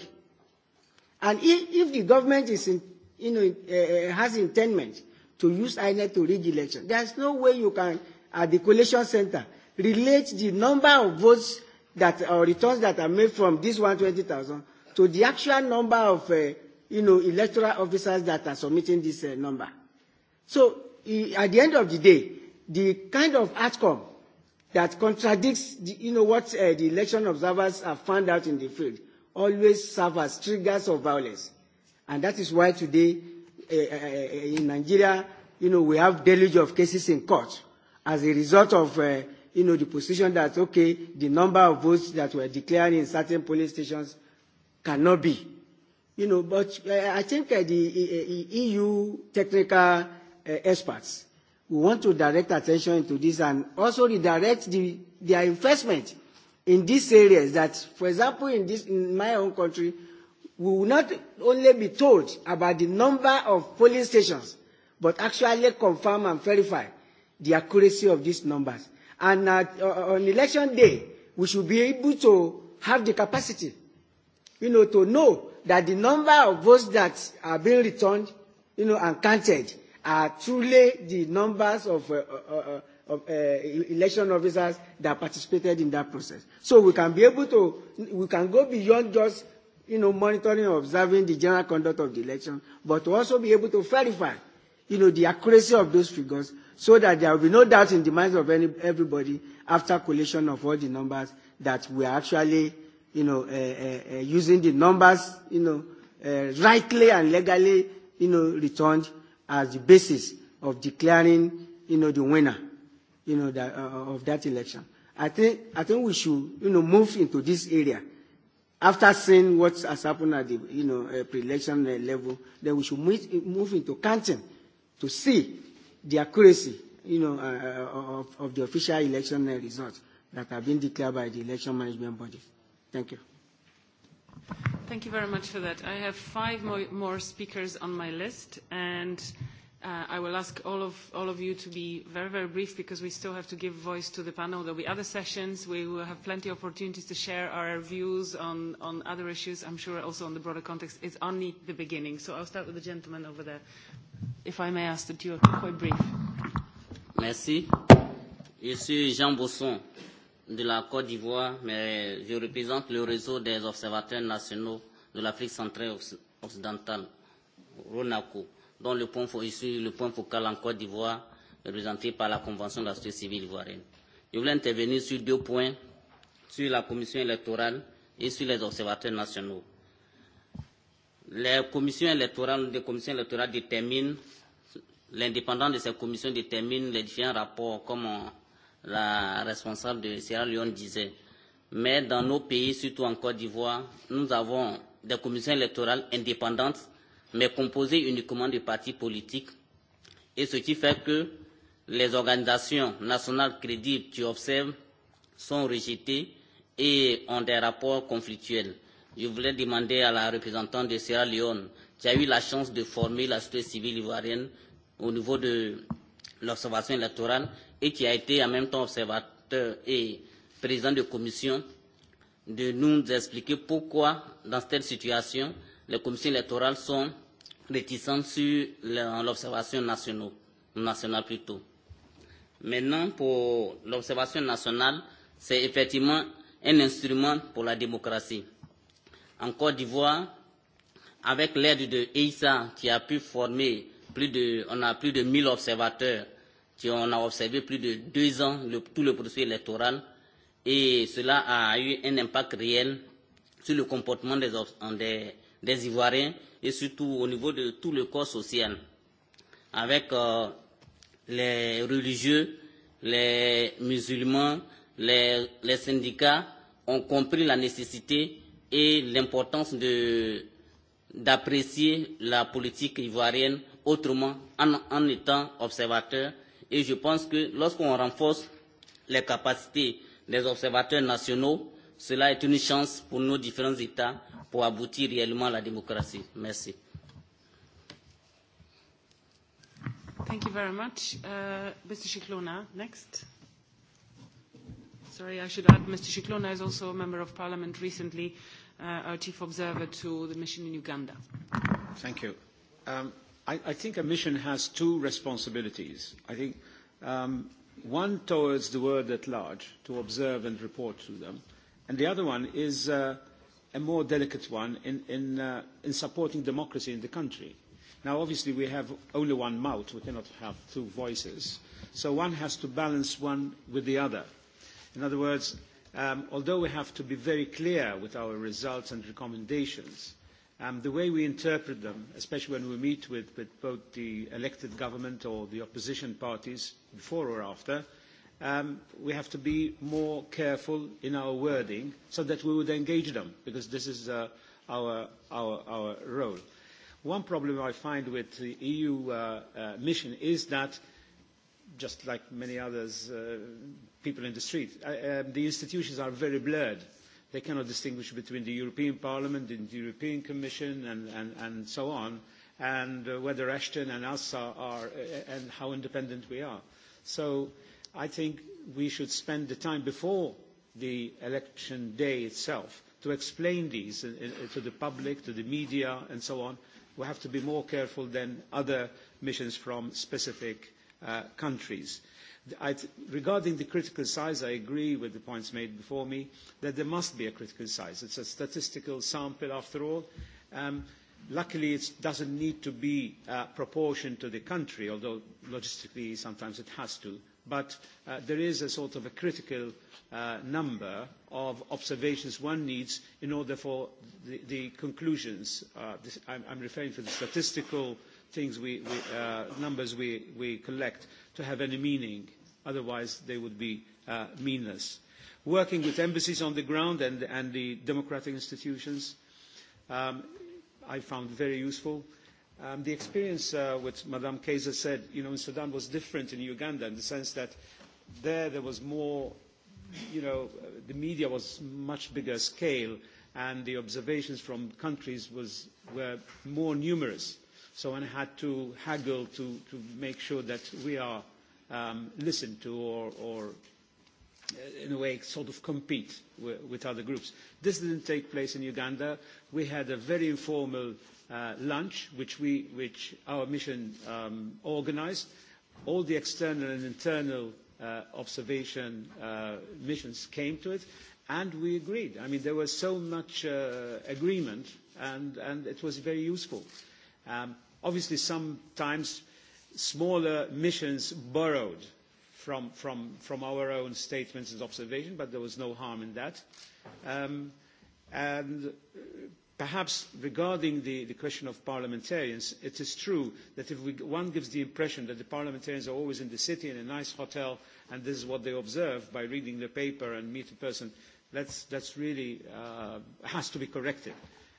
And if, the government is in, you know, has intent to use INEC to rig the election, there's no way you can, at the coalition center, relate the number of votes that or returns that are made from this 120,000 to the actual number of you know, electoral officers that are submitting this number. So at the end of the day, the kind of outcome that contradicts the, you know, what the election observers have found out in the field always serve as triggers of violence. And that is why today in Nigeria, you know, we have deluge of cases in court as a result of you know, the position that, okay, the number of votes that were declared in certain police stations cannot be. You know, but I think the EU technical experts will want to direct attention to this and also redirect the, their investment in these areas that, for example, in, this, in my own country, we will not only be told about the number of polling stations, but actually confirm and verify the accuracy of these numbers. And on election day, we should be able to have the capacity, you know, to know that the number of votes that are being returned, you know, and counted are truly the numbers of election officers that participated in that process. So we can be able to, we can go beyond just, you know, monitoring and observing the general conduct of the election, but to also be able to verify, you know, the accuracy of those figures so that there will be no doubt in the minds of any, everybody after collation of all the numbers that we are actually, you know, using the numbers, you know, rightly and legally, you know, returned as the basis of declaring, you know, the winner, you know, of that election. I think, I think we should, you know, move into this area. After seeing what has happened at the, you know, pre-election level, then we should move into counting to see the accuracy you know, uh, of, of the official election results that have been declared by the election management body. Thank you. Thank you very much for that. I have five more, more speakers on my list, and I will ask all of you to be very, very brief because we still have to give voice to the panel. There will be other sessions. We will have plenty of opportunities to share our views on other issues. I'm sure also on the broader context. It's only the beginning. So I'll start with the gentleman over there. If I may ask that you are quite brief. Merci. Je suis Jean Bosson de la Côte d'Ivoire, mais je représente le réseau des observateurs nationaux de l'Afrique centrale occidentale, RONACO dont le point, ici, le point focal en Côte d'Ivoire, représenté par la Convention de la société civile ivoirienne. Je voulais intervenir sur deux points, sur la commission électorale et sur les observateurs nationaux. Les commissions électorales, les commissions électorales déterminent, l'indépendance de ces commissions détermine les différents rapports, comme la responsable de Sierra Leone disait. Mais dans nos pays, surtout en Côte d'Ivoire, nous avons des commissions électorales indépendantes mais composé uniquement de partis politiques, et ce qui fait que les organisations nationales crédibles, tu observes, sont rejetées et ont des rapports conflictuels. Je voulais demander à la représentante de Sierra Leone, qui a eu la chance de former la société civile ivoirienne au niveau de l'observation électorale et qui a été en même temps observateur et président de commission, de nous expliquer pourquoi, dans cette situation, les commissions électorales sont réticentes sur l'observation nationale plutôt. Maintenant, pour l'observation nationale, c'est effectivement un instrument pour la démocratie. En Côte d'Ivoire, avec l'aide de EISA qui a pu former plus de, on a plus de 1000 observateurs, qui on a observé plus de deux ans le, tout le processus électoral, et cela a eu un impact réel sur le comportement des, des des Ivoiriens et surtout au niveau de tout le corps social, avec les religieux, les musulmans, les, les syndicats ont compris la nécessité et l'importance de d'apprécier la politique ivoirienne autrement en, en étant observateur. Et je pense que lorsqu'on renforce les capacités des observateurs nationaux, cela est une chance pour nos différents États pour aboutir réellement à la démocratie. Merci. Thank you very much. Mr. Shiklona, next. Sorry, I should add, Mr. Shiklona is also a member of parliament recently, our chief observer to the mission in Uganda. Thank you. Um, I I think a mission has two responsibilities. I think um, one towards the world at large, to observe and report to them, and the other one is uh, a more delicate one in supporting democracy in the country. Now, obviously, we have only one mouth. We cannot have two voices. So one has to balance one with the other. In other words, although we have to be very clear with our results and recommendations, the way we interpret them, especially when we meet with both the elected government or the opposition parties before or after, we have to be more careful in our wording so that we would engage them, because this is our role. One problem I find with the EU mission is that, just like many others, people in the street, the institutions are very blurred. They cannot distinguish between the European Parliament, and the European Commission, and so on, and whether Ashton and us are, and how independent we are. So I think we should spend the time before the election day itself to explain these to the public, to the media and so on. We have to be more careful than other missions from specific countries. Regarding the critical size, I agree with the points made before me that there must be a critical size. It's a statistical sample after all. Luckily, it doesn't need to be proportioned to the country, although logistically sometimes it has to but there is a sort of a critical number of observations one needs in order for the conclusions. I'm referring to the statistical things we numbers we collect to have any meaning. Otherwise, they would be meaningless. Working with embassies on the ground and the democratic institutions, I found very useful. The experience, which Madame Kayser said, you know, in Sudan was different in Uganda in the sense that there there was more, you know, the media was much bigger scale and the observations from countries was were more numerous. So one had to haggle to to make sure that we are listened to or in a way, sort of compete with other groups. This didn't take place in Uganda. We had a very informal lunch, which our mission organized. All the external and internal observation missions came to it, and we agreed. I mean, there was so much agreement, and it was very useful. Obviously, sometimes smaller missions borrowed from our own statements and observations but there was no harm in that. And perhaps regarding the question of parliamentarians, it is true that if one gives the impression that the parliamentarians are always in the city in a nice hotel and this is what they observe by reading the paper and meet a person, that's really has to be corrected.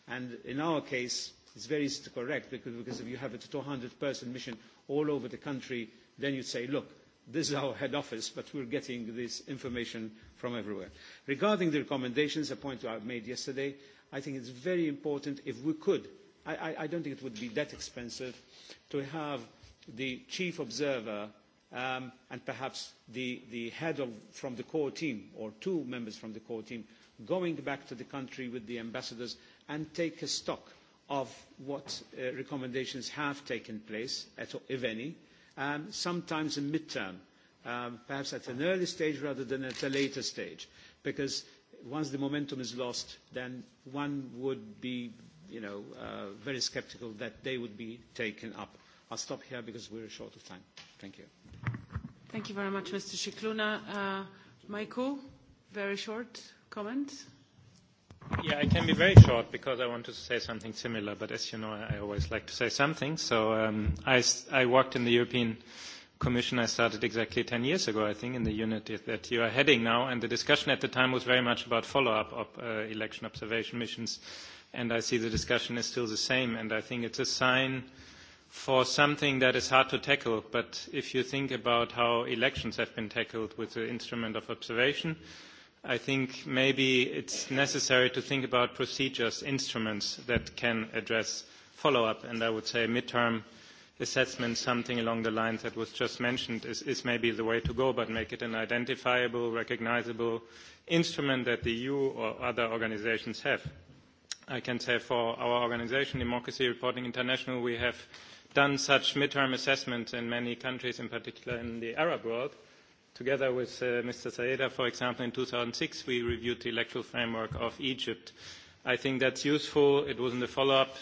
And in our case, it's very easy to correct because if you have a 200-person mission all over the country, then you say, look, This is our head office, but we're getting this information from everywhere. Regarding the recommendations, a point I made yesterday, I think it's very important if we could, I don't think it would be that expensive, to have the chief observer and perhaps the head from the core team or two members from the core team going back to the country with the ambassadors and take a stock of what recommendations have taken place, if any, sometimes in midterm, perhaps at an early stage rather than at a later stage, because once the momentum is lost, then one would be very skeptical that they would be taken up. I'll stop here because we're short of time. Thank you. Thank you very much, Mr. Scicluna. Michael, very short comment. Yeah, I can be very short because I want to say something similar, but as you know, I always like to say something. So um, I, I worked in the European Commission. I started exactly 10 years ago, I think, in the unit that you are heading now. And the discussion at the time was very much about follow-up of uh, election observation missions. And I see the discussion is still the same. And I think it's a sign for something that is hard to tackle. But if you think about how elections have been tackled with the instrument of observation, I think maybe it's necessary to think about procedures, instruments that can address follow-up, and I would say mid-term assessment, something along the lines that was just mentioned, is maybe the way to go, but make it an identifiable, recognizable instrument that the EU or other organisations have. I can say for our organisation, Democracy Reporting International, we have done such mid-term assessments in many countries, in particular in the Arab world, Together with Mr. Saeda, for example, in 2006, we reviewed the electoral framework of Egypt. I think that's useful. It wasn't a follow-up,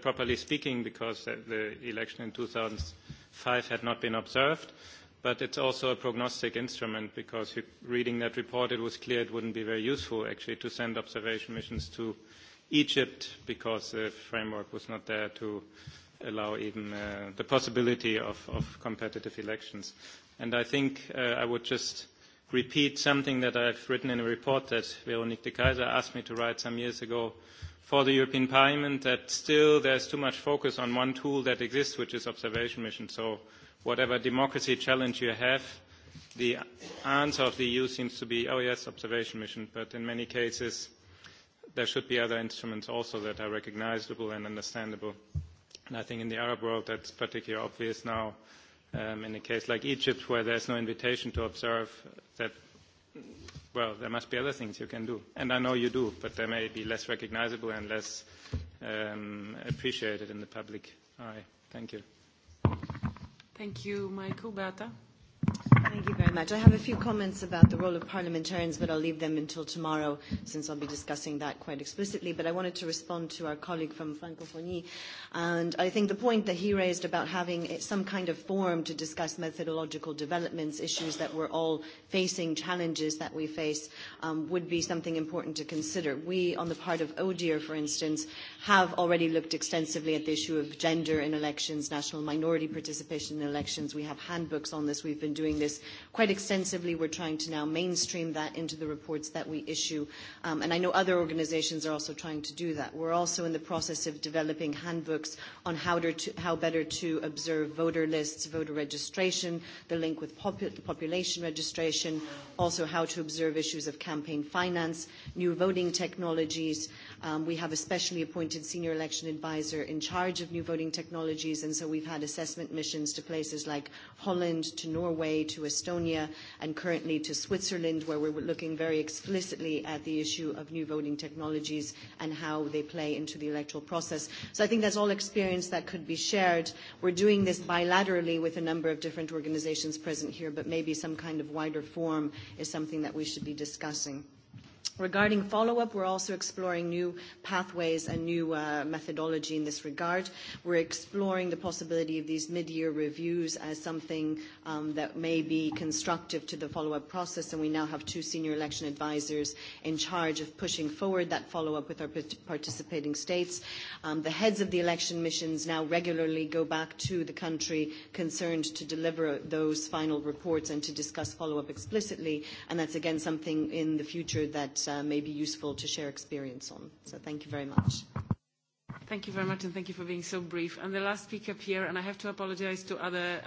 properly speaking, because the election in 2005 had not been observed. But it's also a prognostic instrument, because reading that report, it was clear it wouldn't be very useful, actually, to send observation missions to Egypt, because the framework was not there to allow even the possibility of competitive elections. And I think I would just repeat something that I've written in a report that Veronique de Kaiser asked me to write some years ago for the European Parliament, that still there's too much focus on one tool that exists, which is observation mission. So whatever democracy challenge you have, the answer of the EU seems to be, oh yes, observation mission. But in many cases, there should be other instruments also that are recognizable and understandable. And I think in the Arab world that's particularly obvious now in a case like Egypt where there's no invitation to observe that, well, there must be other things you can do. And I know you do, but they may be less recognizable and less appreciated in the public eye. Thank you. Thank you, Michael Thank you very much. I have a few comments about the role of parliamentarians, but I'll leave them until tomorrow, since I'll be discussing that quite explicitly. But I wanted to respond to our colleague from Francophonie. And I think the point that he raised about having some kind of forum to discuss methodological developments, issues that we're all facing, challenges that we face, would be something important to consider. We, on the part of ODIHR, for instance, have already looked extensively at the issue of gender in elections, national minority participation in elections. We have handbooks on this. We've been doing this quite extensively. We're trying to now mainstream that into the reports that we issue, and I know other organizations are also trying to do that. We're also in the process of developing handbooks on how better to observe voter lists, voter registration, the link with population registration, also how to observe issues of campaign finance, new voting technologies. We have a specially appointed senior election advisor in charge of new voting technologies, and so we've had assessment missions to places like Holland, to Norway, to Estonia, and currently to Switzerland, where we're looking very explicitly at the issue of new voting technologies and how they play into the electoral process. So I think that's all experience that could be shared. We're doing this bilaterally with a number of different organizations present here, but maybe some kind of wider form is something that we should be discussing. Regarding follow-up, we're also exploring new pathways and new methodology in this regard. We're exploring the possibility of these mid-year reviews as something that may be constructive to the follow-up process, and we now have two senior election advisors in charge of pushing forward that follow-up with our participating states. The heads of the election missions now regularly go back to the country concerned to deliver those final reports and to discuss follow-up explicitly, and that's again something in the future that may be useful to share experience on. So thank you very much. Thank you very much, and thank you for being so brief. And the last speaker, Pierre, and I have to apologize to other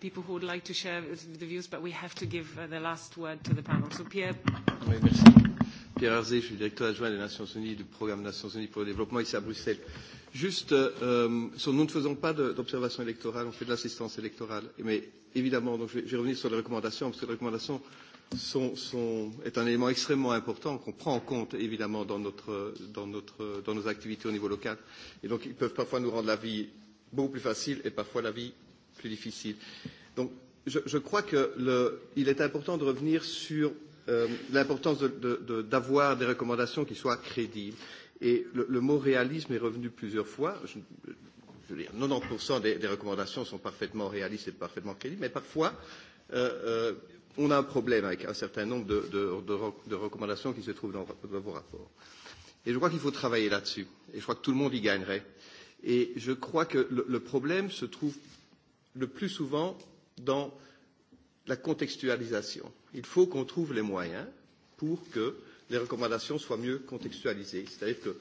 people who would like to share the views, but we have to give the last word to the panel. So, Pierre. Oui, merci. Pierre Herzé, je suis directeur adjoint des Nations Unies du programme Nations Unies pour le développement ici à Bruxelles. Juste, nous ne faisons pas d'observation électorale, on fait de l'assistance électorale. Mais évidemment, donc je vais revenir sur les recommandations, parce que les recommandations sont sont est un élément extrêmement important qu'on prend en compte évidemment dans notre notre dans dans nos activités au niveau local. Et donc ils peuvent parfois nous rendre la vie beaucoup plus facile et parfois la vie plus difficile. Donc je crois qu'il est important de revenir sur l'importance d'avoir des recommandations qui soient crédibles. Et le mot réalisme est revenu plusieurs fois. Je veux dire, 90% des recommandations sont parfaitement réalistes et parfaitement crédibles, mais parfois on a un problème avec un certain nombre de, de, de, recommandations qui se trouvent dans, dans vos rapports. Et je crois qu'il faut travailler là-dessus. Et je crois que tout le monde y gagnerait. Et je crois que le, problème se trouve le plus souvent dans la contextualisation. Il faut qu'on trouve les moyens pour que les recommandations soient mieux contextualisées. C'est-à-dire que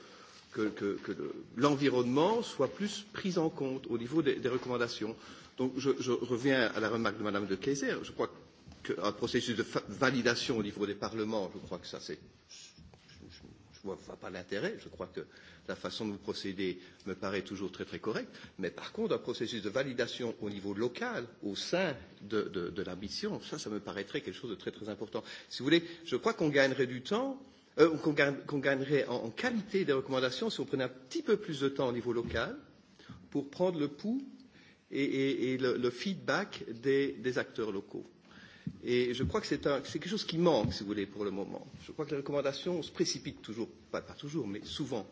que, que, que l'environnement soit plus pris en compte au niveau des, recommandations. Donc je, je reviens à la remarque de Mme de Kayser. Je crois un processus de validation au niveau des parlements, je crois que ça, c'est. Je ne vois pas l'intérêt. Je crois que la façon de vous procéder me paraît toujours très, très correcte. Mais par contre, un processus de validation au niveau local, au sein de, de, de la mission, ça, ça me paraîtrait quelque chose de très, très important. Si vous voulez, je crois qu'on gagnerait du temps qu'on gagnerait en qualité des recommandations si on prenait un petit peu plus de temps au niveau local pour prendre le pouls et le feedback des acteurs locaux. Et je crois que c'est quelque chose qui manque, si vous voulez, pour le moment. Je crois que les recommandations se précipitent toujours, pas toujours, mais souvent,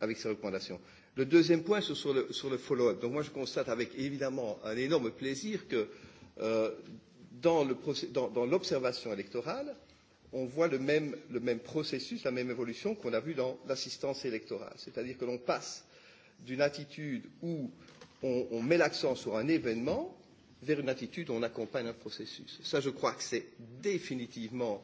avec ces recommandations. Le deuxième point, c'est sur le follow-up. Donc moi, je constate avec, évidemment, un énorme plaisir que dans l'observation électorale, on voit le même processus, la même évolution qu'on a vu dans l'assistance électorale. C'est-à-dire que l'on passe d'une attitude où on met l'accent sur un événement, vers une attitude où on accompagne un processus. Ça, je crois que c'est définitivement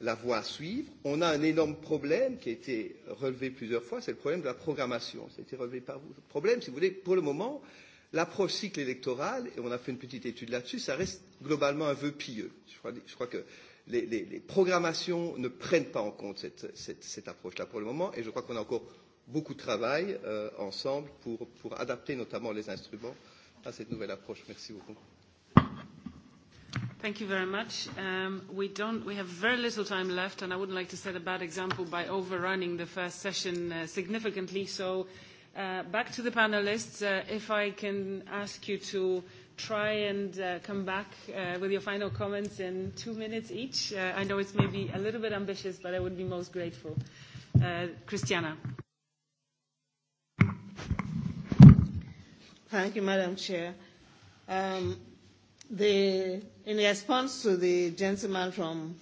la voie à suivre. On a un énorme problème qui a été relevé plusieurs fois, c'est le problème de la programmation. Ça a été relevé par vous. Le problème, si vous voulez, pour le moment, l'approche cycle électoral, et on a fait une petite étude là-dessus, ça reste globalement un vœu pieux. Je crois, je crois que les, les, les programmations ne prennent pas en compte cette, cette, cette approche-là pour le moment, et je crois qu'on a encore beaucoup de travail ensemble pour, pour adapter notamment les instruments à cette nouvelle approche. Merci beaucoup. Thank you very much. We don't we have very little time left, and I wouldn't like to set a bad example by overrunning the first session significantly. So back to the panelists. If I can ask you to try and come back with your final comments in two minutes each. I know it's maybe a little bit ambitious, but I would be most grateful. Christiana. Thank you, Madam Chair. Um, the, in response to the gentleman from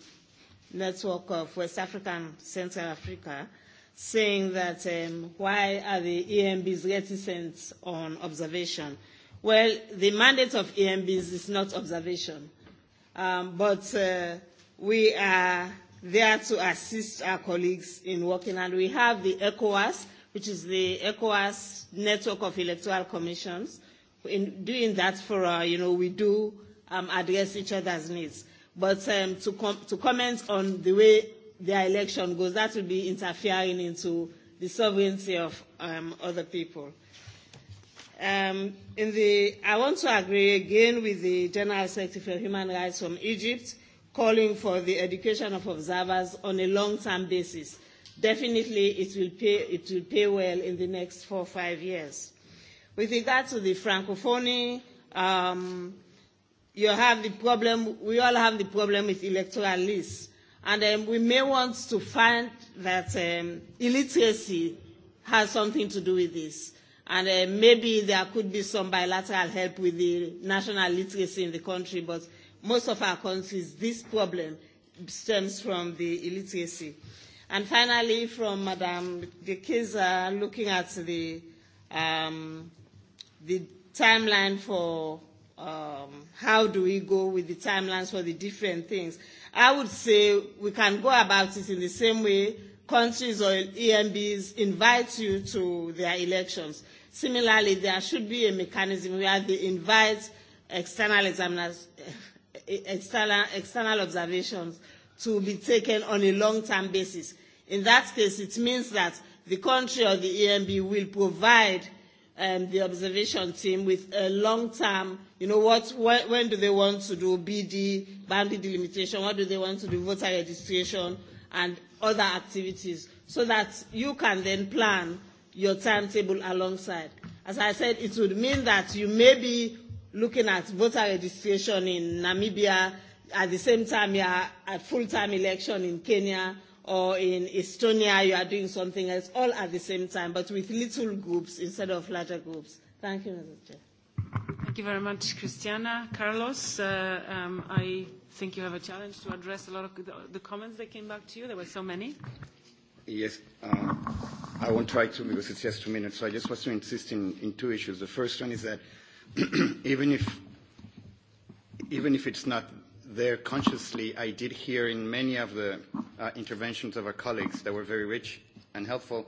Network of West African Central Africa, saying that um, why are the EMBs reticent on observation? Well, the mandate of EMBs is not observation, um, but uh, we are there to assist our colleagues in working, and we have the ECOWAS which is the ECOWAS network of electoral commissions. In doing that for, you know, we do address each other's needs. But to to comment on the way their election goes, that would be interfering into the sovereignty of other people. In the, I want to agree again with the General Secretary for Human Rights from Egypt, calling for the education of observers on a long-term basis definitely it will pay it will pay well in the next four or five years. With regard to the Francophonie, um you have the problem we all have the problem with electoral lists and we may want to find that illiteracy has something to do with this. And maybe there could be some bilateral help with the national literacy in the country, but most of our countries, this problem stems from the illiteracy. And finally, from Madam De looking at the um, the timeline for um, how do we go with the timelines for the different things. I would say we can go about it in the same way countries or EMBs invite you to their elections. Similarly, there should be a mechanism where they invite external examiners, external, external observations to be taken on a long-term basis In that case, it means that the country or the EMB will provide the observation team with a long-term, you know, what, when do they want to do BD, boundary delimitation, what do they want to do voter registration and other activities, so that you can then plan your timetable alongside. As I said, it would mean that you may be looking at voter registration in Namibia, at the same time you are at full-time election in Kenya, or in Estonia you are doing something else, all at the same time, but with little groups instead of larger groups. Thank you, Mr. Chair. Thank you very much, Christiana. Carlos, um I think you have a challenge to address a lot of the comments that came back to you. There were so many. Yes. I won't try to because it's just two minutes. So I just want to insist in two issues. The first one is that even if even if it's not there consciously I did hear in many of the interventions of our colleagues that were very rich and helpful,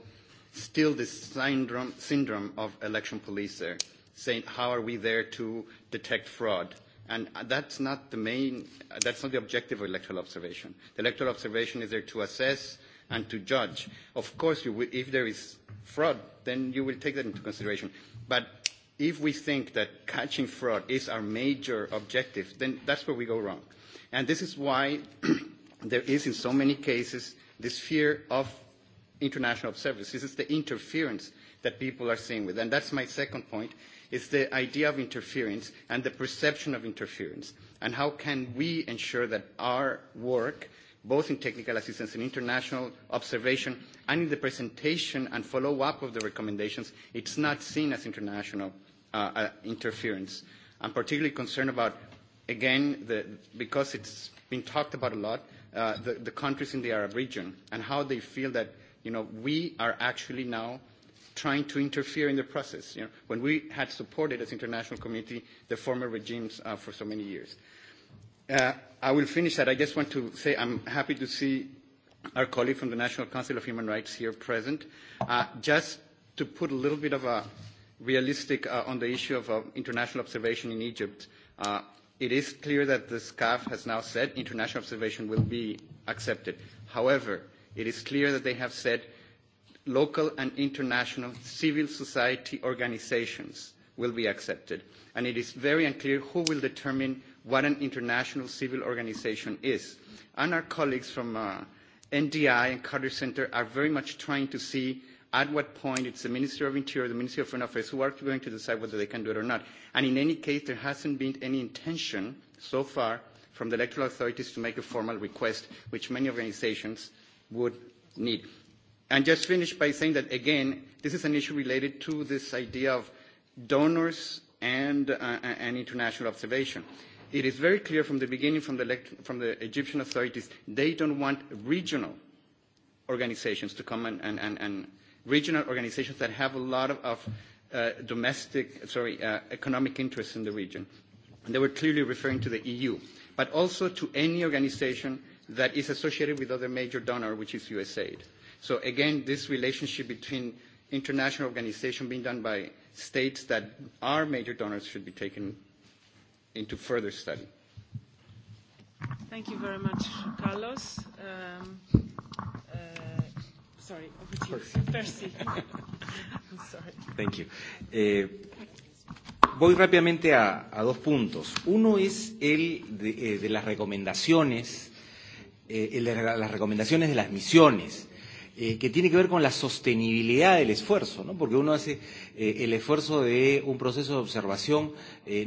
still this syndrome of election police there, saying how are we there to detect fraud? And that's not the main, that's not the objective of electoral observation. The electoral observation is there to assess and to judge. Of course, if there is fraud, then you will take that into consideration. But if we think that catching fraud is our major objective, then that's where we go wrong. And this is why there is, in so many cases, this fear of international observers. This is the interference that people are seeing with. And that's my second point, is the idea of interference and the perception of interference, and how can we ensure that our work both in technical assistance and international observation, and in the presentation and follow-up of the recommendations, it's not seen as international interference. I'm particularly concerned about, again, because it's been talked about a lot, the countries in the Arab region and how they feel that, you know, we are actually now trying to interfere in the process, you know, when we had supported as international community the former regimes for so many years. I will finish that. I just want to say I'm happy to see our colleague from the National Council of Human Rights here present. Just to put a little bit of a realistic on the issue of international observation in Egypt, it is clear that the SCAF has now said international observation will be accepted. However, it is clear that they have said local and international civil society organisations will be accepted. And it is very unclear who will determine what an international civil organisation is. And our colleagues from NDI and Carter Center are very much trying to see at what point it's the Minister of Interior, the Ministry of Foreign Affairs who are going to decide whether they can do it or not. And in any case, there hasn't been any intention so far from the electoral authorities to make a formal request, which many organisations would need. And just finish by saying that, again, this is an issue related to this idea of donors and international observation. It is very clear from the beginning from the Egyptian authorities they don't want regional organizations to come and regional organizations that have a lot of domestic, sorry, economic interests in the region. They were clearly referring to the EU, but also to any organization that is associated with other major donor, which is USAID. So again, this relationship between international organization being done by states that are major donors should be taken into further study. Thank you very much, Carlos. Sorry, over to you. sorry. Thank you. Voy rápidamente a dos puntos. Uno es el de las recomendaciones, el de las recomendaciones de las misiones que tiene que ver con la sostenibilidad del esfuerzo, ¿no? porque uno hace el esfuerzo de un proceso de observación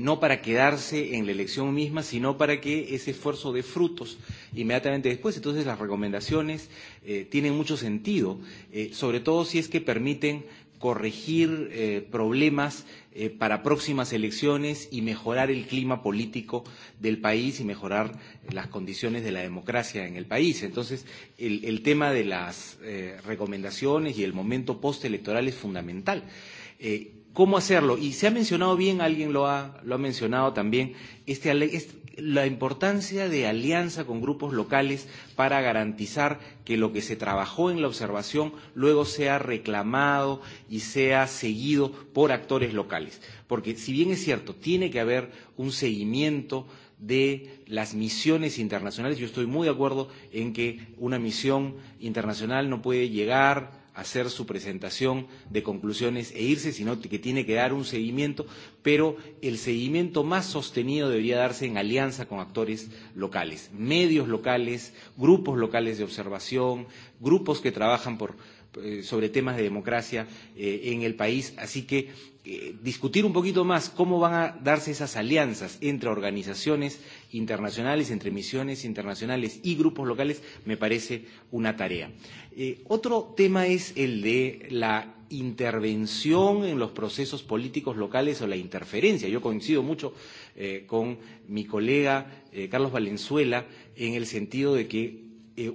no para quedarse en la elección misma, sino para que ese esfuerzo dé frutos inmediatamente después. Entonces las recomendaciones tienen mucho sentido, sobre todo si es que permiten corregir problemas para próximas elecciones y mejorar el clima político del país y mejorar las condiciones de la democracia en el país. Entonces, el, tema de las recomendaciones y el momento postelectoral es fundamental. ¿Cómo hacerlo? Y se ha mencionado bien, alguien lo ha, lo ha mencionado también, este, este la importancia de alianza con grupos locales para garantizar que lo que se trabajó en la observación luego sea reclamado y sea seguido por actores locales. Porque si bien es cierto, tiene que haber un seguimiento de las misiones internacionales. Yo estoy muy de acuerdo en que una misión internacional no puede llegar hacer su presentación de conclusiones e irse, sino que tiene que dar un seguimiento, pero el seguimiento más sostenido debería darse en alianza con actores locales, medios locales, grupos locales de observación, grupos que trabajan por sobre temas de democracia en el país. Así que discutir un poquito más cómo van a darse esas alianzas entre organizaciones internacionales, entre misiones internacionales y grupos locales, me parece una tarea. Otro tema es el de la intervención en los procesos políticos locales o la interferencia. Yo coincido mucho con mi colega Carlos Valenzuela en el sentido de que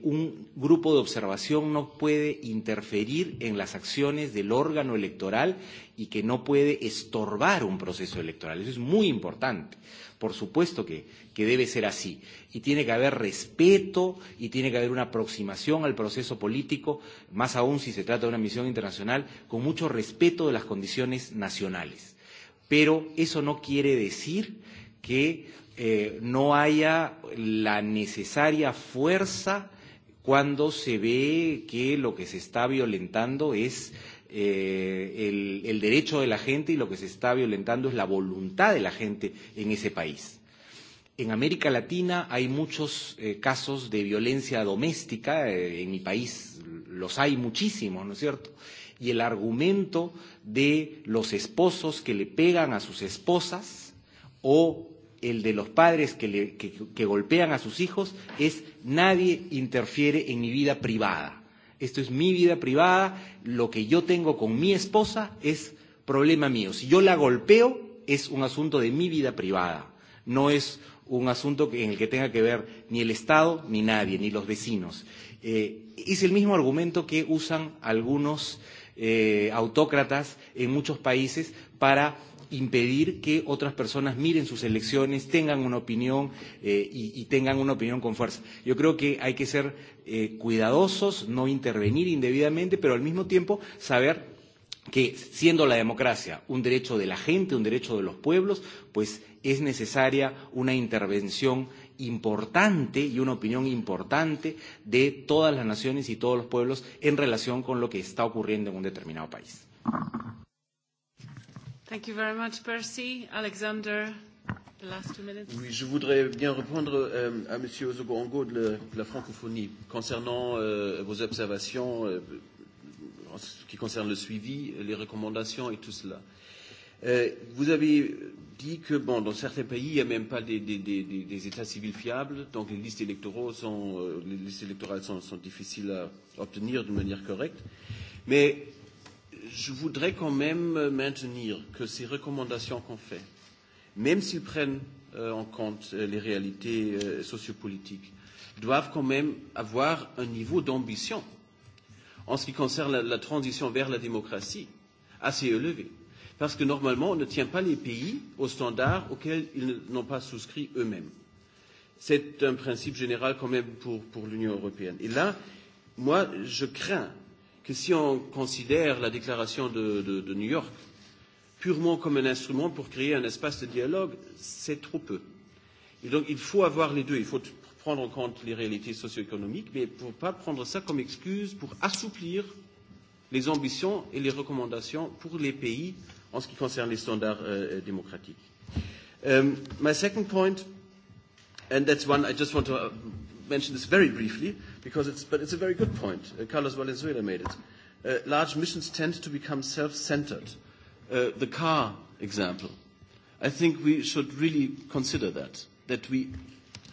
un grupo de observación no puede interferir en las acciones del órgano electoral y que no puede estorbar un proceso electoral. Eso es muy importante. Por supuesto que debe ser así. Y tiene que haber respeto y tiene que haber una aproximación al proceso político, más aún si se trata de una misión internacional, con mucho respeto de las condiciones nacionales. Pero eso no quiere decir que no haya la necesaria fuerza cuando se ve que lo que se está violentando es eh, el, el derecho de la gente y lo que se está violentando es la voluntad de la gente en ese país. En América Latina hay muchos casos de violencia doméstica, en mi país los hay muchísimos, ¿no es cierto? Y el argumento de los esposos que le pegan a sus esposas o el de los padres que, le, que, que golpean a sus hijos es nadie interfiere en mi vida privada. Esto es mi vida privada, lo que yo tengo con mi esposa es problema mío. Si yo la golpeo, es un asunto de mi vida privada, no es un asunto en el que tenga que ver ni el Estado, ni nadie, ni los vecinos. Eh, es el mismo argumento que usan algunos eh, autócratas en muchos países para impedir que otras personas miren sus elecciones, tengan una opinión y tengan una opinión con fuerza. Yo creo que hay que ser cuidadosos, no intervenir indebidamente, pero al mismo tiempo saber que siendo la democracia un derecho de la gente, un derecho de los pueblos, pues es necesaria una intervención importante y una opinión importante de todas las naciones y todos los pueblos en relación con lo que está ocurriendo en un determinado país. Thank you very much, Percy. Alexander, the last two minutes. Oui, je voudrais bien répondre à M. Ozoboango de la francophonie concernant vos observations en ce qui concerne le suivi, les recommandations et tout cela. Vous avez dit que bon, dans certains pays, il n'y a même pas des, des, des, des états civils fiables, donc les listes, électoraux sont, les listes électorales sont, sont difficiles à obtenir de manière correcte. Mais je voudrais quand même maintenir que ces recommandations qu'on fait, même s'ils prennent en compte les réalités sociopolitiques, doivent quand même avoir un niveau d'ambition en ce qui concerne la transition vers la démocratie assez élevé. Parce que normalement, on ne tient pas les pays aux standards auxquels ils n'ont pas souscrit eux-mêmes. C'est un principe général quand même pour l'Union européenne. Et là, moi, je crains que si on considère la déclaration de, de, de New York purement comme un instrument pour créer un espace de dialogue, c'est trop peu. Et donc il faut avoir les deux. Il faut prendre en compte les réalités socio-économiques, mais il ne pas prendre ça comme excuse pour assouplir les ambitions et les recommandations pour les pays en ce qui concerne les standards démocratiques. My second point, and that's one I just want to mention this very briefly, because it's, but it's a very good point. Carlos Valenzuela made it. large missions tend to become self-centered. the car example. I think we should really consider that, that we,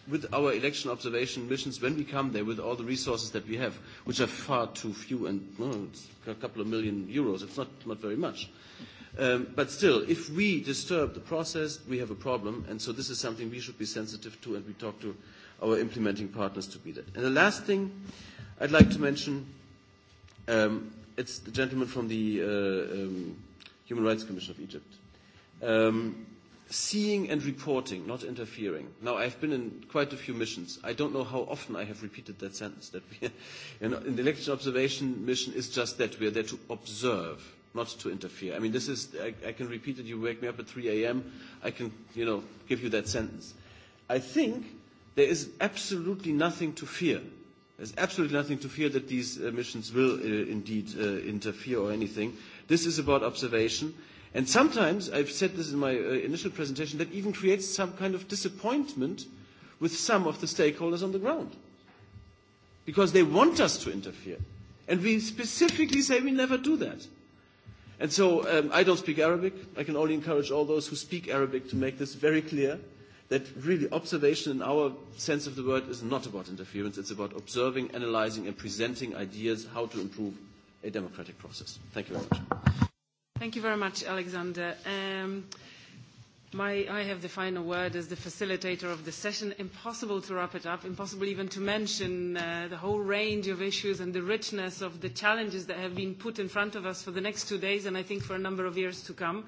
with our election observation missions, when we come there with all the resources that we have, which are far too few and a couple of million euros, it's not, not very much. But still, if we disturb the process, we have a problem, and so this is something we should be sensitive to, and we talk to our implementing partners to be that. And the last thing I'd like to mention, um, it's the gentleman from the um, Human Rights Commission of Egypt. Um, seeing and reporting, not interfering. Now, I've been in quite a few missions. I don't know how often I have repeated that sentence. That we, you know, the election observation mission is just that. We are there to observe, not to interfere. I mean, this is, I, I can repeat it. You wake me up at 3 a.m. I can, you know, give you that sentence. I think there is absolutely nothing to fear. There's absolutely nothing to fear that these missions will indeed interfere or anything. This is about observation. And sometimes, I've said this in my initial presentation, that even creates some kind of disappointment with some of the stakeholders on the ground. Because they want us to interfere. And we specifically say we never do that. And so I don't speak Arabic. I can only encourage all those who speak Arabic to make this very clear that really observation in our sense of the word is not about interference. It's about observing, analyzing, and presenting ideas how to improve a democratic process. Thank you very much. Thank you very much, Alexander. I have the final word as the facilitator of the session. Impossible to wrap it up, impossible even to mention the whole range of issues and the richness of the challenges that have been put in front of us for the next two days and I think for a number of years to come.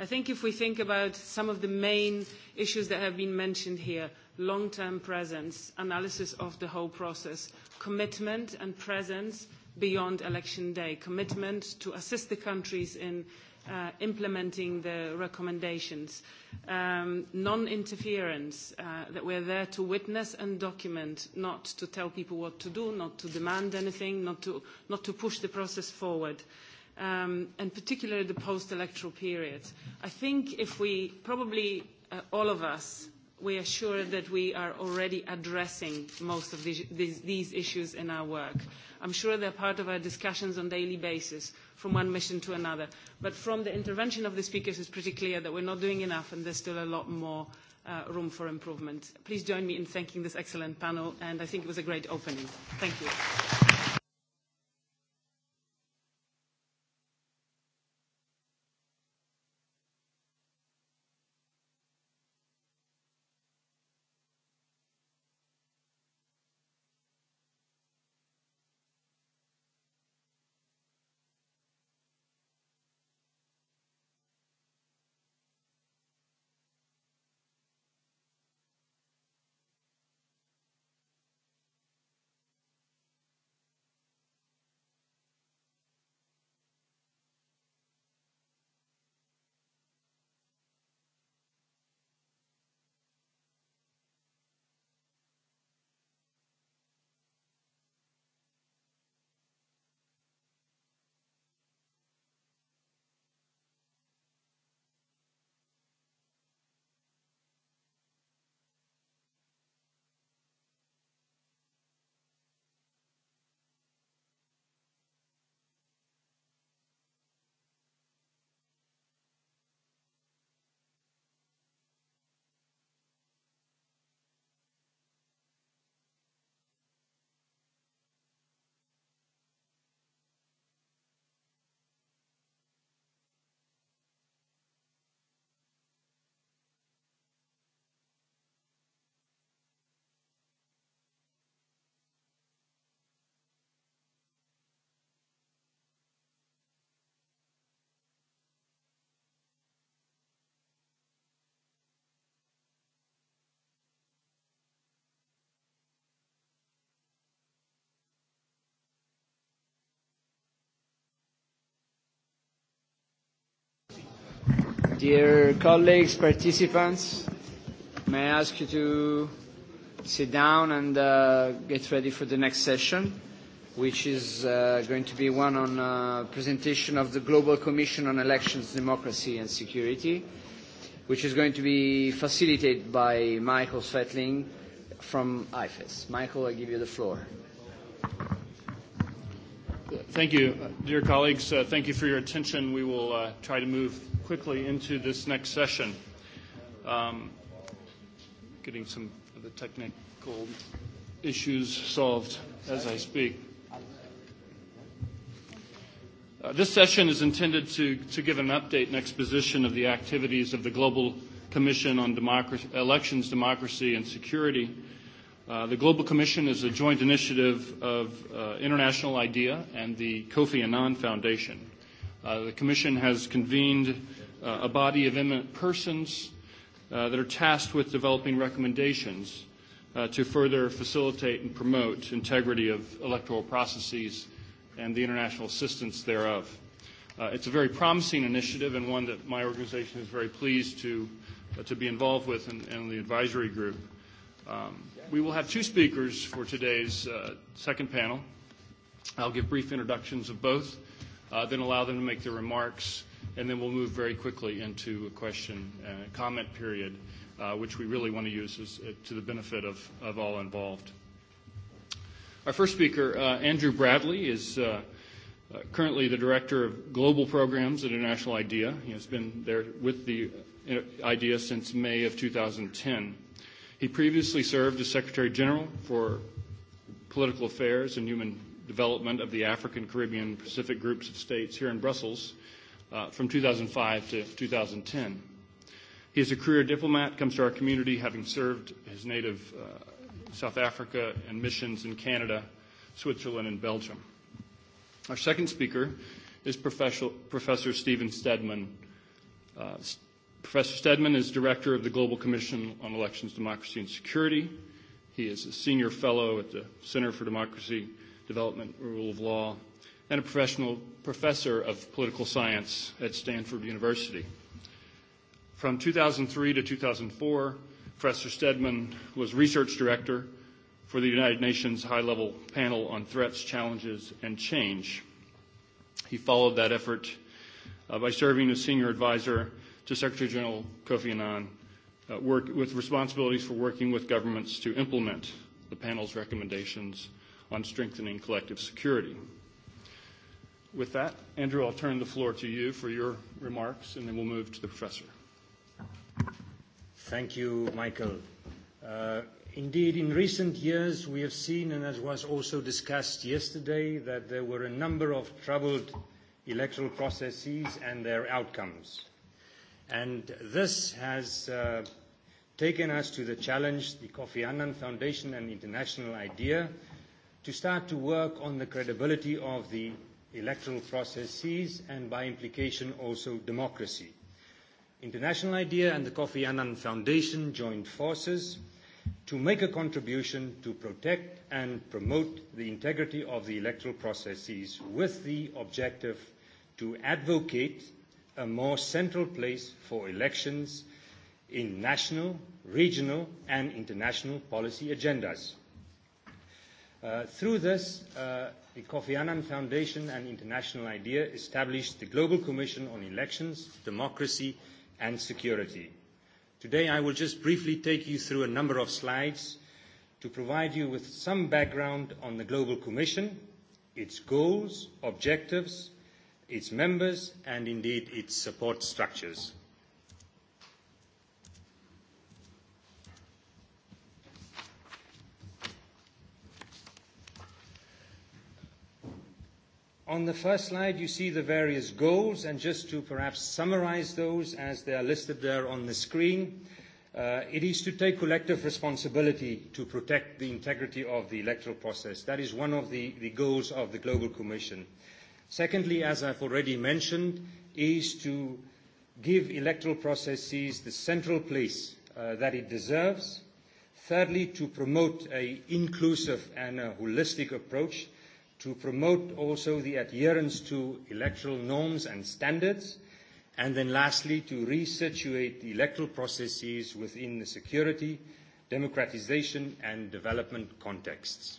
I think if we think about some of the main issues that have been mentioned here, long-term presence, analysis of the whole process, commitment and presence beyond election day, commitment to assist the countries in implementing the recommendations, non-interference, that we are there to witness and document, not to tell people what to do, not to demand anything, not to push the process forward and particularly the post-electoral period. I think if we, probably all of us, we are sure that we are already addressing most of these issues in our work. I'm sure they're part of our discussions on a daily basis, from one mission to another. But from the intervention of the speakers, it's pretty clear that we're not doing enough and there's still a lot more room for improvement. Please join me in thanking this excellent panel, and I think it was a great opening. Thank you. Dear colleagues, participants, may I ask you to sit down and uh, get ready for the next session, which is uh, going to be one on uh, presentation of the Global Commission on Elections, Democracy and Security, which is going to be facilitated by Michael Svetling from IFES. Michael, I give you the floor. Thank you. Dear colleagues, thank you for your attention. We will try to move quickly into this next session. Um, getting some of the technical issues solved as I speak. This session is intended to to give an update and exposition of the activities of the Global Commission on Elections, Democracy and Security. The Global Commission is a joint initiative of International IDEA and the Kofi Annan Foundation. The Commission has convened a body of eminent persons that are tasked with developing recommendations to further facilitate and promote integrity of electoral processes and the international assistance thereof. It's a very promising initiative and one that my organization is very pleased to to be involved with in the advisory group. We will have two speakers for today's second panel. I'll give brief introductions of both, then allow them to make their remarks and then we'll move very quickly into a question and comment period, which we really want to use to the benefit of all involved. Our first speaker, Andrew Bradley, is currently the Director of Global Programs at International IDEA. He has been there with the IDEA since May of 2010. He previously served as Secretary General for Political Affairs and Human Development of the African, Caribbean, Pacific Groups of States here in Brussels from 2005 to 2010. He is a career diplomat, comes to our community having served his native South Africa and missions in Canada, Switzerland, and Belgium. Our second speaker is Professor Stephen Stedman. Professor Stedman is director of the Global Commission on Elections, Democracy, and Security. He is a senior fellow at the Center for Democracy, Development, Rule of Law, and a professional professor of political science at Stanford University. From 2003 to 2004, Professor Stedman was research director for the United Nations High-Level Panel on Threats, Challenges, and Change. He followed that effort by serving as senior advisor to Secretary General Kofi Annan with responsibilities for working with governments to implement the panel's recommendations on strengthening collective security. With that, Andrew, I'll turn the floor to you for your remarks, and then we'll move to the professor. Thank you, Michael. Indeed, in recent years, we have seen, and as was also discussed yesterday, that there were a number of troubled electoral processes and their outcomes. And this has taken us to the challenge, the Kofi Annan Foundation and international idea, to start to work on the credibility of the electoral processes and by implication also democracy. International IDEA and the Kofi Annan Foundation joined forces to make a contribution to protect and promote the integrity of the electoral processes with the objective to advocate a more central place for elections in national, regional and international policy agendas. Through this, the Kofi Annan Foundation and International IDEA established the Global Commission on Elections, Democracy and Security. Today I will just briefly take you through a number of slides to provide you with some background on the Global Commission, its goals, objectives, its members and indeed its support structures. On the first slide, you see the various goals, and just to perhaps summarize those as they are listed there on the screen, it is to take collective responsibility to protect the integrity of the electoral process. That is one of the goals of the Global Commission. Secondly, as I've already mentioned, is to give electoral processes the central place that it deserves. Thirdly, to promote an inclusive and a holistic approach to promote also the adherence to electoral norms and standards, and then lastly, to resituate the electoral processes within the security, democratization, and development contexts.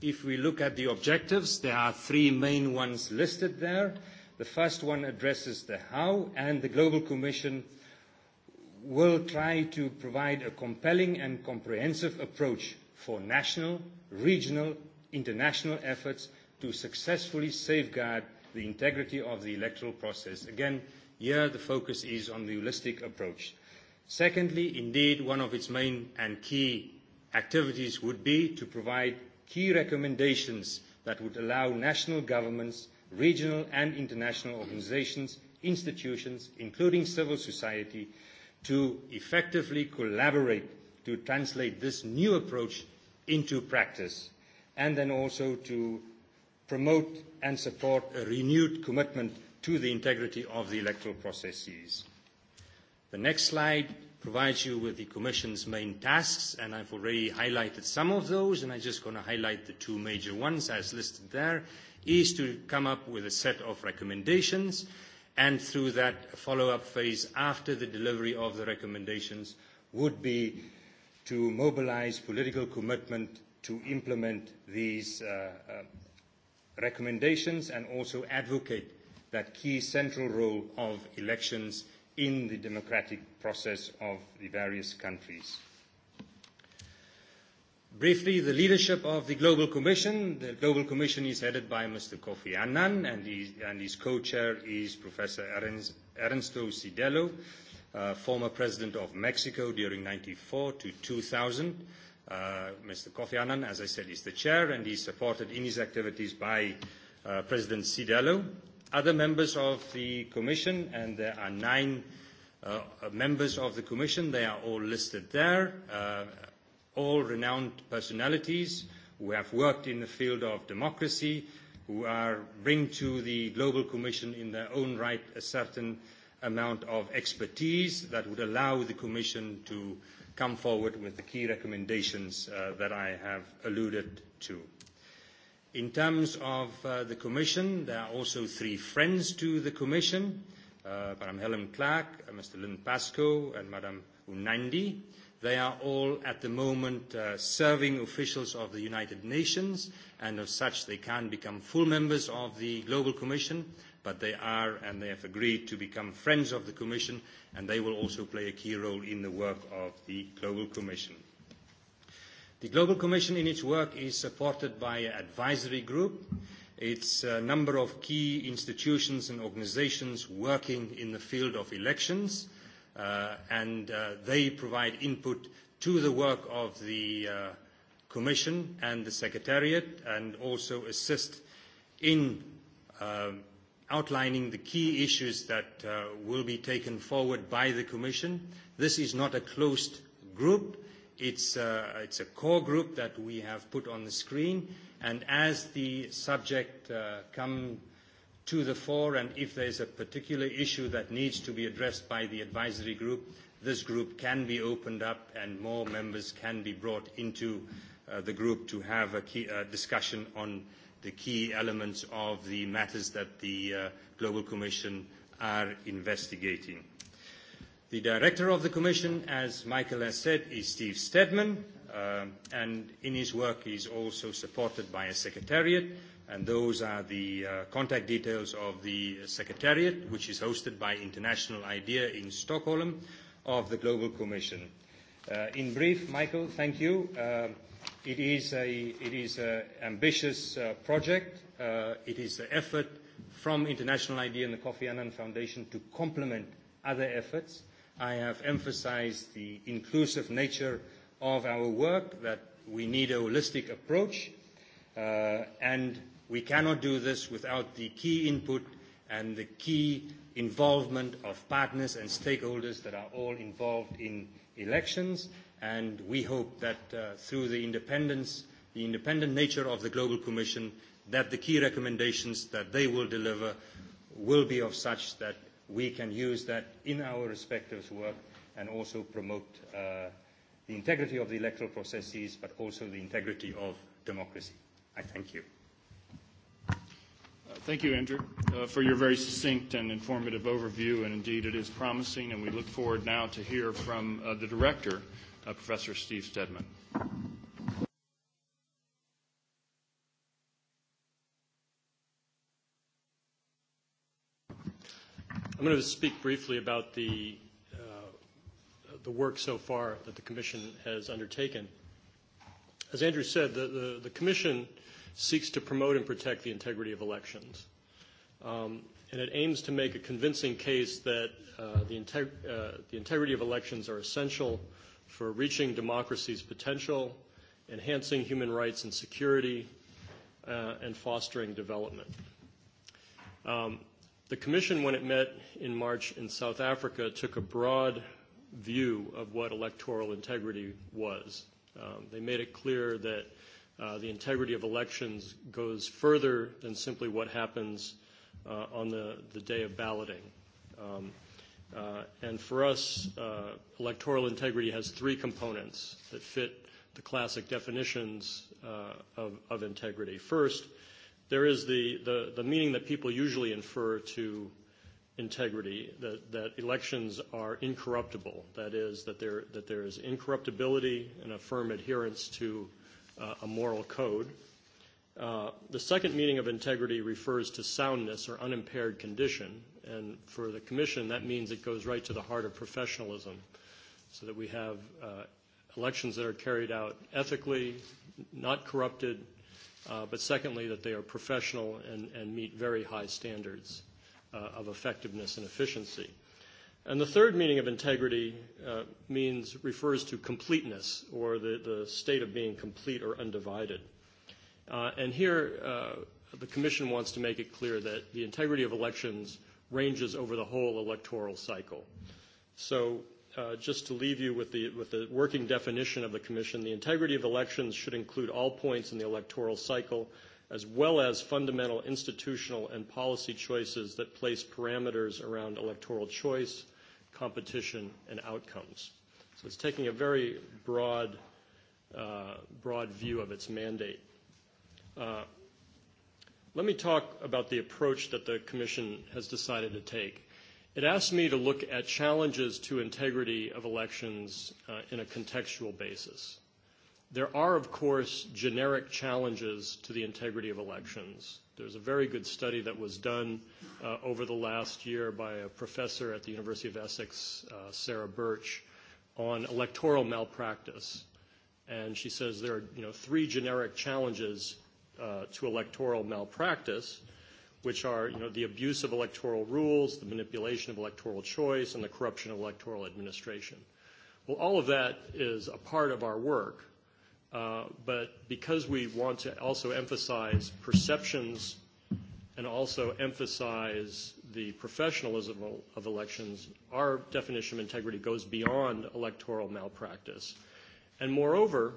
If we look at the objectives, there are three main ones listed there. The first one addresses the how, and the Global Commission will try to provide a compelling and comprehensive approach for national, regional, international efforts to successfully safeguard the integrity of the electoral process. Again, here the focus is on the holistic approach. Secondly, indeed, one of its main and key activities would be to provide key recommendations that would allow national governments, regional and international organisations, institutions, including civil society, to effectively collaborate to translate this new approach into practice, and then also to promote and support a renewed commitment to the integrity of the electoral processes. The next slide provides you with the Commission's main tasks, and I've already highlighted some of those, and I'm just going to highlight the two major ones as listed there, is to come up with a set of recommendations, and through that follow-up phase after the delivery of the recommendations would be to mobilize political commitment to implement these recommendations and also advocate that key central role of elections in the democratic process of the various countries. Briefly, the leadership of the Global Commission. The Global Commission is headed by Mr. Kofi Annan and his co-chair is Professor Ernesto Sidello former president of Mexico during 94 to 2000. Mr. Kofi Annan, as I said, is the chair, and he is supported in his activities by President Cidello, Other members of the Commission, and there are nine members of the Commission, they are all listed there, all renowned personalities who have worked in the field of democracy, who are bring to the Global Commission in their own right a certain amount of expertise that would allow the Commission to come forward with the key recommendations that I have alluded to. In terms of the Commission, there are also three friends to the Commission, Madam Helen Clark, Mr. Lynn Pascoe, and Madam Unandi. They are all at the moment serving officials of the United Nations, and as such they can become full members of the Global Commission but they are and they have agreed to become friends of the Commission, and they will also play a key role in the work of the Global Commission. The Global Commission in its work is supported by an advisory group. It's a number of key institutions and organizations working in the field of elections, and they provide input to the work of the Commission and the Secretariat, and also assist in outlining the key issues that will be taken forward by the Commission. This is not a closed group. It's a core group that we have put on the screen. And as the subject come to the fore, and if there is a particular issue that needs to be addressed by the advisory group, this group can be opened up and more members can be brought into the group to have a discussion on the key elements of the matters that the Global Commission are investigating. The director of the Commission, as Michael has said, is Steve Stedman, and in his work is also supported by a secretariat, and those are the contact details of the secretariat, which is hosted by International IDEA in Stockholm, of the Global Commission. In brief, Michael, thank you. It is an ambitious project. It is an effort from International IDEA and the Kofi Annan Foundation to complement other efforts. I have emphasized the inclusive nature of our work, that we need a holistic approach, and we cannot do this without the key input and the key involvement of partners and stakeholders that are all involved in elections and we hope that through the independence, the independent nature of the Global Commission, that the key recommendations that they will deliver will be of such that we can use that in our respective work and also promote the integrity of the electoral processes, but also the integrity of democracy. I thank you. Thank you, Andrew, for your very succinct and informative overview, and indeed it is promising, and we look forward now to hear from the Director Professor Steve Stedman. I'm going to speak briefly about the the work so far that the Commission has undertaken. As Andrew said, the the Commission seeks to promote and protect the integrity of elections. Um And it aims to make a convincing case that the integrity of elections are essential for reaching democracy's potential, enhancing human rights and security, and fostering development. The Commission, when it met in March in South Africa, took a broad view of what electoral integrity was. They made it clear that the integrity of elections goes further than simply what happens on the the day of balloting. And for us, electoral integrity has three components that fit the classic definitions of integrity. First, there is the the meaning that people usually infer to integrity, that elections are incorruptible. That is, that there is incorruptibility and a firm adherence to a moral code. The second meaning of integrity refers to soundness or unimpaired condition, and for the Commission that means it goes right to the heart of professionalism, so that we have elections that are carried out ethically, not corrupted, but secondly that they are professional and meet very high standards of effectiveness and efficiency. And the third meaning of integrity means refers to completeness or the state of being complete or undivided. And here the Commission wants to make it clear that the integrity of elections ranges over the whole electoral cycle. So just to leave you with the with the working definition of the Commission, the integrity of elections should include all points in the electoral cycle, as well as fundamental institutional and policy choices that place parameters around electoral choice, competition, and outcomes. So it's taking a very broad broad view of its mandate. Let me talk about the approach that the Commission has decided to take. It asked me to look at challenges to integrity of elections in a contextual basis. There are, of course, generic challenges to the integrity of elections. There's a very good study that was done over the last year by a professor at the University of Essex, Sarah Birch, on electoral malpractice. And she says there are, you know, three generic challenges to electoral malpractice, which are you know, the abuse of electoral rules, the manipulation of electoral choice, and the corruption of electoral administration. Well, all of that is a part of our work, but because we want to also emphasize perceptions and also emphasize the professionalism of elections, our definition of integrity goes beyond electoral malpractice. And moreover,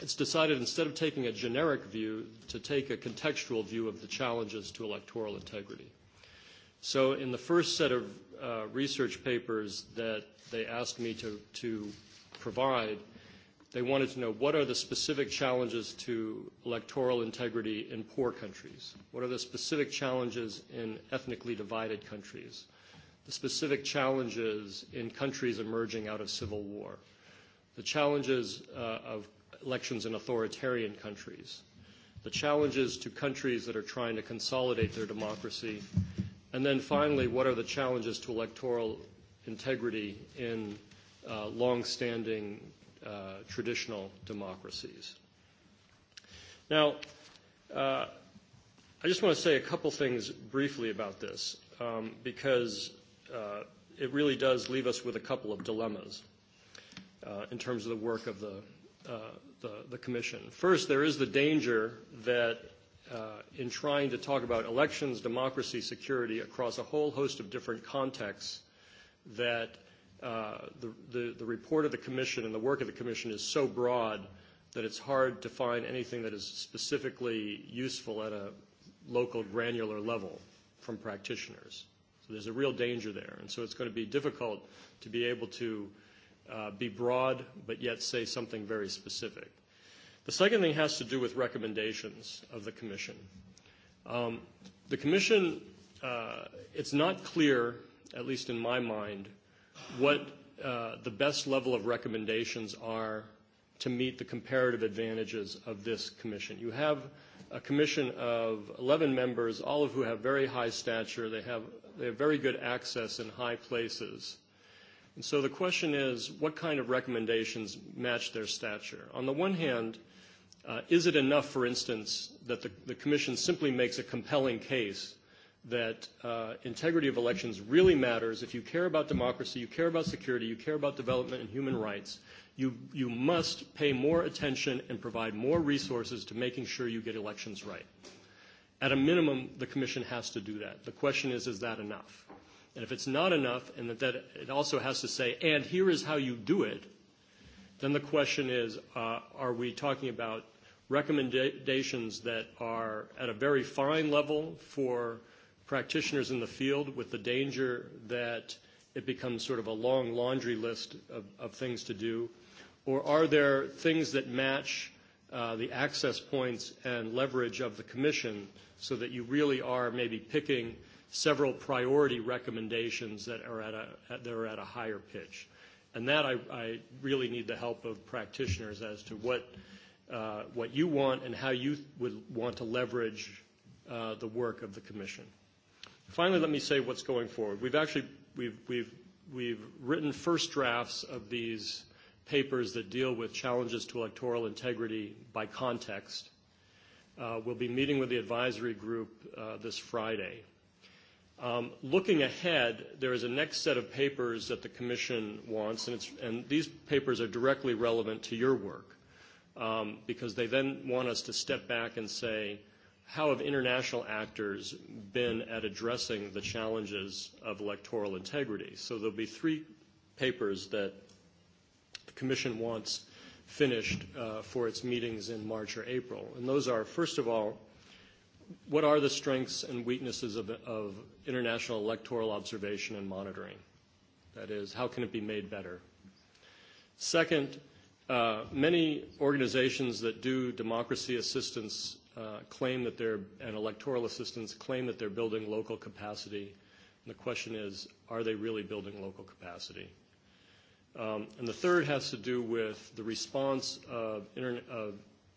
it's decided instead of taking a generic view to take a contextual view of the challenges to electoral integrity. So in the first set of research papers that they asked me to to provide, they wanted to know what are the specific challenges to electoral integrity in poor countries? What are the specific challenges in ethnically divided countries? The specific challenges in countries emerging out of civil war? The challenges of elections in authoritarian countries, the challenges to countries that are trying to consolidate their democracy, and then finally, what are the challenges to electoral integrity in long-standing traditional democracies. Now, I just want to say a couple things briefly about this, because it really does leave us with a couple of dilemmas in terms of the work of the the Commission. First, there is the danger that in trying to talk about elections, democracy, security across a whole host of different contexts, that the report of the Commission and the work of the Commission is so broad that it's hard to find anything that is specifically useful at a local granular level from practitioners. So there's a real danger there. And so it's going to be difficult to be able to be broad but yet say something very specific. The second thing has to do with recommendations of the Commission. The Commission, it's not clear, at least in my mind, what the best level of recommendations are to meet the comparative advantages of this Commission. You have a Commission of 11 members, all of who have very high stature. They have very good access in high places And so the question is, what kind of recommendations match their stature? On the one hand, is it enough, for instance, that the Commission simply makes a compelling case that integrity of elections really matters? If you care about democracy, you care about security, you care about development and human rights, you must pay more attention and provide more resources to making sure you get elections right. At a minimum, the Commission has to do that. The question is, is that enough? And if it's not enough and that it also has to say, and here is how you do it, then the question is, are we talking about recommendations that are at a very fine level for practitioners in the field with the danger that it becomes sort of a long laundry list of things to do? Or are there things that match the access points and leverage of the Commission so that you really are maybe picking several priority recommendations that are at a that are at a higher pitch. And that I I really need the help of practitioners as to what what you want and how you would want to leverage the work of the Commission. Finally, let me say what's going forward. We've actually we've we've we've written first drafts of these papers that deal with challenges to electoral integrity by context. We'll be meeting with the advisory group this Friday. Looking ahead, there is a next set of papers that the Commission wants, and these papers are directly relevant to your work, because they then want us to step back and say, how have international actors been at addressing the challenges of electoral integrity? So there'll be three papers that the Commission wants finished for its meetings in March or April, and those are, first of all, what are the strengths and weaknesses of, of international electoral observation and monitoring? That is, how can it be made better? Second, many organizations that do democracy assistance claim that they're, and electoral assistance claim that they're building local capacity. And the question is, are they really building local capacity? Um, and the third has to do with the response of, of,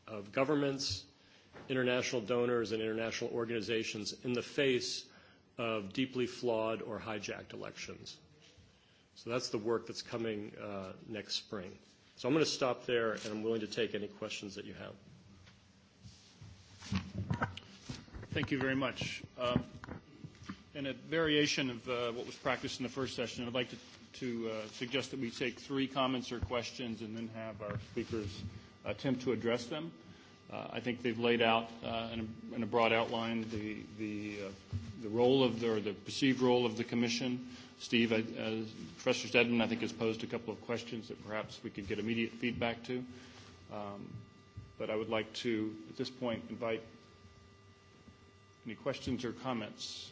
of governments international donors and international organizations in the face of deeply flawed or hijacked elections. So that's the work that's coming next spring. So I'm going to stop there, and I'm willing to take any questions that you have. Thank you very much. In a variation of what was practiced in the first session, I'd like to suggest that we take three comments or questions and then have our speakers attempt to address them. I think they've laid out in a broad outline the the the role of the or the perceived role of the Commission. Steve, Professor Stedman, I think, has posed a couple of questions that perhaps we could get immediate feedback to. But I would like to, at this point, invite any questions or comments.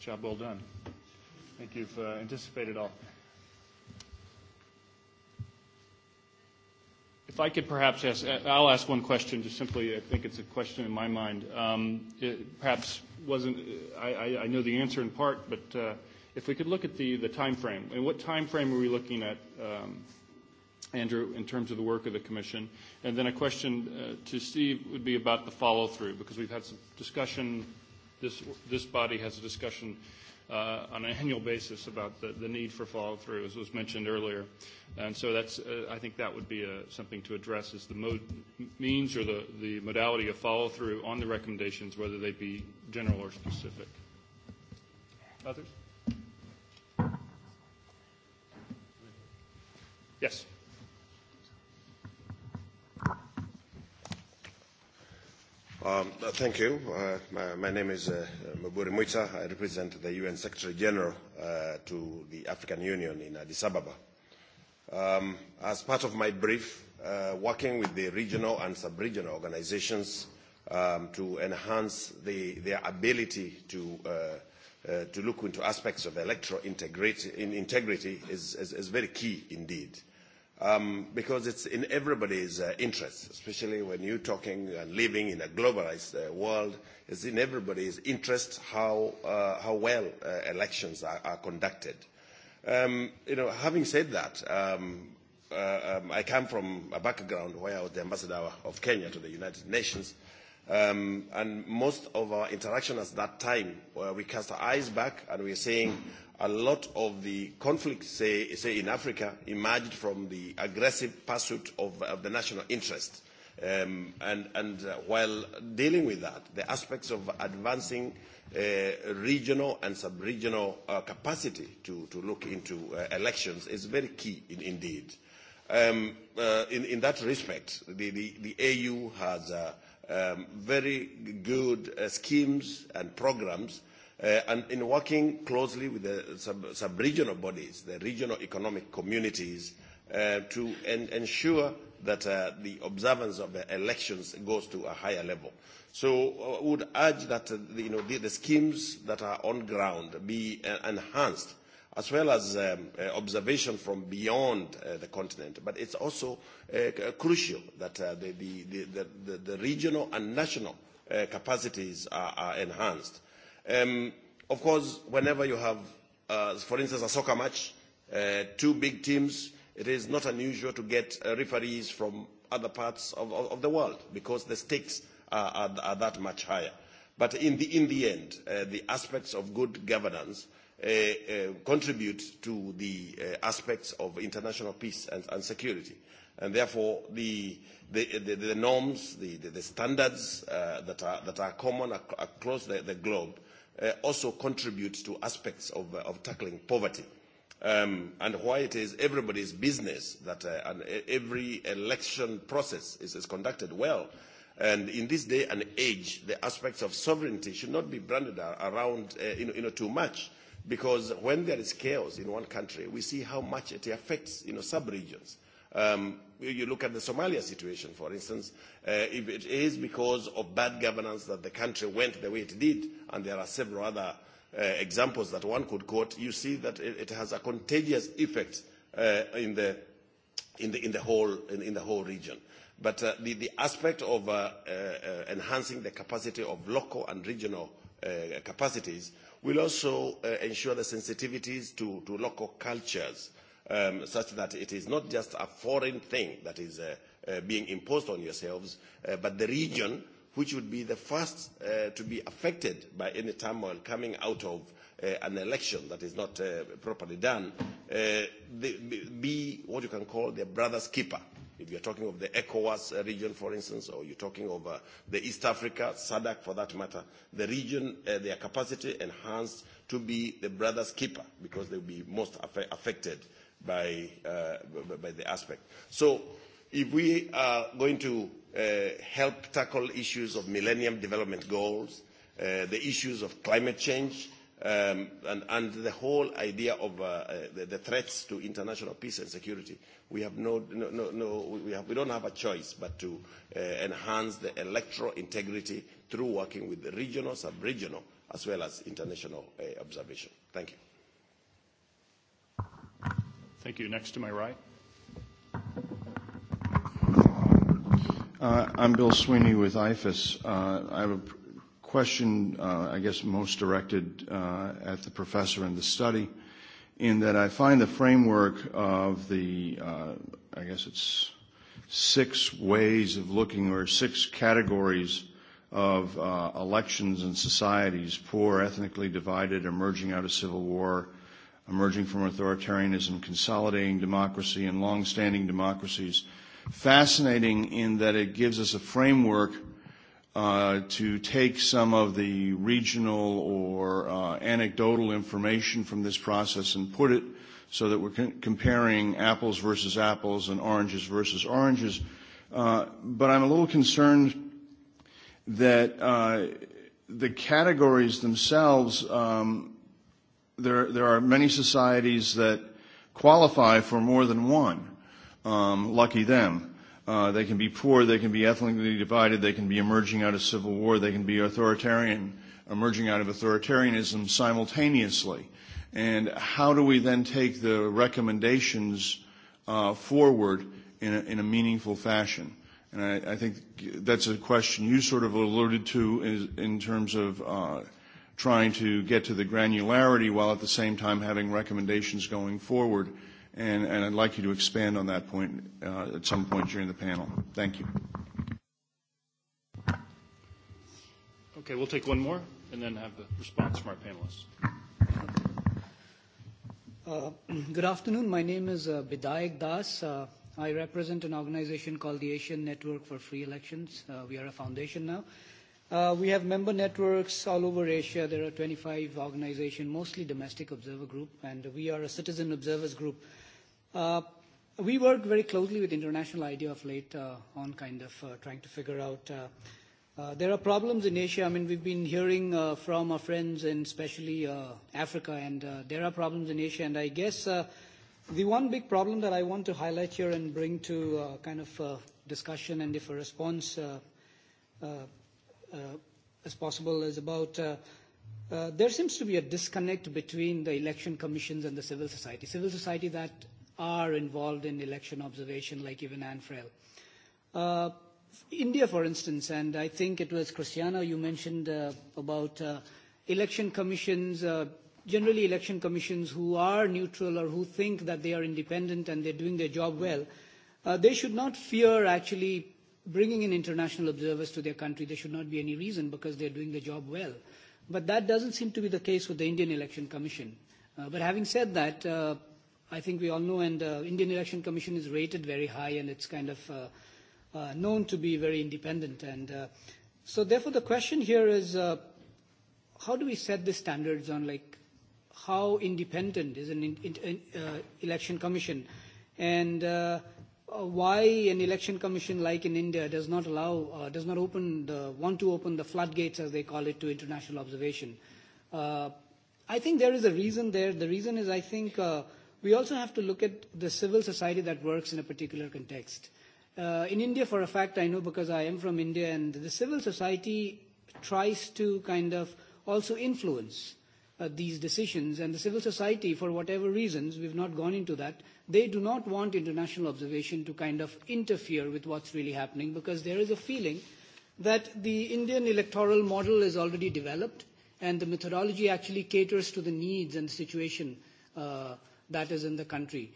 Job well done think you've anticipated all. If I could perhaps ask, I'll ask one question, just simply, I think it's a question in my mind. It perhaps wasn't, I, I know the answer in part, but if we could look at the, the time frame, and what time frame are we looking at, Andrew, in terms of the work of the Commission? And then a question to Steve would be about the follow-through, because we've had some discussion, this, this body has a discussion on an annual basis about the need for follow-through, as was mentioned earlier. And so that's, I think that would be something to address is the means or the modality of follow-through on the recommendations, whether they be general or specific. Others? Yes. Thank you. My name is Maburi Muita. I represent the UN Secretary General to the African Union in Addis Ababa. As part of my brief, working with the regional and sub-regional organizations to enhance their ability to look into aspects of electoral integrity is very key indeed because it's in everybody's interest, especially when you're talking and living in a globalized world. It's in everybody's interest how how well elections are conducted. You know, having said that, I come from a background where I was the ambassador of Kenya to the United Nations, and most of our interaction at that time, we cast our eyes back and we're saying a lot of the conflicts, say, in Africa, emerged from the aggressive pursuit of, the national interest. and and while dealing with that, the aspects of advancing regional and sub-regional capacity to, to look into elections is very key indeed. Um, in, in that respect, the, the, the AU has very good schemes and programs and in working closely with the sub-regional bodies, the regional economic communities, to ensure that the observance of the elections goes to a higher level. So I would urge that the schemes that are on ground be enhanced, as well as observation from beyond the continent. But it's also crucial that the regional and national capacities are enhanced Of course, whenever you have, for instance, a soccer match, two big teams, it is not unusual to get referees from other parts of the world because the stakes are that much higher. But in the end, the aspects of good governance contribute to the aspects of international peace and security. And therefore, the norms, the standards that are common across the globe also contributes to aspects of tackling poverty and why it is everybody's business that every election process is conducted well. And in this day and age, the aspects of sovereignty should not be branded around too much because when there is chaos in one country, we see how much it affects sub-regions you look at the Somalia situation, for instance, if it is because of bad governance that the country went the way it did, and there are several other examples that one could quote, you see that it has a contagious effect in the in the whole in the whole region. But the aspect of enhancing the capacity of local and regional capacities will also ensure the sensitivities to local cultures such that it is not just a foreign thing that is being imposed on yourselves, but the region which would be the first to be affected by any turmoil coming out of an election that is not properly done, be what you can call the brother's keeper. If you're talking of the ECOWAS region, for instance, or you're talking of the East Africa, SADC for that matter, the region, their capacity enhanced to be the brother's keeper because they will be most affected by the aspect. So if we are going to help tackle issues of Millennium Development Goals, the issues of climate change, and the whole idea of the threats to international peace and security, we have no we don't have a choice but to enhance the electoral integrity through working with the regional, sub-regional, as well as international observation. Thank you. Thank you. Next to my right. I'm Bill Sweeney with IFAS. I have a question, I guess, most directed at the professor in the study, in that I find the framework of the, I guess it's six ways of looking or six categories of elections and societies, poor, ethnically divided, emerging out of civil war, emerging from authoritarianism, consolidating democracy, and long-standing democracies. Fascinating in that it gives us a framework to take some of the regional or anecdotal information from this process and put it so that we're comparing apples versus apples and oranges versus oranges. But I'm a little concerned that the categories themselves um there there are many societies that qualify for more than one. Um, lucky them. Uh, they can be poor, they can be ethnically divided, they can be emerging out of civil war, they can be authoritarian, emerging out of authoritarianism simultaneously. And how do we then take the recommendations uh, forward in a, in a meaningful fashion? And I, I think that's a question you sort of alluded to in, in terms of uh, trying to get to the granularity while at the same time having recommendations going forward. And I'd like you to expand on that point at some point during the panel. Thank you. Okay, we'll take one more and then have the response from our panelists. Good afternoon. My name is Bidayak Das. I represent an organization called the Asian Network for Free Elections. We are a foundation now. We have member networks all over Asia. There are 25 organizations, mostly domestic observer group, and we are a citizen observers group. We work very closely with international idea of late on kind of trying to figure out. There are problems in Asia. I mean, we've been hearing from our friends and especially Africa, and there are problems in Asia. And I guess the one big problem that I want to highlight here and bring to kind of discussion and if a response as possible is about there seems to be a disconnect between the election commissions and the civil society, civil society that are involved in election observation, like even Uh India, for instance, and I think it was Christiana you mentioned about election commissions, generally election commissions who are neutral or who think that they are independent and they're doing their job well, they should not fear actually bringing in international observers to their country, there should not be any reason because they're doing the job well. But that doesn't seem to be the case with the Indian Election Commission. But having said that, I think we all know, and the Indian Election Commission is rated very high, and it's kind of known to be very independent. And so therefore the question here is, how do we set the standards on like how independent is an Election Commission? And why an election commission like in India does not allow, does not open the, want to open the floodgates, as they call it, to international observation. I think there is a reason there. The reason is I think we also have to look at the civil society that works in a particular context. In India, for a fact, I know because I am from India, and the civil society tries to kind of also influence these decisions and the civil society for whatever reasons we've not gone into that they do not want international observation to kind of interfere with what's really happening because there is a feeling that the Indian electoral model is already developed and the methodology actually caters to the needs and situation that is in the country.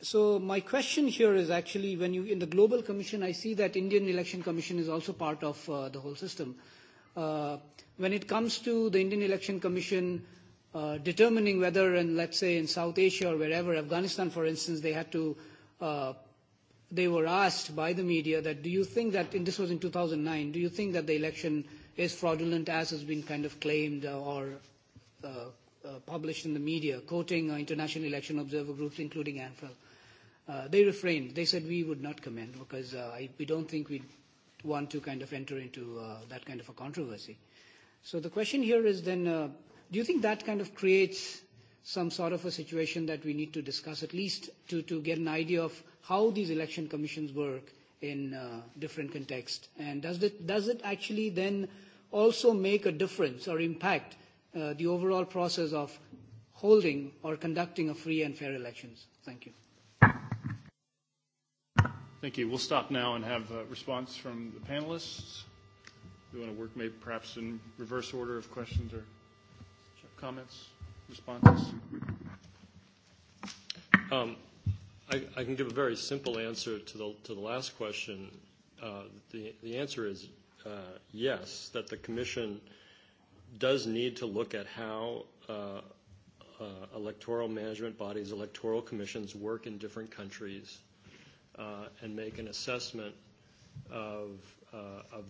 So my question here is actually when you in the Global Commission I see that Indian Election Commission is also part of the whole system. When it comes to the Indian Election Commission determining whether, in, let's say in South Asia or wherever, Afghanistan, for instance, they had to, they were asked by the media that, do you think that, and this was in 2009, do you think that the election is fraudulent as has been kind of claimed or published in the media, quoting international election observer groups, including ANFREL? They refrained. They said we would not comment because we don't think we want to kind of enter into that kind of a controversy. So the question here is then, do you think that kind of creates some sort of a situation that we need to discuss at least to, to get an idea of how these election commissions work in different contexts? And does it, does it actually then also make a difference or impact the overall process of holding or conducting a free and fair elections? Thank you. Thank you. We'll stop now and have a response from the panelists. We want to work maybe perhaps in reverse order of questions or comments, responses. Um, I, I can give a very simple answer to the, to the last question. Uh, the, the answer is uh, yes, that the Commission does need to look at how uh, electoral management bodies, electoral commissions work in different countries and make an assessment of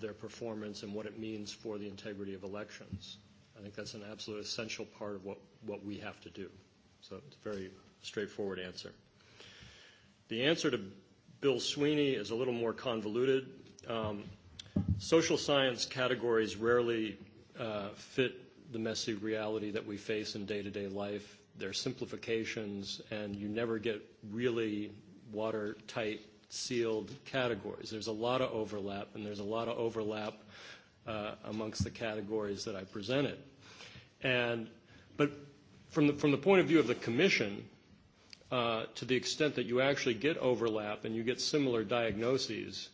their performance and what it means for the integrity of elections. I think that's an absolute essential part of what what we have to do. So it's a very straightforward answer. The answer to Bill Sweeney is a little more convoluted. Social science categories rarely fit the messy reality that we face in day-to-day life. They're simplifications, and you never get really watertight sealed categories. There's a lot of overlap, and there's a lot of overlap amongst the categories that I presented. And, but from the, from the point of view of the Commission, to the extent that you actually get overlap and you get similar diagnoses,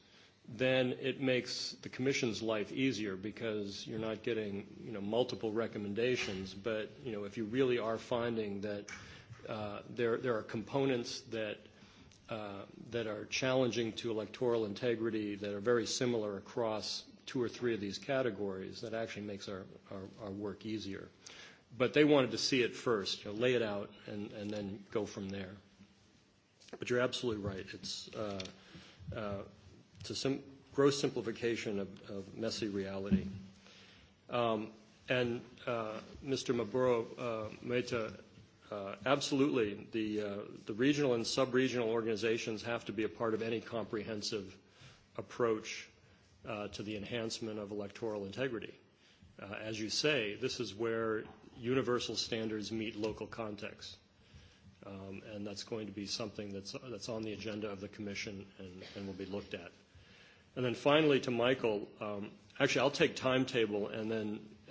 then it makes the Commission's life easier because you're not getting, you know, multiple recommendations. But, you know, if you really are finding that there, there are components that – that are challenging to electoral integrity, that are very similar across two or three of these categories, that actually makes our our work easier. But they wanted to see it first, lay it out, and and then go from there. But you're absolutely right. It's a sim gross simplification of of messy reality. And Mr. Maburo Meta Absolutely. The regional and sub-regional organizations have to be a part of any comprehensive approach to the enhancement of electoral integrity. As you say, this is where universal standards meet local context. And that's going to be something that's on the agenda of the Commission and will be looked at. And then finally to Michael, actually I'll take timetable and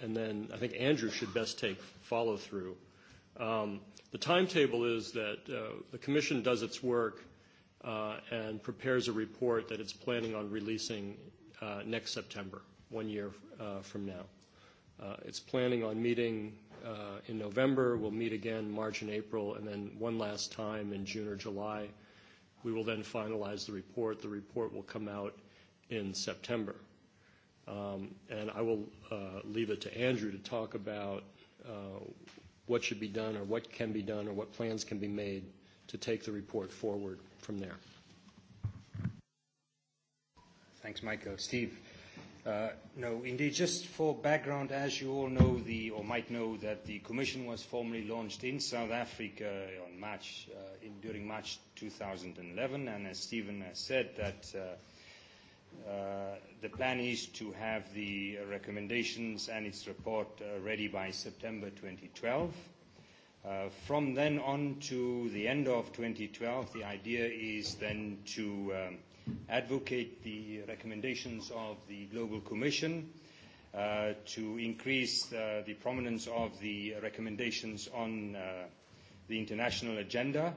then I think Andrew should best take follow-through. The timetable is that the Commission does its work and prepares a report that it's planning on releasing next September, one year from now. It's planning on meeting in November. We'll meet again March and April, and then one last time in June or July. We will then finalize the report. The report will come out in September. And I will leave it to Andrew to talk about what should be done or what can be done or what plans can be made to take the report forward from there. Thanks, Michael. Steve. No, indeed, just for background, as you all know the or might know that the Commission was formally launched in South Africa on March during March 2011, and as Stephen has said, that The plan is to have the recommendations and its report ready by September 2012. From then on to the end of 2012, the idea is then to advocate the recommendations of the Global Commission to increase the prominence of the recommendations on the international agenda,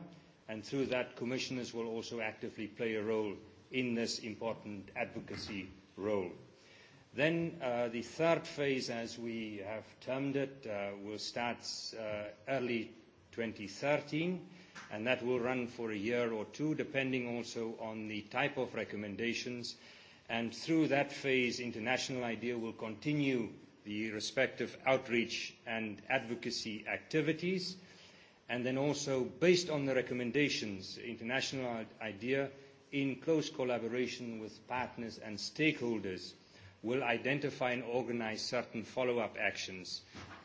and through that, commissioners will also actively play a role in this important advocacy role. Then the third phase, as we have termed it, will start early 2013, and that will run for a year or two, depending also on the type of recommendations. And through that phase, International IDEA will continue the respective outreach and advocacy activities. And then also, based on the recommendations, International IDEA in close collaboration with partners and stakeholders, will identify and organize certain follow-up actions,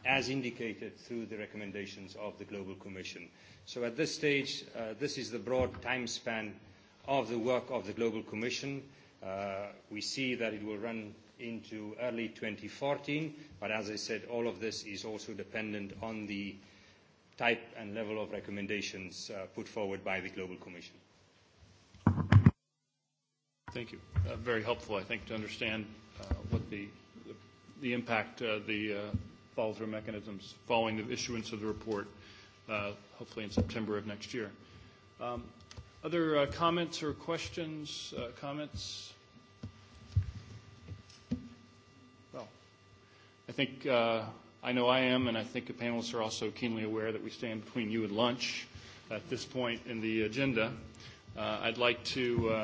as indicated through the recommendations of the Global Commission. So at this stage, this is the broad time span of the work of the Global Commission. We see that it will run into early 2014, but as I said, all of this is also dependent on the type and level of recommendations put forward by the Global Commission. Thank you. Very helpful, I think, to understand what the the impact the follow-through mechanisms following the issuance of the report, hopefully in September of next year. Other comments or questions? Comments? Well, I think I know I am, and I think the panelists are also keenly aware that we stand between you and lunch at this point in the agenda. I'd like to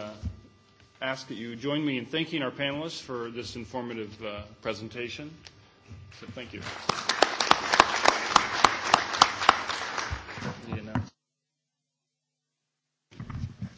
ask that you join me in thanking our panelists for this informative presentation. So thank you.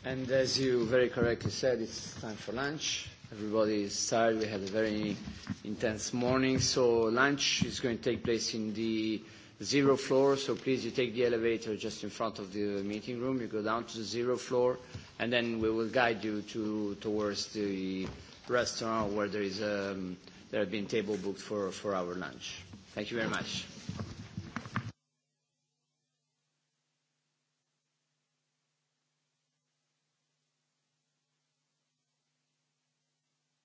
And as you very correctly said, it's time for lunch. Everybody is tired. We had a very intense morning. So lunch is going to take place in the zero floor. So please, you take the elevator just in front of the meeting room. You go down to the zero floor and then we will guide you to towards the restaurant where there is there have been table booked for for our lunch. Thank you very much.